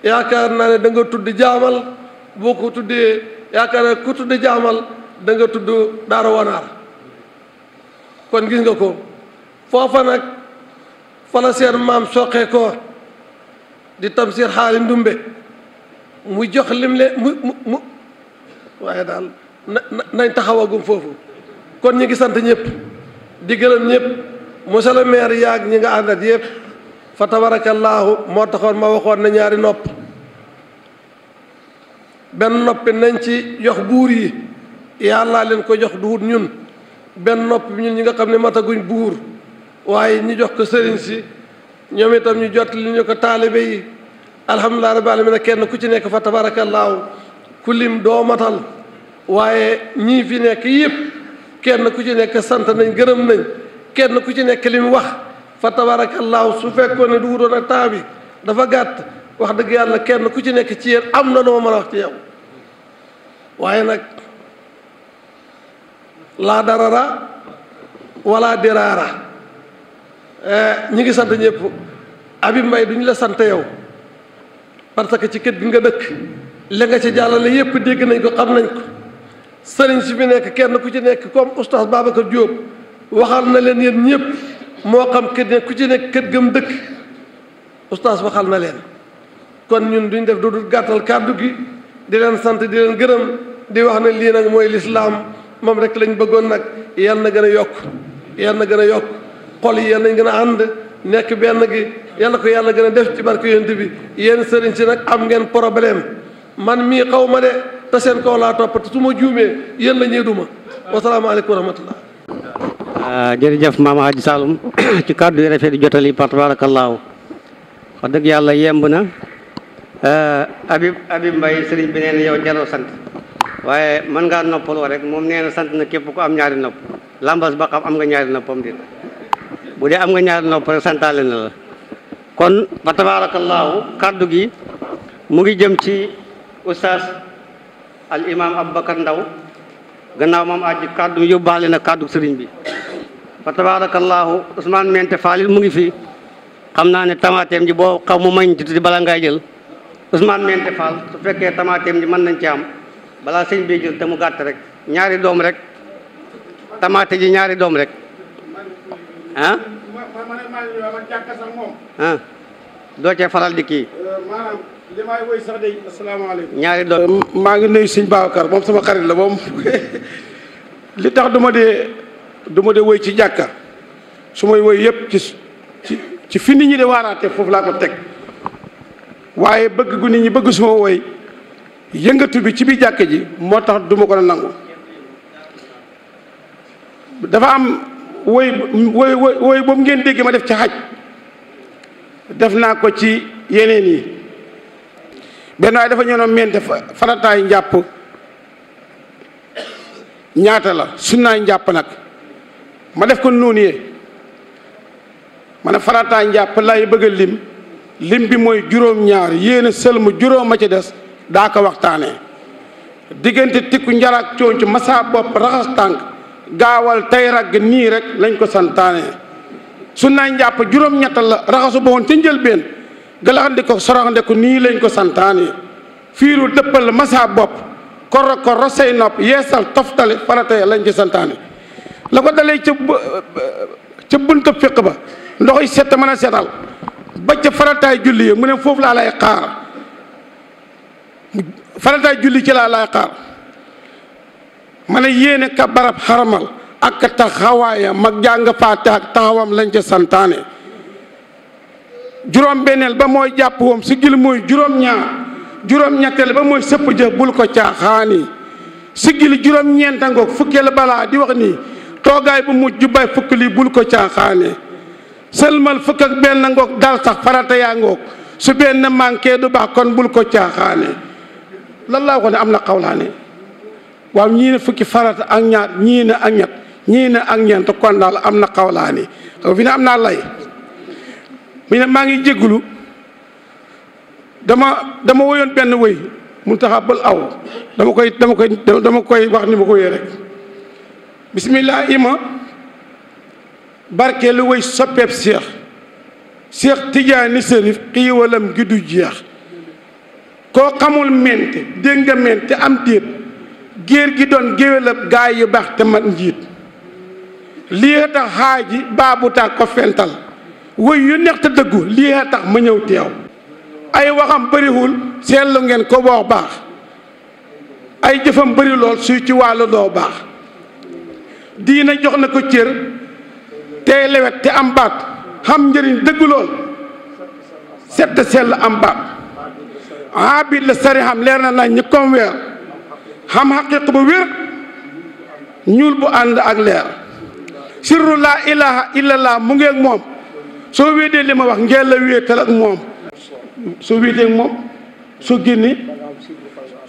yaakaar naa ne danga nga jaamal boo ko tuddee yaakaar naa ne ku tudd jaamal da nga tudd wanaar kon gis nga ko foofa nag fa la seen maam soqee ko di tamsir xaali ndumbe mu jox lim leen mu mu mu waaye daal na nañ taxawagum foofu kon ñu ngi sant ñëpp di gërëm ñëpp monsieur le maire yaag ñi nga àndal yëpp fa tabarakallaahu moo taxoon ma waxoon na ñaari nopp benn noppi nañ ci jox buur yi yàllaa leen ko jox duut ñun benn nopp bi ñun ñi nga xam ne mataguñ buur waaye ñu jox ko sëriñ si ñoom itam ñu jot li ñu ko taalibe yi alhamdulilah rabbi alamin kenn ku ci nekk fa tabaarakallaahu ku lim doo matal waaye ñii fi nekk yépp kenn ku ci nekk sant nañ gërëm nañ kenn ku ci nekk li mu wax fa tabaarakallaahu su fekkoon ne du wutoon ak temps bi dafa gàtt wax dëgg yàlla kenn ku ci nekk ci yéen am na lu ma mën a wax ci yow waaye nag laa darara wala diraara Eh, ñi ngi sant ñëpp abi Mbaye du ñu la sant yow parce que ci kër gi nga dëkk la nga ci jàllale yëpp dégg nañ ko xam nañ ko sëriñ si bi nekk kenn ku ci nekk comme oustaz Babacar Diop waxal na leen yéen ñëpp moo xam kër ku ci nekk kër gëm dëkk oustaz waxal na leen kon ñun duñ def dudul gàttal kàddu gi di leen sant di leen gërëm di wax ne lii nag mooy lislaam moom rek lañ bëggoon nag yal na gën a yokk yal na gën a yokk xol yi yal nañ gën a ànd nekk benn gi yàlla ko yàlla gën a def ci barke yonent bi yéen sëriñ si nag am ngeen problème man mii xaw ma de te seen kaw laa topp te su ma juumee yéen la ñuy duma wasalaamaaleykum ah, jërëjëf maama Hadj Saloum ci kàddu yi rafet di jotali par tabaarakallaahu wax dëgg yàlla yemb na ah, Habib Habib Mbaye sëriñ bi nee na yow jaroo sant waaye man ngaa noppaloo rek moom nee na sant na képp ku am ñaari nopp lambas ba xam am nga ñaari noppam dina bu dee am nga ñaari nopp rek santaale na la kon fa tabaarakallaahu kàddu gi mu ngi jëm ci ustaas al imaam bakar Ndaw gannaaw moom aji kàddu yóbbaale na kàddu sëriñ bi fa tabaarakallaahu Ousmane Mente Falil mu ngi fi xam naa ne tamaateem ji boo xaw mu mañ ci bala ngay jël Ousmane Mente Fall fekkee tamaateem ji mën nañ ci am balaa sëñ bi jël te mu gàtt rek ñaari doom rek tamaate ji ñaari doom rek ah. ah doo cee faral di kii. may woy sax de ñaari doom euh, maa ngi nuyu Sëñ Babacar moom sama xarit la moom li tax du ma dee du dee woy ci jàkka su may woy yépp ci fi nit ñi de waaraate foofu laa ko teg waaye bëgg gu nit ñi bëgg suma woy yëngatu bi ci biir jàkka ji moo tax duma ma ko nangu dafa am. woy woy woy boobu ngeen dégg ma def ci xaj def naa ko ci yeneen yi benn waaye dafa ñëw mente farataay njàpp ñaata la sunnaay njàpp nag ma def ko noonu yee ma ne farataay njàpp lay bëgg a lim lim bi mooy juróom-ñaar yéena sëlmu juróom ma ci des daa ko waxtaanee diggante tikku njaraak ci masaa bopp raxas tànk gaawal tey ragg nii rek lañ ko santaane su nañ njàpp juróom-ñett la raxasu ba woon ca njëlbeen galaxandi ko soroxandi ko nii lañ ko santaane fiirul dëppal masa bopp koro ko nopp yeesal toftale farata lañ ci santaane la ko dalee ca bunt bunta fiq ba ndoxoy set mën a setal ba ca farataay julli yi mu ne foofu laa lay xaar farataay julli ci laa lay xaar mane ne yéene ka barab xaramal ak taxawaaya mag jàng faate ak taxawam lañ ca santaane juróom benneel ba mooy jàpp woom si gil muy juróom ñaar juróom ñetteel ba mooy sëpp bul ko caaxaani siggil juróom ñeenta ngoog fukkeel balaa di wax nii toogaay bu mu bay fukk bul ko caaxaane sëlmal fukk ak benn ngoog dal sax farata ngoog su benn manqué du baax kon bul ko caaxaane lan laa ko ne am na xawlaane waaw ñii fukki farata ak ñaar ñii ak ñett ñii ne ak ñeent kon daal am na xawlaani xaw fi ne am naa lay mu ne maa ngi jéggulu dama dama woyoon benn woy mun taxa bal aw dama koy dama koy wax ni ma ko woyee rek bismillah ima barke lu woy soppeeb seex seex tijaani sërif xiiwalam gi jeex koo xamul mente dégg mente am déet géer gi doon géwélab gaay yu baax te mat njiit lii a tax xaaji baabu tax ko fental wëy yu neex te dëggu lii a tax ma ñëw teew ay waxam bëriwul seetlu ngeen ko boo baax ay jëfam bëri lool suy ci wàllu doo baax diina jox na ko cër tey lewet te am baat xam njëriñ dëgg lool set sell am baat abid la sari leer na nañ ñi kom weer xam xaqiq bu wér ñuul bu ànd ak leer sirru ilaha illallah mu ngeeg moom soo wéetee lima ma wax ngeen la wéetal ak moom soo wéetee ak moom soo génnee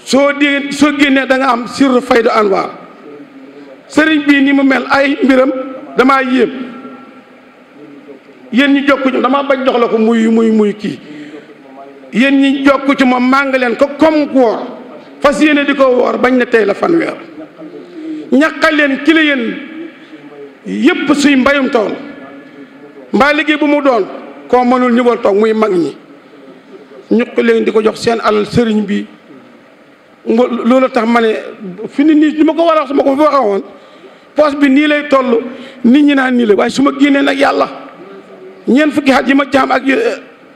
soo di soo génnee da nga am sirru faydu anwaar sëriñ bii ni mu mel ay mbiram damaa yéem yéen ñi jokku ci damaa bañ jox la ko muy muy muy kii yéen ñi jokku ci ko comme fas yéene di ko woor bañ ne tey la fanweer ñaqal leen kile yéen yépp suy mbayum tool mbaa liggéey bu mu doon koo mënul ñëwal toog muy mag ñi ñuqi leen di ko jox seen alal sëriñ bi loolu tax ma ne fi ni nii li ma ko war su ma ko fi waxe poos bi nii lay toll nit ñi naan nii la waaye su ma génnee nag yàlla ñeent fukki at yi ma jaam ak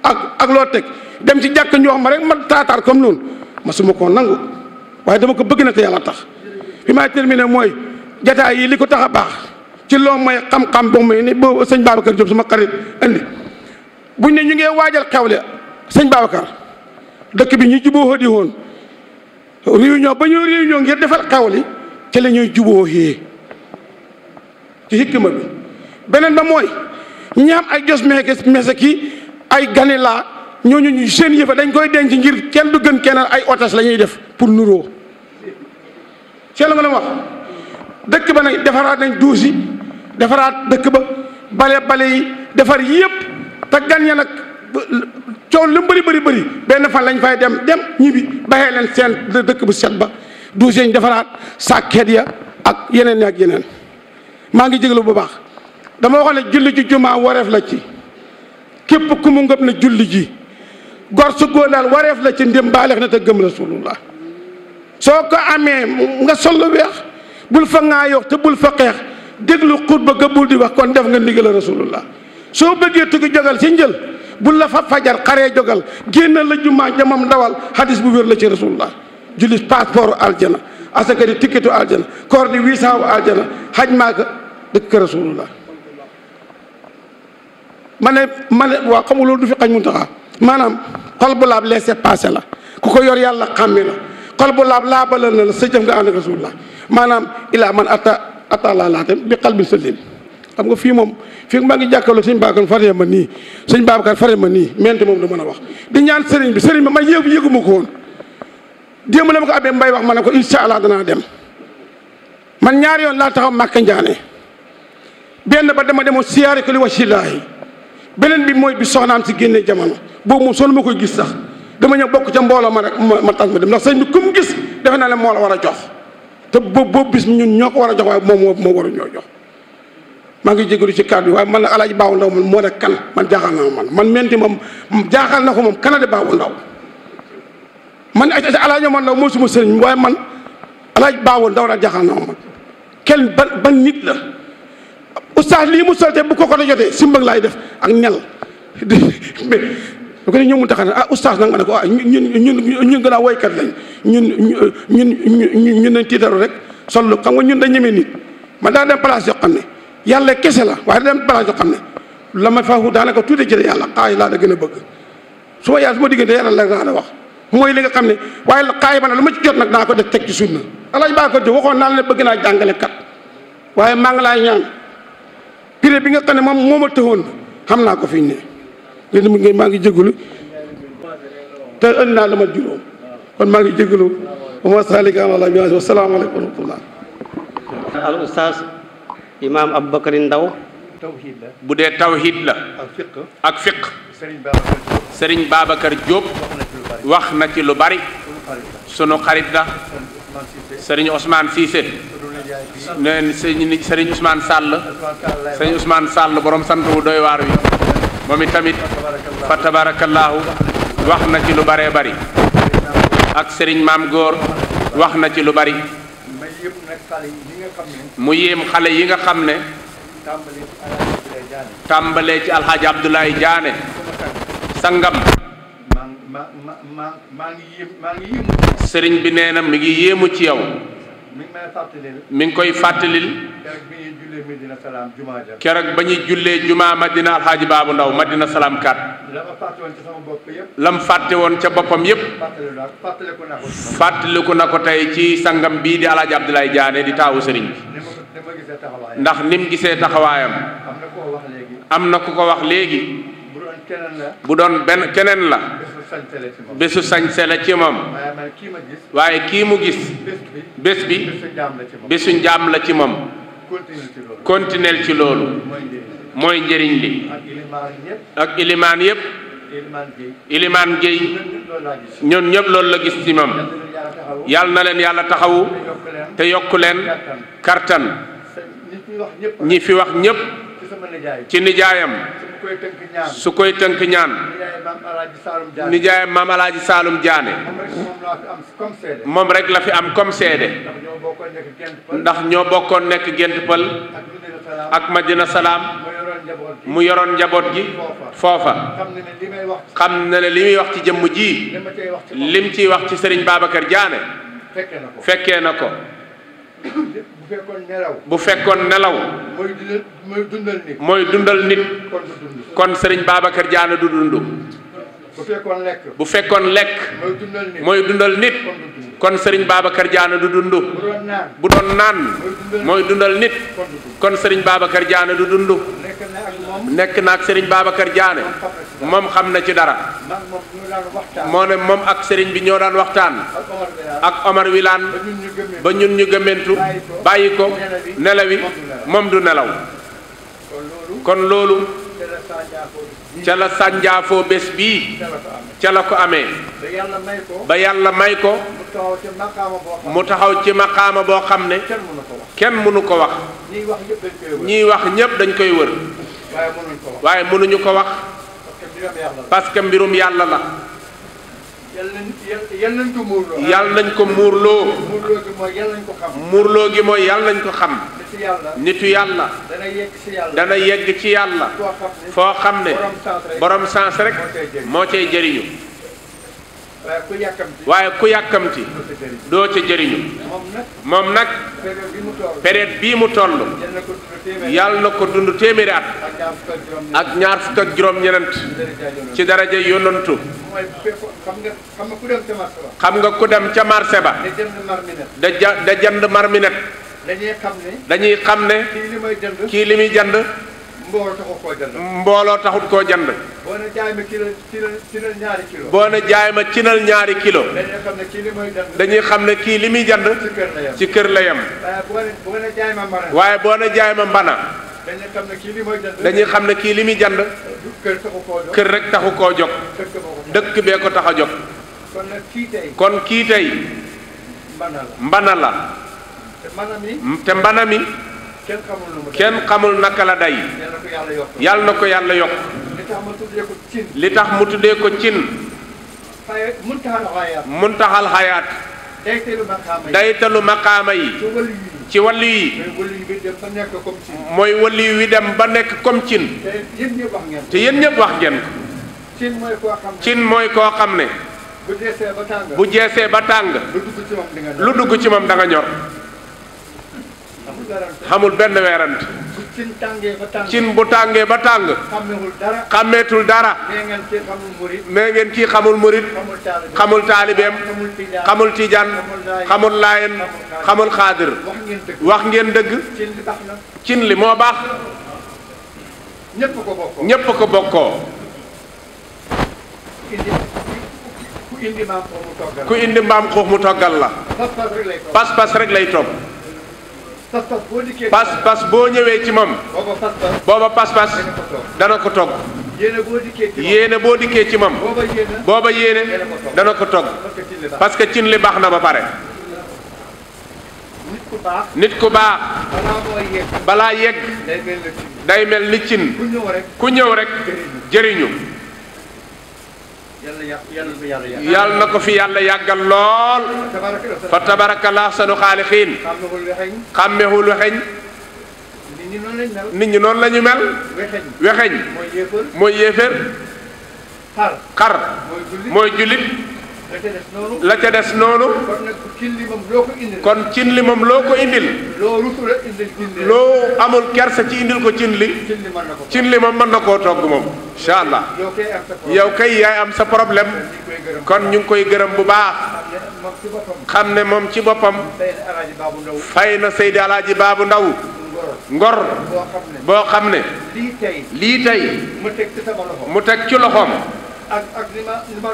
ak ak loo teg dem ci jàkk ñu wax ma rek ma taataar comme noonu ma suma koo nangu waaye dama ko bëgg na te yàlla tax fi may terminé mooy jataay yi li ko tax a baax ci loo mooy xam-xam boo muy ni boobu sëñ Babacar Diop sama xarit indi buñ ne ñu ngee waajal xewle sëñ Babacar dëkk bi ñu jubóo di woon réunion ba ñu réunion ngir defal xewli ci la ñuy jubóo ci hikma bi beneen ba mooy ñi ay jos meeke mese ki ay ganilaa ñooñu seen yëfa dañ koy denc ngir kenn du gën keneen ay otage la ñuy def pour nuroo seen la ma leen wax dëkk ba nag defaraat nañ duus yi defaraat dëkk ba bale bale yi defar yëpp te gan ya nag coow lu bëri bëri bëri benn fan lañ fay dem dem ñibbi baxee leen seen dëkk bu set ba duus yi ñu defaraat sàkket ya ak yeneen ak yeneen maa ngi jéglu bu baax dama waxoon ne julli ci jumaa wareef la ci képp ku mu ngëb na julli ji gor su góonaan wareef la ci ndim baaleex na te gëm rasulullah soo ko amee nga sol lu weex bul fa ŋaayoox te bul fa xeex déglu xutba ga bul di wax kon def nga ndigal rasulullah soo bëggee tukki jogal ci njël bul la fa fajar xaree jogal génnal la jumaa ja ndawal dawal hadis bu wér la ci rasulullah julli passeport aljana asaka di tikkitu aljana koor di visa wu aljana xaj maa ko dëkk rasulullah ma ne ma ne waa xamul du fi xaj mun taxaa maanaam xol bu laab laissez passer la ku ko yor yàlla xàmmi la xol bu laab laabalal na la sa jëf nga ànd ak rasulullah maanaam ilaa man ata ata laa laatem bi qalbin salim xam nga fii moom fii maa ngi jàkkaarloo suñ Babacar faree ma nii suñ Babacar faree ma nii mente moom du man a wax di ñaan sëriñ bi sëriñ bi ma yëgu yëguma ko woon démb la ma ko abbee mbay wax ma ne ko incha allah danaa dem man ñaari yoon laa taxaw màkk njaane benn ba dama demoon siyaare ko li beneen bi mooy bi soxnaam si génnee jamono boobu moom sonn ma koy gis sax dama ñëw bokk ca mbooloo ma rek ma tas ma dem ndax sëñ bi comme gis defe na ne moo la war a jox te boo boobu bis ñun ñoo ko war a jox waaye moom moo waru ñoo jox maa ngi jégalu ci kàddu yi waaye man la alaaji baaw ndaw man moo ne kan man jaaxal na man man menti moom jaaxal na ko moom kana baaw ndaw man man ndaw moo suma sëriñ waaye man alaaji baaw ndaw la jaaxal na man kenn ban ban nit la oustaz lii mu solte bu koko da jotee simbag laay def ak ñal bu ko ne ñoom mu taxana ah oustaz nag ma ne ko ah ñun ñun ñun gën a woykat lañ ñun ñun ñun ñun nañ tiitaru rek sol xam nga ñun dañ ñemee nit man daa dem place yoo xam ne yàlla kese la waaye daa dem place yoo xam ne la ma faafu daanaka tuuti ci yàlla xaay laa da gën a bëgg su ma yàlla su ma diggante yàlla la naa wax mooy li nga xam ne waaye xaay ma ne lu ma ci jot na naa ko def teg ci sunna alaaj baa ko jo waxoon naa la bëgg naa jàngale kat waaye maa ngi laay prix bi nga xam ne moom moo ma xam naa ko fi ne léegi maa ngi jégalu te ënd naa la ma juróom kon maa ngi jégalu wa ma salika ala bi wa salaamu aleykum wa bu dee tawhid la ak fiq sëriñ Babacar Diop wax na ci lu bari sunu xarit la sëriñ Ousmane Cissé neen sëñ sëriñ Ousmane Sall sëñ Ousmane Sall borom sant wu doy waar wi moom itamit fa tabarakallahu wax na ci lu baree bari ak sëriñ maam góor wax na ci lu bari mu yéem xale yi nga xam ne tàmbalee ci alxaaji jaane Diané sangam sëriñ bi nee mi ngi yéemu ci yow mi ngi koy fàttalil. keroog bi ñuy jullee ba ñuy jullee jumaa Madina Alxaaji Baabu Ndaw Madina Salaam kat. la ma fàtte woon ca boppam yëpp. fàttaliku na ko. tey ci sangam bii di Alaaji Abdoulaye Diané di taawu sëriñ bi. ndax ni mu gisee taxawaayam. am na ku ko wax léegi. bu doon benn keneen la. bésu sañse la ci moom waaye kii mu gis bés bi bésu njaam la ci moom continuel ci loolu mooy njëriñ li ak ilimaan yépp ilimaan géey ñoom ñëpp loolu la gis ci moom yàlla na leen yàlla taxawu te yokk leen kartan ñi fi wax ñépp ci nijaayam su koy tënk ñaan. nijaay maam alaaji Saalum Diané. moom rek la fi am comme seede. ndax ñoo bokkoon nekk gent pël. ak Madina Salaam. mu yoroon njaboot gi foofa xam ne li muy wax ci jëmm ji lim ciy wax ci sëriñ Babacar Diané fekkee na ko bu fekkoon nelaw. bu mooy dundal mooy dundal nit. mooy dundal nit. kon Serigne du dund. bu fekkoon lekk. bu mooy dundal nit. kon sëriñ nit. kër Serigne Babacar du dund. bu doon naan. mooy dundal nit. kon Serigne Babacar Diané du dund. nekk naag Serigne Babacar Diané moom xam na ci dara moo ne moom ak sëriñ bi ñoo daan waxtaan ak Omar Wilane ba ñun ñu gëmmentu bàyyi ko nelawi moom du nelaw kon loolu ca la sànjaafoo bés bii ca la ko amee ba yàlla may ko mu taxaw ci maqaama boo xam ne kenn mënu ko wax ñiy wax ñépp dañ koy wër waaye mënuñu ko wax parce que mbirum yàlla la yal nañ ko muurloo nañ ko muurloo gi mooy yal nañ ko xam nitu yàlla dana yegg ci yàlla foo xam ne borom sens rek moo cay jëriñu waaye ku yàkkamti doo ca jëriñu moom nag période bii mu toll yàlla na ko dund téeméeri at ak ñaar fukk ak juróom-ñenent ci daraja yonantu xam nga ku dem ca marché ba da ja da jënd marminet dañuy xam ne kii li muy jand mbooloo taxut koo jënd. mbooloo taxut koo jënd. boo ne jaay ma kilo kilo cinal ñaari kilo. ñaari kilo. dañuy xam ne kii li muy jënd. xam ne kii li muy jënd. ci kër la yem ci kër waaye boo ne jaay ma mbana. waaye boo ne jaay ma mbana. dañuy xam ne kii li muy jënd. dañuy xam ne kii li muy jënd. kër taxu koo jóg kër rek taxu koo jóg. dëkk bee ko tax a jóg. kon nag kii tey. kon mbana la te mbana mi. kenn xamul naka la day yal na ko yàlla yokk li tax mu tuddee ko cin muntaxal xayaat daytalu maqaama yi ci wàllu yi mooy wi dem ba nekk comme cin te yéen ñëpp wax ngeen ko cin mooy koo xam bu jeesee ba tàng lu dugg ci moom da nga ñor xamul benn weerante cin bu tàngee ba tàng xàmmeetul dara nee ngeen kii xamul murit xamul taalibeem xamul tijaan xamul laayen xamul xaadir wax ngeen dëgg cin li moo baax ñépp ko bokkoo ku indi mbaam xuux mu toggal la pas-pas rek lay togg pas-pas boo dikkee pas boo ñëwee ci moom. booba pas-pas dana ko togg. yéene boo dikkee ci moom boo dikkee ci moom. booba yéene dana ko togg. parce que cin li baax na ba pare. nit ku baax nit ku baax. balaa yegg. day mel ni cin. ku ñëw rek jëriñu. yàlla na ko fi yàlla yàggal lool fa tabarakallah sanu xaalixiin xàmmewul wexeñ nit ñi noonu la ñu mel wexeñ mooy yéeféer xar mooy jullit la ca des noonu. la kon nag moom loo ko indil. kon cin li moom loo ko indil. loo loo amul kersa ci indil ko cin li. cin li ko cin li moom mën na koo togg moom. incha allah yow kay yaay am sa problème. kon ñu ngi koy gërëm bu baax. xam ne moom ci boppam. fay na Seydi Alaaji bu Ndaw ngor boo xam ne. lii tey. lii tey. mu teg ci loxoom. ak ak ni ma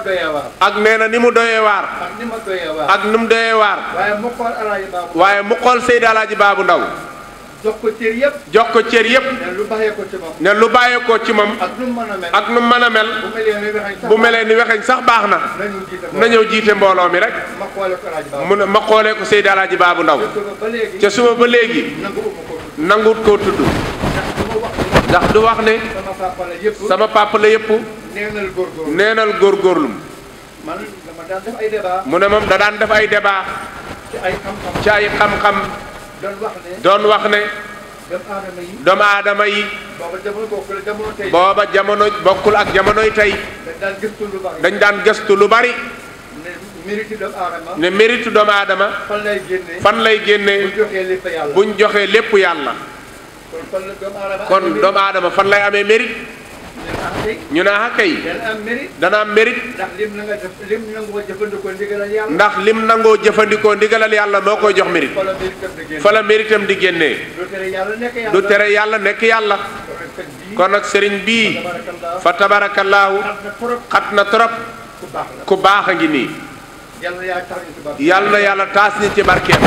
ak nee na ni mu doyee waar. ak ni ma doyee waar. mu doyee waar. waaye mu xool alaaji baabu. waaye mu xool Seydi alaaji baabu ndaw. jox ko cër yëpp. jox ko cër yëpp. ne lu bàyyeekoo ci moom. ne lu bàyyeekoo ci moom. ak nu mu mën mel. ak mel. bu melee ni wexeñ sax baax na. na ñëw jiite mbooloo mi rek. ma xoolee ko mu ne ma xoolee ko Seydi baa bu ndaw. ca suba ba léegi. nanguut koo tudd. ndax du wax ne. sama papa la yëpp. neenal góorgóorlu neenal góorgóorlu. man dama daan mu ne moom da daan def ay débat. ci ay xam-xam ci ay xam doon wax ne doon wax ne. doomu aadama yi booba jamono bokkul ak jamono tey. booba jamonoy tey. dañ daan gëstu lu bari. dañ daan gëstu lu bari. ne méritu doomu aadama. fan lay génne fan lay génnee. buñ joxee lépp yàlla. kon doomu aadama fan lay amee mérite. ñu ne ah kay dana am mérite ndax lim nangoo jëfandikoo ndigalal yàlla ndax lim nangoo jëfandikoo ndigalal yàlla moo koy jox mérite fa la di génnee du tere yàlla nekk yàlla kon nag sëriñ bii fa tabarakallaahu xat na trop ku baax a ngi nii yàlla na yàlla taas ñi ci barkeem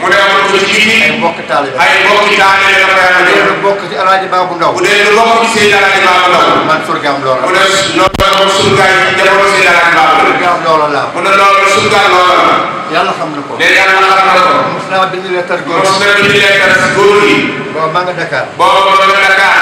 mu ne amoon fa kii ay mbokk taalibe ay mbokk taalibe la koy amee. bu dee bokk ci alaaji baabu ndaw. bu dee lu bokk ci seen alaaji baabu ndaw. man surgaam loola. mu ne loolu surgaam yi jamono seen alaaji baabu. surgaam loola la. mu ne loolu surgaam loola la. yàlla xam na ko. léegi yàlla xam na ko. mos naa bind leetar góor yi. mos naa bind leetar góor yi. booba maa nga Dakar. booba ma nga Dakar.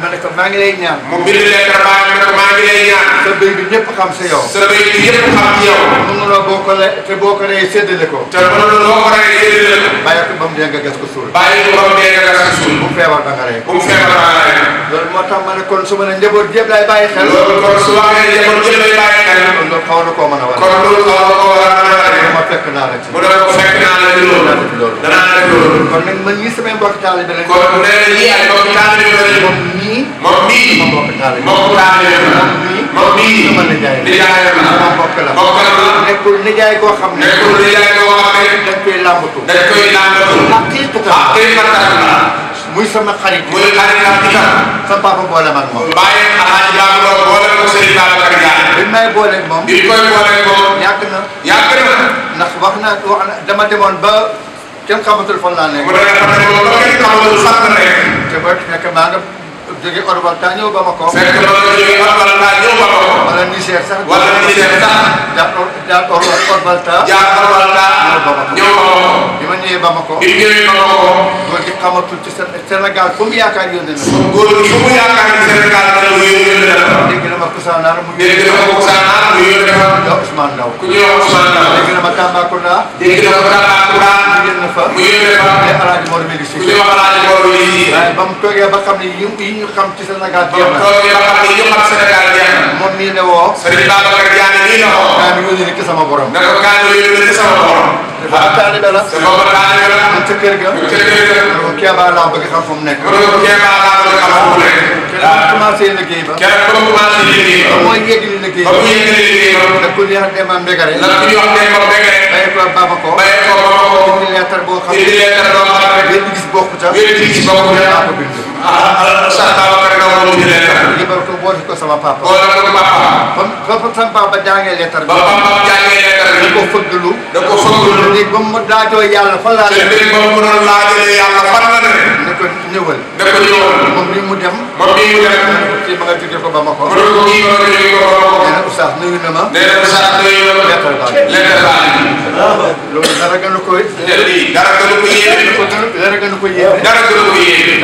ma ne ko maa ngi lay ñaan. mu bind leetar baa ma ne ko maa ngi lay ñaan. sa béy bi ñëpp xam sa yow. sa béy bi ñëpp xam yow. mënuloo boo ko lay te boo ko lay séddale ko. te mënuloo boo ko lay séddale ko. bàyyi ko ba mu dee nga gas ko suul. bàyyi ko ba mu dee nga gas ko suul. bu feebar ba nga rey. bu feebar ba nga rey. loolu moo tax ma ne kon su ma ne njaboot yëpp lay bàyyi xel. loolu kon su ma ne njaboot yëpp lay bàyyi xel. kon loolu xaw na koo mën a war. kon loolu xaw na koo war a mën a fekk naa la ci mu doon ko fekk naa la ci loolu danaa la loolu kon nag man ñii samay mbokk taalibe lañ kon mu ne la ñii ay mbokk taalibe lañ moom mii moom mii sama mbokk taalibe mbokk taalibe la moom mii sama nijaay nijaay la sama mbokk la mbokk la nekkul nijaay koo xam ne nekkul nijaay koo xam ne dañ koy làmbatu dañ koy làmbatu xaqiiqatan xaqiiqatan la muy sama xarit. muy xarit laa ci tam. sa papa boole ma ak moom. Mbaye Alhaji Babou Ndao boole ko Serigne Babacar Ndiaye. bi may booleeg moom. bi koy booleeg moom. yàgg na yàgg na. ndax wax na wax na dama demoon ba kenn xamatul fan laa nekk. mu ne la dama demoon ba kenn xamatul fan la nekk. te booy fekk maa nga. jóge Orbalta ñëw Bamako. fekk na loolu jóge Orbalta ñëw Bamako. wala Niger sax. wala Niger sax. jaar or jaar or Orbalta. jaar Orbalta. ñëw Bamako ñëw Bamako. bi ma ñëwee Bamako. bi mu ñëwee Bamako. góor gi xamatul ci Sénégal fu mu yaakaar yónnee na. góor gi fu mu yaakaar ci Sénégal dana yónnee na. dégg na ma Kousanaar mu yónnee. dégg na ma Kousanaar mu yónnee na. yow Ousmane Ndaw. ku ñëw Ousmane Ndaw. dégg na ma Tambacounda. dégg na ma Tambacounda. mu yónnee fa. mu yónnee fa. te Alaaji Mor Mbéli si. ku ñëw Alaaji Mor Mbéli si. waaye ba ba xam ne yi kam ci Sénégal jeex na. tool yi nga xam ne ñu xam Sénégal jeex na. moom mii ne woo. Serigne Babacar Diagne nii la woo. gaa ngi yónni ci sama borom. ne ko gaa ngi yónni ci sama borom. dafa am taalibe la. te boobu taalibe la. mu ca kër ga. mu ca kër ga. mu Kéba laa bëgg xam fu mu nekk. mu Kéba laa bëgg xam fu mu nekk. kenn ku commencé liggéey ba. kenn ku commencé liggéey ba. ba mooy yégali liggéey ba. ba muy yégali liggéey ba. nag ku ñuy wax Demba Mbégare. nag ku ñuy wax Demba Mbégare. bàyyi ko Babako. bàyyi ko Babako. indi leetar boo xam ne. indi leetar boo xam ne. benn gis bokku ca. benn gis bokku ca. ah Oustaz Babacar Ndaw moo mujj leetar bi. limal ko boole ko sama papa. boole ko papa. kon foofu sama papa jàngee leetar bi. ba papa jàngee leetar bi. da ko fëggalu. da ko fëggalu. léegi ba mu daajoo yàlla fan laa. te léegi ba mu doon laajee yàlla fan la demee. ko ñëwal. da ko ñëwal. moom bi mu dem. moom bi mu dem. kii ma nga jógee ko Bamako. ko nee na oustaz nuyu na ma. nee na oustaz nuyu na ma. lekkal baa ngi. loolu dara gënu ko. dara gënu ko yéeme. dara gënu ko yéeme. dara gënu ko yéeme.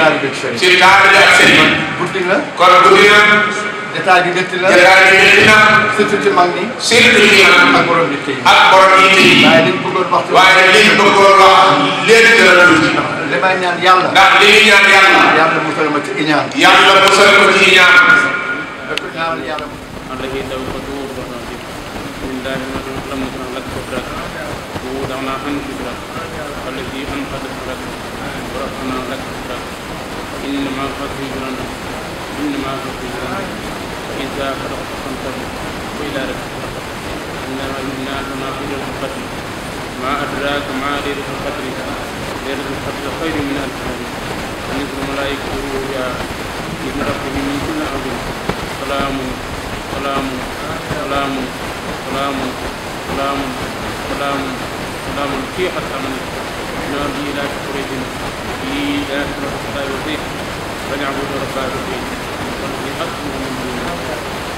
ci taal bi ak sëriñ. guddi na. kon guddi na. jotaay bi métti na jotaay bi métti na. surtout ci mag ñi. surtout ci mag ñi ak borom yitte yi. ak borom yitte yi. waaye liñ bëggoon wax ci. waaye liñ bëggoon wax léegi dara lu ci. li may ñaan yàlla. ndax li ñuy ñaan yàlla. yàlla musal ma ci iñaan. yàlla musal ma ci iñaan. ñaanal yàlla. ودعنا عن كبرك الذي أنقذ كبرك وربنا لك كبرك إنما الفقر جرنا إنما الفقر جرنا إذا بلغت فانتهي وإلى ليلة القدر إنما الناس نافلة القدر ما أدراك ما ليلة القدر ليلة القدر خير من ألف نبي تنزل الملائكة يا ابن ربه من كل أرض سلام سلام سلام سلام سلام سلام سلام في حتى من نادي إلى كفرج في آخر الكتاب وزيت فليعبدوا رب هذا البيت وليأتوا من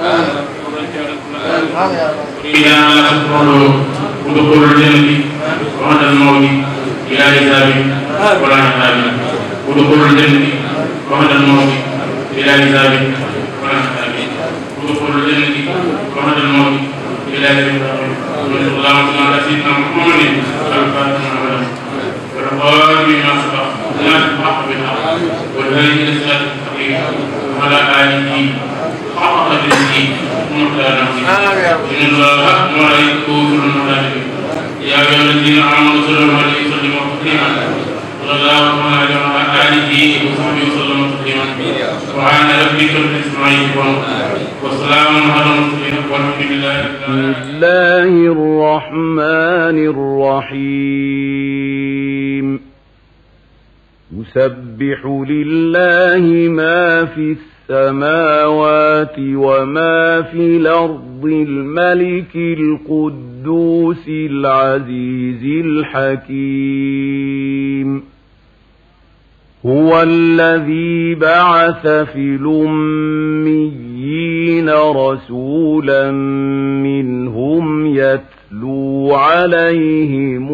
إنا نذكر ودخول الجنة وعند الموت بلا حساب ولا حساب ودخول الجنة وعند الموت بلا حساب ولا حساب ودخول الجنة وعند الموت بلا حساب وصلى الله وسلم على سيدنا محمد الفاتح والقرآن بما سبق لا تبحث بالحق والهدي إلى الصراط المستقيم وعلى آله محمد الدين إن الله ملائكته الملائكة يا أيها الله عليه بسم الله الرحمن الرحيم يسبح لله ما في السماء السماوات وما في الأرض الملك القدوس العزيز الحكيم هو الذي بعث في الأميين رسولا منهم يتلو عليهم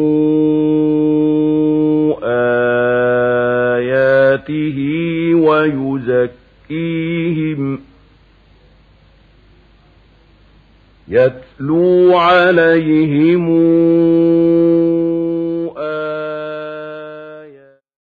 آياته ويزكي يزكيهم يتلو عليهم